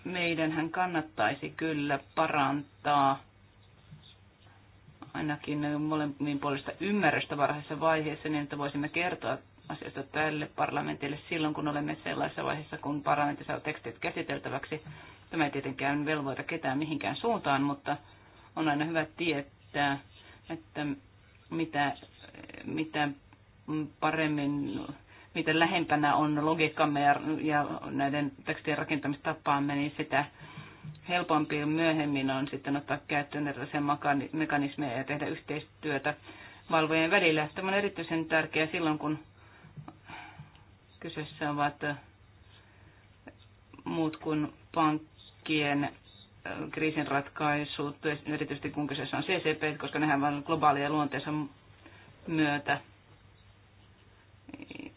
Meidän hän kannattaisi kyllä parantaa ainakin molemmin puolesta ymmärrystä varhaisessa vaiheessa, niin että voisimme kertoa asiasta tälle parlamentille silloin, kun olemme sellaisessa vaiheessa, kun parlamentti saa tekstit käsiteltäväksi. Tämä ei tietenkään velvoita ketään mihinkään suuntaan, mutta on aina hyvä tietää, että mitä, mitä paremmin, mitä lähempänä on logiikkamme ja, ja näiden tekstien rakentamistapaamme, niin sitä helpompi myöhemmin on sitten ottaa käyttöön erilaisia mekanismeja ja tehdä yhteistyötä valvojen välillä. Tämä on erityisen tärkeää silloin, kun kyseessä ovat muut kuin pankkien kriisinratkaisut, erityisesti kun kyseessä on CCP, koska nehän ovat globaalia luonteensa myötä.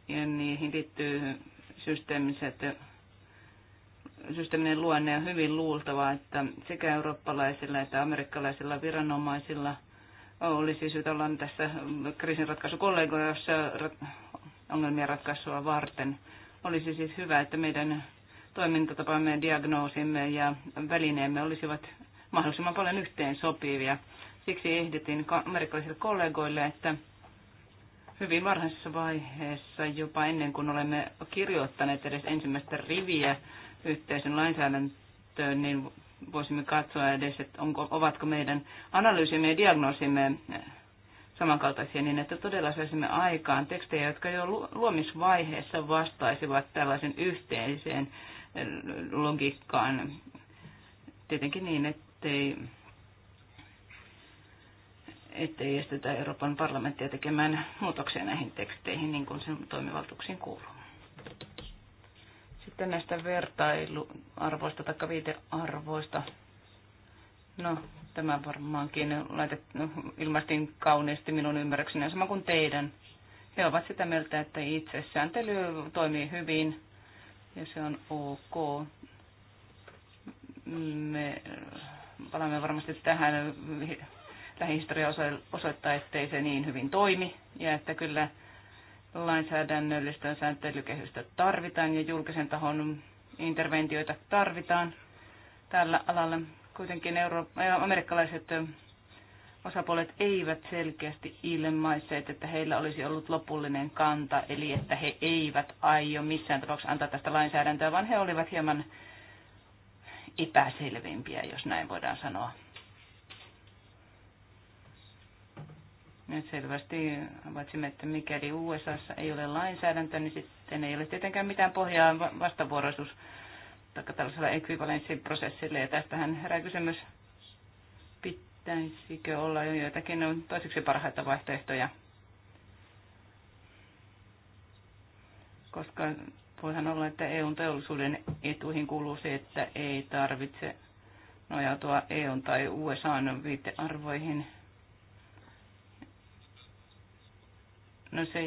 Ja niihin liittyy systeemiset, systeeminen luonne on hyvin luultavaa, että sekä eurooppalaisilla että amerikkalaisilla viranomaisilla olisi syytä olla tässä kriisinratkaisukollegoissa ongelmien ratkaisua varten. Olisi siis hyvä, että meidän toimintatapamme, diagnoosimme ja välineemme olisivat mahdollisimman paljon yhteen sopivia. Siksi ehdotin amerikkalaisille kollegoille, että hyvin varhaisessa vaiheessa, jopa ennen kuin olemme kirjoittaneet edes ensimmäistä riviä yhteisen lainsäädäntöön, niin voisimme katsoa edes, että onko, ovatko meidän analyysimme ja diagnoosimme samankaltaisia niin, että todella saisimme aikaan tekstejä, jotka jo luomisvaiheessa vastaisivat tällaisen yhteiseen logiikkaan. Tietenkin niin, ettei, ettei estetä Euroopan parlamenttia tekemään muutoksia näihin teksteihin niin kuin sen toimivaltuuksiin kuuluu. Sitten näistä vertailuarvoista tai viitearvoista. No, tämä varmaankin laitet, no, ilmaistiin kauniisti minun ymmärrykseni sama kuin teidän. He ovat sitä mieltä, että sääntely toimii hyvin ja se on ok. Me palaamme varmasti tähän. Lähihistoria osoittaa, ettei se niin hyvin toimi ja että kyllä lainsäädännöllistä sääntelykehystä tarvitaan ja julkisen tahon interventioita tarvitaan tällä alalla. Kuitenkin euro- amerikkalaiset osapuolet eivät selkeästi ilmaisseet, että heillä olisi ollut lopullinen kanta, eli että he eivät aio missään tapauksessa antaa tästä lainsäädäntöä, vaan he olivat hieman epäselvimpiä, jos näin voidaan sanoa. Nyt selvästi havaitsimme, että mikäli USA ei ole lainsäädäntö, niin sitten ei ole tietenkään mitään pohjaa vastavuoroisuus tai tällaisella ekvivalenssiprosessille. Ja tästähän herää kysymys Pitäisikö olla jo joitakin toiseksi parhaita vaihtoehtoja? Koska voihan olla, että EUn teollisuuden etuihin kuuluu se, että ei tarvitse nojautua EUn tai USAn viitearvoihin. No se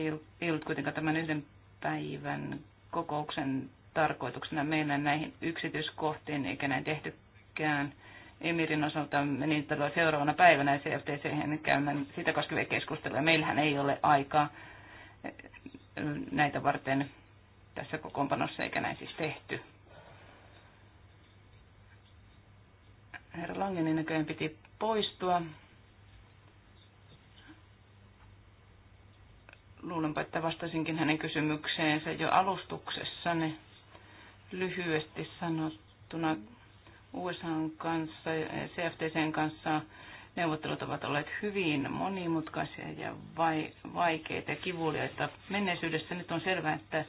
ei ollut kuitenkaan tämän yhden päivän kokouksen tarkoituksena mennä näihin yksityiskohtiin, eikä näin tehtykään. Emirin osalta meni seuraavana päivänä CFTC käymään sitä koskevia keskusteluja. Meillähän ei ole aikaa näitä varten tässä kokoonpanossa, eikä näin siis tehty. Herra Langenin niin näköjään piti poistua. Luulenpa, että vastasinkin hänen kysymykseensä jo alustuksessani lyhyesti sanottuna USA kanssa, CFTCn kanssa neuvottelut ovat olleet hyvin monimutkaisia ja vai, vaikeita ja kivuliaita. Menneisyydessä nyt on selvää, että,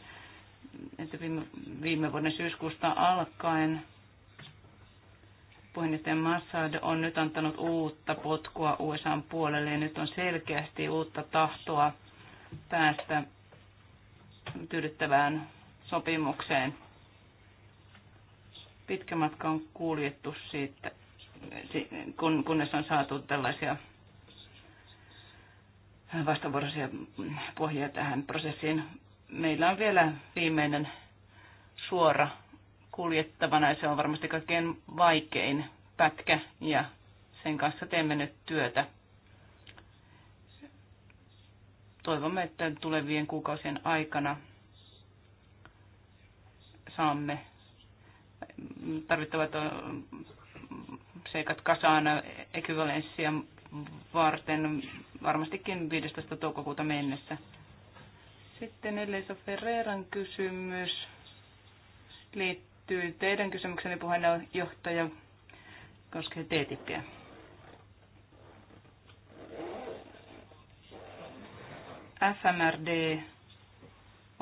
että viime, viime vuoden syyskuusta alkaen puheenjohtaja Massad on nyt antanut uutta potkua USAn puolelle ja nyt on selkeästi uutta tahtoa päästä tyydyttävään sopimukseen pitkä matka on kuljettu siitä, kun, kunnes on saatu tällaisia vastavuoroisia pohjia tähän prosessiin. Meillä on vielä viimeinen suora kuljettavana ja se on varmasti kaikkein vaikein pätkä ja sen kanssa teemme nyt työtä. Toivomme, että tulevien kuukausien aikana saamme tarvittavat seikat kasaan ekvivalenssia varten varmastikin 15. toukokuuta mennessä. Sitten Elisa Ferreran kysymys liittyy teidän kysymykseni puheenjohtaja koskee T-tippiä. FMRD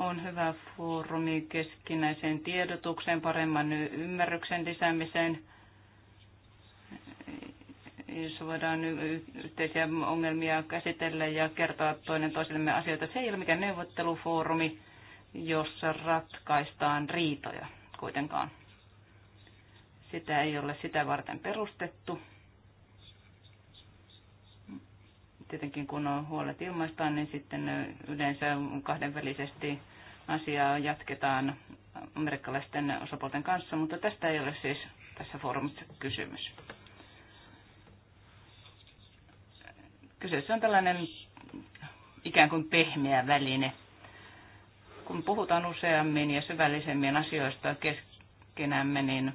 on hyvä foorumi keskinäiseen tiedotukseen, paremman ymmärryksen lisäämiseen, jos voidaan yhteisiä ongelmia käsitellä ja kertoa toinen toisillemme asioita. Se ei ole mikään neuvottelufoorumi, jossa ratkaistaan riitoja kuitenkaan. Sitä ei ole sitä varten perustettu. tietenkin kun on huolet ilmaistaan, niin sitten yleensä kahdenvälisesti asiaa jatketaan amerikkalaisten osapuolten kanssa, mutta tästä ei ole siis tässä foorumissa kysymys. Kyseessä on tällainen ikään kuin pehmeä väline. Kun puhutaan useammin ja syvällisemmin asioista keskenämme, niin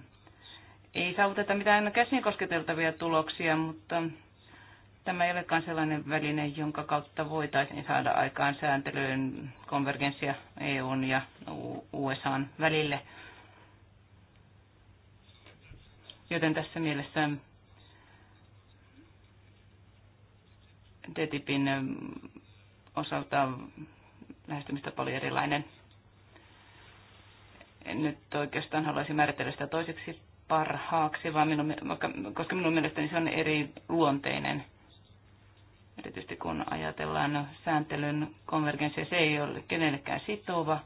ei saavuteta mitään käsin kosketeltavia tuloksia, mutta Tämä ei olekaan sellainen väline, jonka kautta voitaisiin saada aikaan sääntelyyn konvergenssia EUn ja USAn välille. Joten tässä mielessä TTIPin osalta lähestymistapa oli erilainen. En nyt oikeastaan haluaisin määritellä sitä toiseksi parhaaksi, vaan minun, koska minun mielestäni se on eri luonteinen Tietysti kun ajatellaan sääntelyn konvergenssia, se ei ole kenellekään sitova.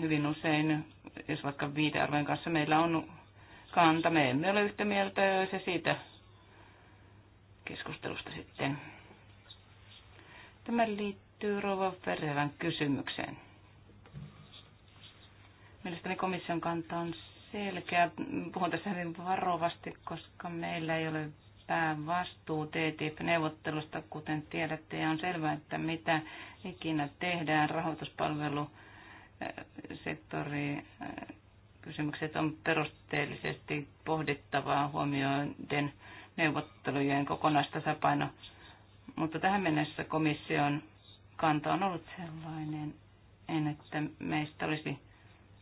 Hyvin usein, jos vaikka viitearvojen kanssa meillä on kanta, me emme ole yhtä mieltä ja se siitä keskustelusta sitten. Tämä liittyy Rova Ferrevän kysymykseen. Mielestäni komission kanta on selkeä. Puhun tässä hyvin varovasti, koska meillä ei ole päävastuu TTIP-neuvottelusta, kuten tiedätte, ja on selvää, että mitä ikinä tehdään rahoituspalvelu eh, sektori eh, kysymykset on perusteellisesti pohdittavaa huomioiden neuvottelujen kokonaistasapaino. Mutta tähän mennessä komission kanta on ollut sellainen, että meistä olisi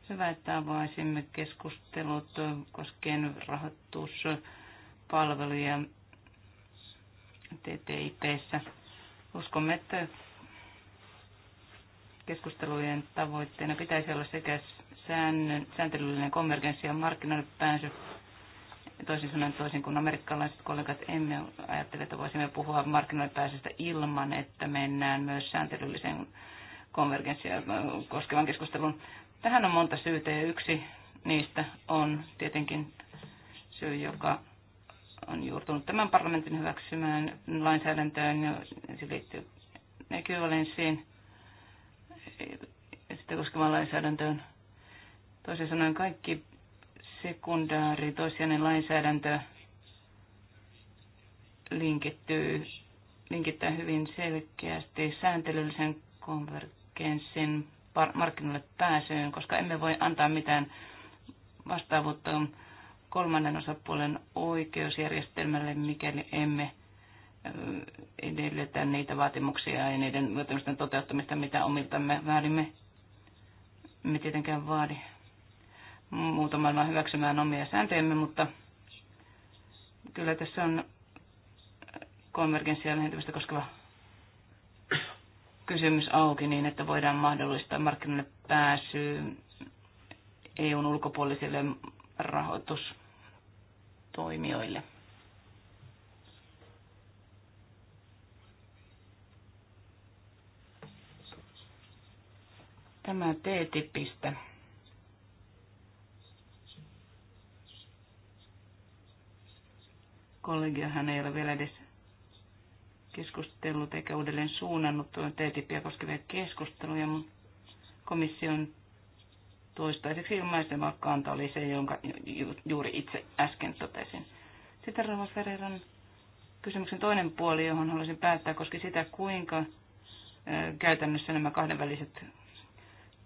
hyvä, että avaisimme keskustelut koskien rahoituspalveluja TTIPssä. Uskomme, että keskustelujen tavoitteena pitäisi olla sekä säännön, sääntelyllinen konvergenssi ja markkinoille pääsy. Toisin sanoen toisin kuin amerikkalaiset kollegat emme ajattele, että voisimme puhua markkinoille pääsystä ilman, että mennään myös sääntelyllisen konvergenssia koskevan keskustelun. Tähän on monta syytä ja yksi niistä on tietenkin syy, joka on juurtunut tämän parlamentin hyväksymään lainsäädäntöön ja se liittyy ekvivalenssiin ja sitten koskevaan lainsäädäntöön. Toisin sanoen kaikki sekundaari toissijainen lainsäädäntö linkittyy, linkittää hyvin selkeästi sääntelyllisen konvergenssin markkinoille pääsyyn, koska emme voi antaa mitään vastaavuutta kolmannen osapuolen oikeusjärjestelmälle, mikäli emme edellytä niitä vaatimuksia ja niiden vaatimusten toteuttamista, mitä omiltamme vaadimme. Me tietenkään vaadi muuta maailmaa hyväksymään omia sääntöjämme, mutta kyllä tässä on konvergenssia lähentymistä koskeva kysymys auki niin, että voidaan mahdollistaa markkinoille pääsy EUn ulkopuolisille rahoitustoimijoille. Tämä T-tipistä. Kollegiahan ei ole vielä edes keskustellut eikä uudelleen suunnannut tuota T-tipiä koskevia keskusteluja, mutta komission toistaiseksi ilmaisema kanta oli se, jonka juuri itse äsken totesin. Sitten Rova Ferreran kysymyksen toinen puoli, johon haluaisin päättää, koski sitä, kuinka käytännössä nämä kahdenväliset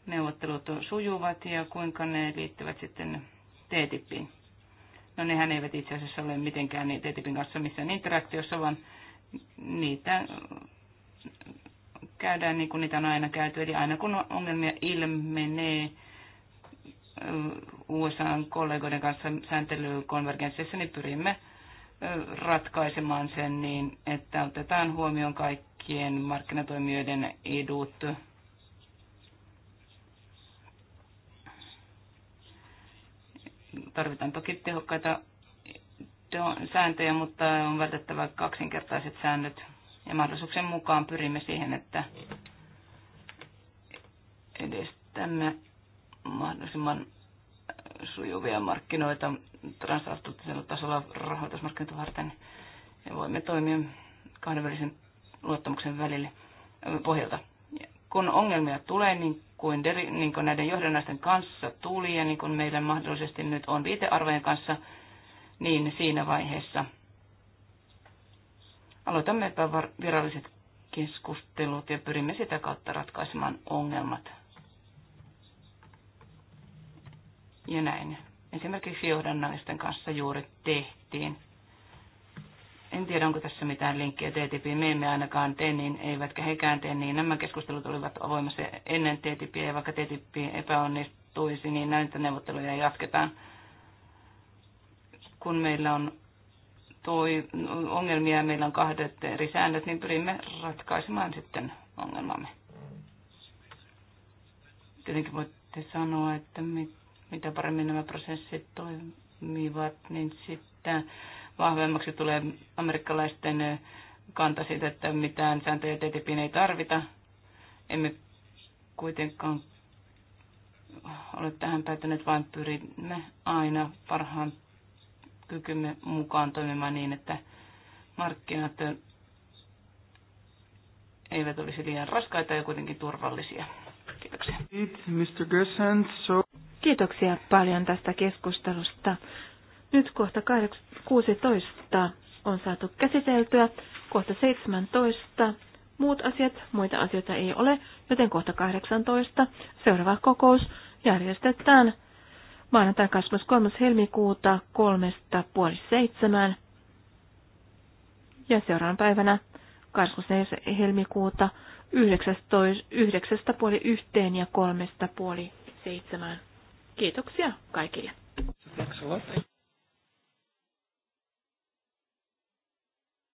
neuvottelut sujuvat ja kuinka ne liittyvät sitten TTIPiin. No nehän eivät itse asiassa ole mitenkään niin TTIPin kanssa missään interaktiossa, vaan niitä käydään niin kuin niitä on aina käyty. Eli aina kun ongelmia ilmenee, USA-kollegoiden kanssa sääntelykonvergenssissa, niin pyrimme ratkaisemaan sen niin, että otetaan huomioon kaikkien markkinatoimijoiden edut. Tarvitaan toki tehokkaita sääntöjä, mutta on vältettävä kaksinkertaiset säännöt. Ja mahdollisuuksien mukaan pyrimme siihen, että edistämme mahdollisimman äh, sujuvia markkinoita transatlanttisella tasolla rahoitusmarkkinoita varten ja voimme toimia kahdenvälisen luottamuksen välille äh, pohjalta. Kun ongelmia tulee, niin kuin, deri, niin kuin näiden johdannaisten kanssa tuli ja niin kuin meillä mahdollisesti nyt on viitearvojen kanssa, niin siinä vaiheessa aloitamme viralliset keskustelut ja pyrimme sitä kautta ratkaisemaan ongelmat. Ja näin esimerkiksi johdannaisten kanssa juuri tehtiin. En tiedä, onko tässä mitään linkkiä TTIPiin. Me emme ainakaan tee niin, eivätkä hekään tee niin. Nämä keskustelut olivat voimassa ennen TTIPiä, ja vaikka TTIP epäonnistuisi, niin näitä neuvotteluja jatketaan. Kun meillä on toi ongelmia ja meillä on kahdet eri säännöt, niin pyrimme ratkaisemaan sitten ongelmamme. Tietenkin voitte sanoa, että mit, mitä paremmin nämä prosessit toimivat, niin sitten vahvemmaksi tulee amerikkalaisten kanta siitä, että mitään sääntöjä TTIPin ei tarvita. Emme kuitenkaan ole tähän päätyneet, vaan pyrimme aina parhaan kykymme mukaan toimimaan niin, että markkinat eivät olisi liian raskaita ja kuitenkin turvallisia. Kiitoksia. Mr. Gersen, so... Kiitoksia paljon tästä keskustelusta. Nyt kohta 16 on saatu käsiteltyä, kohta 17 muut asiat, muita asioita ei ole, joten kohta 18 seuraava kokous järjestetään maanantai 23. helmikuuta kolmesta puoli Ja seuraavana päivänä 24. helmikuuta 19, 9 puoli yhteen ja kolmesta puoli seitsemään. Kiitoksia kaikille.